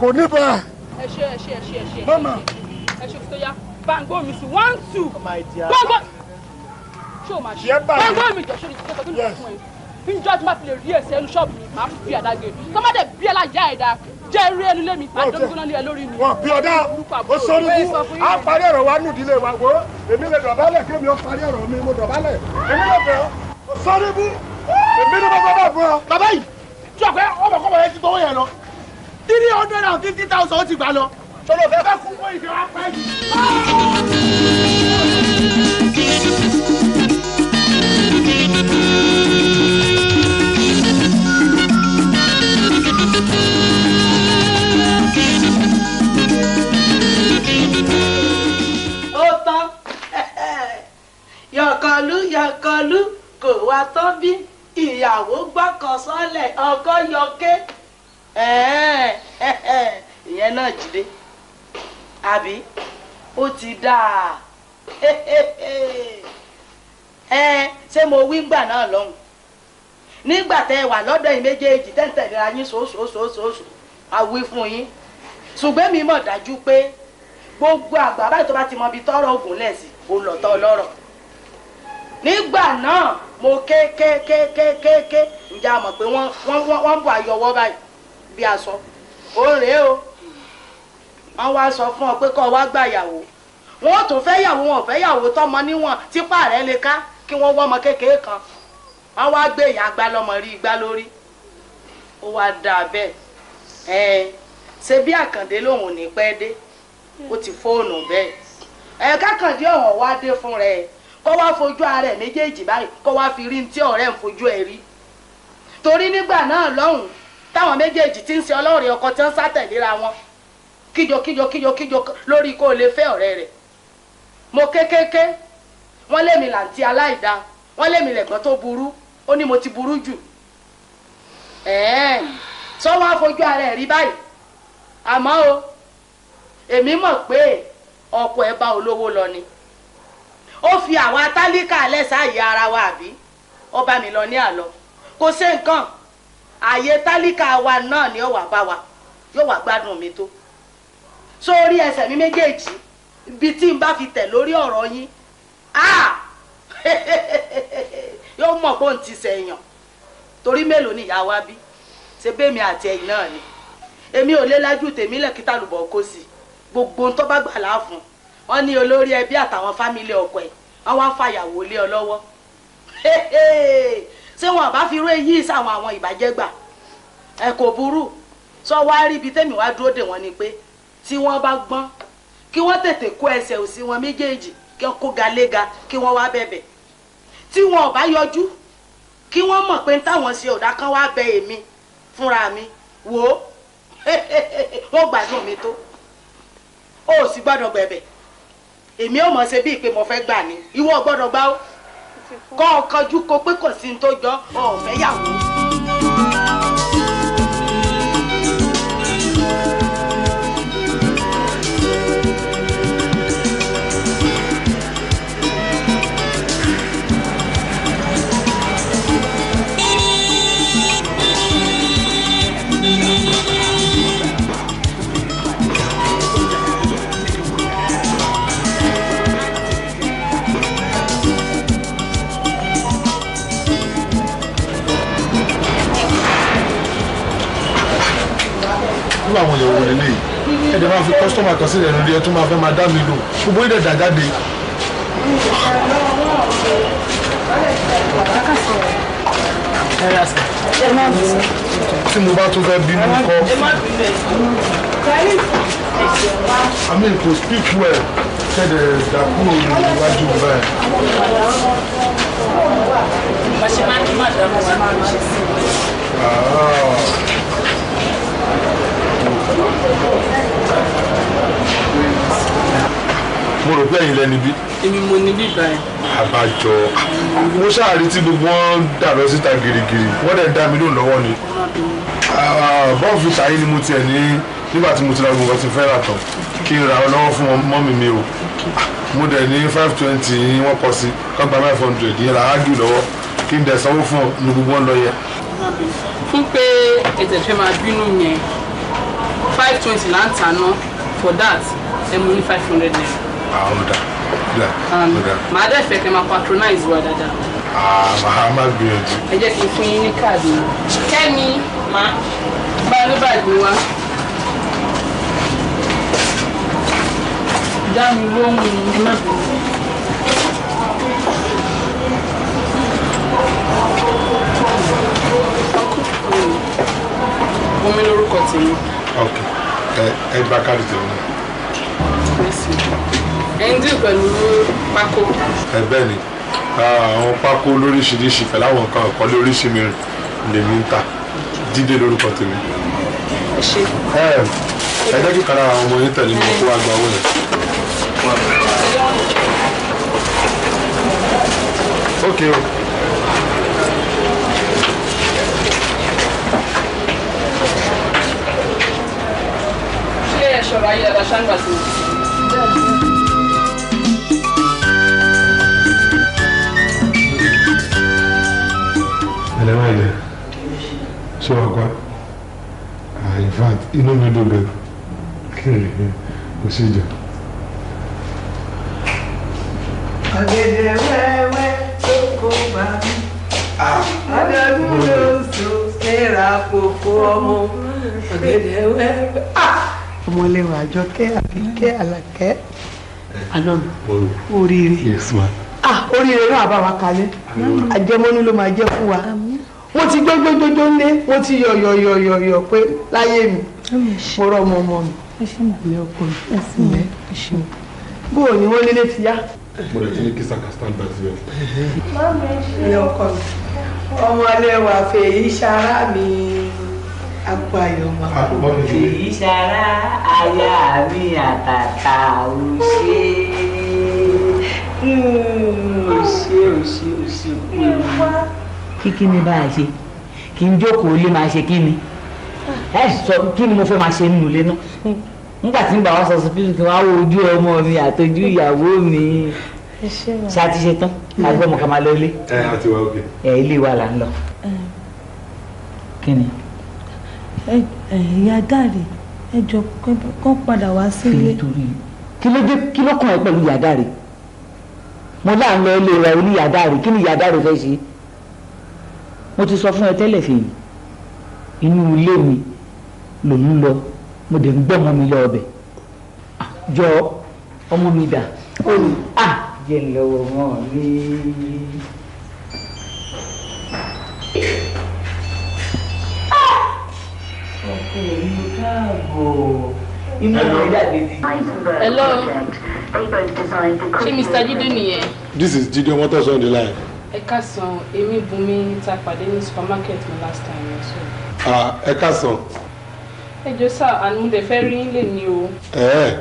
kò nífẹ̀ẹ́. ẹ ṣe ẹ ṣe ẹ ṣe ẹ ṣe ẹ ṣe tó yá bango mi sí one two bango oh, ṣé o máa ṣe bango mi jọ ṣe ní ìṣẹ́kọ̀ọ́ tó ní ìṣẹ́kọ̀ọ́ fún ẹ bí njọ́ ti máa fi lè rí èsì ẹnu ṣọ́ọ̀bù mi máa fi àdáge tọ́mọ́dé bí ẹ láyà ẹ̀dá jẹ́ eré ẹnu lé mi àdógúnná lé ẹ lórí mi. wọn bí ọdá o sórí fún a parí ọ̀rọ̀ wa nù ìdílé wa wo èmi lè dọ̀bálẹ̀ kémi ó parí ọ̀rọ̀ mi mo dọ̀bálẹ̀ èmi lè bẹ̀ ọ́ sórí fún èmi ló bá bá fún ọ. bàbá yìí tí ọ̀pẹ ọmọkọ́mọ yẹn ti tọwọ́ yẹn lọ three hundred and fifty thousand ó ti gbà lọ. sọlọ bẹ́ẹ̀ bá kú fún ìṣẹ́ apẹ́ ó tán yọkọlú kò wá tán bí ìyàwó gbọ́kàn sọ́lẹ̀ ọkọ yọké ìyẹn náà jìde àbí ó ti dáa ṣé mo wí ngbà náà lọ́hùn nígbà tẹ́ ẹ wà lọ́dọ̀ yìí méjèèjì tẹ́ǹtẹ̀lera yín sòsòsòsòsò àwí fún yín ṣùgbọ́n mi mọ̀ dájú pé gbogbo àgbà báyìí tó bá ti mọ ibi tọ́rọ̀ ògùn lẹ̀ sí òun lọ̀tọ̀ ọlọ́rọ̀ nígbà náà mo ké ǹjẹ́ a pé wọ́n a ó rèé o wọ́n wá sọ fún ọ pé kọ́ wá gbà yàwó wọn tún fẹ́ wọn ò tọmọ níwọ̀n tipa rẹ̀ lè ká kí wọ́n wọ́n ọmọ kékeré kan wọ́n wá gbé ìyá gbá lọ́mọ rí igbá lórí ó wá dà bẹ́ẹ̀ Ẹ ṣe bí àkàndé lòun ò ní pẹ́ ti fóònù bẹ́ẹ̀ ọ̀hún wá fún rẹ̀ kó fojú ara ẹ̀ méjèèjì báyìí kó fi rí tí ọ̀rẹ́ ń fojú ẹ̀ rí torí nígbà náà lọ́hùn táwọn méjèèjì ti ń ṣe ọlọ́ọ̀rẹ́ ọkọ tí wọ́n sátẹ̀léra wọn kíjokíjo kíjokíjo lórí kó o lè fẹ́ ọ̀rẹ́ rẹ̀ mo kékéké wọ́n lé mi làǹtí aláìda wọ́n lé mi lẹ̀gbọ́n tó burú ó ní mo ti burú jù ẹ̀ẹ́n sọ wá fojú ara ẹ̀ rí báyìí àmọ́ o èmi mọ̀ pé ọ̀pọ̀ ẹ̀ bá olówó lọ ni. ó fi àwa tálíkà lẹ́sàáyé ara wa àbí ọba mi lọ ní àlọ kò ṣe nǹkan ààyè tálíkà wa náà ni ó wà bá wa yóò wà gbádùn mi tó sórí ẹsẹ̀ mi méjèèjì ibi tí n bá fi tẹ̀ lórí ọ̀rọ̀ yín yóò mọ̀ pé òun ti sẹ̀yàn torí mélòó ni ìyá wa bí ṣe bẹ́ẹ̀mi àti ẹ̀yìn náà ni èmi ò lé lájú tèmi lẹ́kítà lùbọ̀ kó sí gbogbo ohun tó bá gbà láàfún wọ́n ní olórí ẹbí àtàwọn fámìlì ọkọ ẹ̀ wọ́n wá fàyàwó lé ọ lọ́wọ́ ṣé wọn bá fi rú èyí sáwọn àwọn ìbàjẹ́ gbà ẹ kò burú sọ wá rí ibi tẹ́mi wá dúró dè wọ́n ni pé tí wọ́n bá gbọ́n kí wọ́n tètè kó ẹsẹ̀ òsì wọn méjèèjì kí wọ́n kó galéga kí wọ́n wá bẹ̀bẹ̀ tí wọn ò bá yọjú kí wọ́n mọ̀ pé táwọn ṣe ọ̀dà kan wá bẹ èmi fúnra mi wò ó wọ́n gbádùn mi tó o sì gbọ́dọ̀ gbẹ̀bẹ̀ èmi ò mọ̀ ṣe bíi pé mo fẹ́ gbà ni ìwọ gbọ́dọ̀ gbá ó kọ́ ọ kanjú ko pé kò sí ní tó jọ ọ ò fẹ́ yàwó. ẹ̀dẹ̀ máa fi kọ́sítọ́mà kan sílẹ̀ lórí ẹ̀ tó máa fẹ́ máa dá mi lò gbogbo ẹ̀dẹ̀ dà jáde. tí mo bá tún fẹ́ bínú kọ́ àmì kò speak well kẹ́dẹ̀ dàkúrò níwájú báyìí. Bàṣẹ máa ń kí màdàmú wa máa ń ṣe sí i mo rò pé ẹ̀yin lẹni bí. èmi mo ní bíbá ẹ. àbájọ mo ṣáàrí tí gbogbo wọn dàrọ síta girigiri wọn dẹ̀ dá mi lóun lọ́wọ́ ni. Ah, bọ́ọ̀fù tàyí ni mo tiẹ̀ ní nígbà tí mo ti ra gbogbo ti fẹ́ rà tán kí n ra lọ́wọ́ fún mọ́mì mi o mo dẹ̀ ní five twenty wọ́n kọ sí kọ́gbà five hundred yẹn ra ágì lọ́wọ́ kí n dẹ̀ sanwó fún ọ ní gbogbo wọn lọ yẹ. fún pé ètò ìfẹ́ máa bínú yẹn five twenty là ń for that ẹ only five hundred naira. àwọn ọ̀dà ọ̀dà ọ̀dà. màá dẹ̀ fẹ́ kẹ́ máa patronize wa dáadáa. àmà ah, má gbìyànjú. ẹ jẹ́ kí n fún yín ní káàdì mi. kẹ́mi má bá ní báàgì wa. dá mi lóhùn ẹ má bẹ̀rẹ̀. omi lórúkọ tèmi. okay ẹ gba káàdì tèmi náà. ẹ ń dín pẹ̀lú pákó. ẹ bẹ́ẹ̀ ni àwọn pákó lóríṣiríṣi pẹ̀lú àwọn nǹkan ọ̀kọ́ lóríṣi mìíràn lèmi ń ta dídé lórúkọ tèmi. ẹ ẹ jẹ́ kí kára àwọn ọmọ yín tẹ̀lé mi kó wá gba owó yẹn. ok o. Hello, ayé dada ṣáńgbà sí mi. in fact you know me gan kò sí ìjà. ọ̀gẹ̀dẹ̀ ọmọlẹ́wà àjọkẹ́ àbíkẹ́ àlàkẹ́ ànàmì oríire ah oríire náà bá wa kalẹ̀ àjẹmọ́nú ló máa jẹ́ fún wa mo ti gbógbógbógbó lé mo ti yọ̀yọ̀yọ̀yọ̀ pé láyé mi mo rọ ọmọ ọmọ mi ilé ọkọ mi ilé ìṣẹ́ bó o ní wọ́n lélẹ̀ ti yá. mo lè ti ní kí saka stand by zero. ilé ọkọ mi ọmọlẹ́wà fèyí sára mi apayọ̀ máa kò kì í ṣara aya mi àtàtà ò ṣe hmm, ò ṣe ò ṣe ò ṣe kí kí ni báyà ṣe kí n jókòó lé máa ṣe kí ni ẹ sọ kí ni mo fẹ́ máa ṣe nínú ilé náà nígbà tí ń bá wa sọ sí fífi kí wọ́n wo ojú ọmọ mi àtọjú ìyàwó mi ṣe àti ṣe tán àgbọ̀mọ̀ kà máa lọ ilé ẹ ilé wa là ń lọ kí ni ìyá dáre ẹ jọ kán padà wá sílé. kí ló dé kí ló kàn ẹ́ pẹ̀lú ìyá dáre mo láàánú ẹ lè ra oníyá dáre kí ni ìyá dáre fẹ́ ṣe mo ti sọ fún ẹ tẹ́lẹ̀ fèyí inú ilé mi lòún lọ mo dẹ̀ ń gbọ́mọ mi lọ ọbẹ̀ jọ ọmọ mi dà. ó à jẹ́ lọ́wọ́ mọ́ mi. ọkọ hello ṣé mr Jídé nìyẹn. this is Jídé motors on the line. ẹ káàsán èmi Bùnmi ta pàdé ní supermarket mi last time so. ah ẹ káàsán. ẹ jọ sá àmúdẹ fẹ́ rí yín lè ní o. ẹ ẹ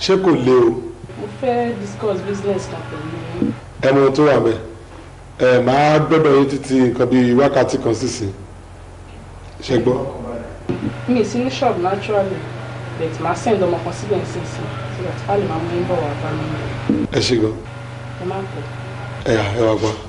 ṣé kò le o. mo fẹ́ discuss business kan pẹ̀lú yín. ẹnu tó wà bẹ́ẹ̀ ẹ máa gbọ́dọ̀ yín títí nǹkan bíi wákàtí kan sísìn ṣe gbọ́. mi sí ní ṣọ́ọ̀bù naturally but màá send ọmọ kan síbẹ̀ ní sísè so that wàá lè máa mú yín bọ̀ wá ẹ ṣe gan. ẹ má pọ̀. ẹ yà ẹ wá gbọ́.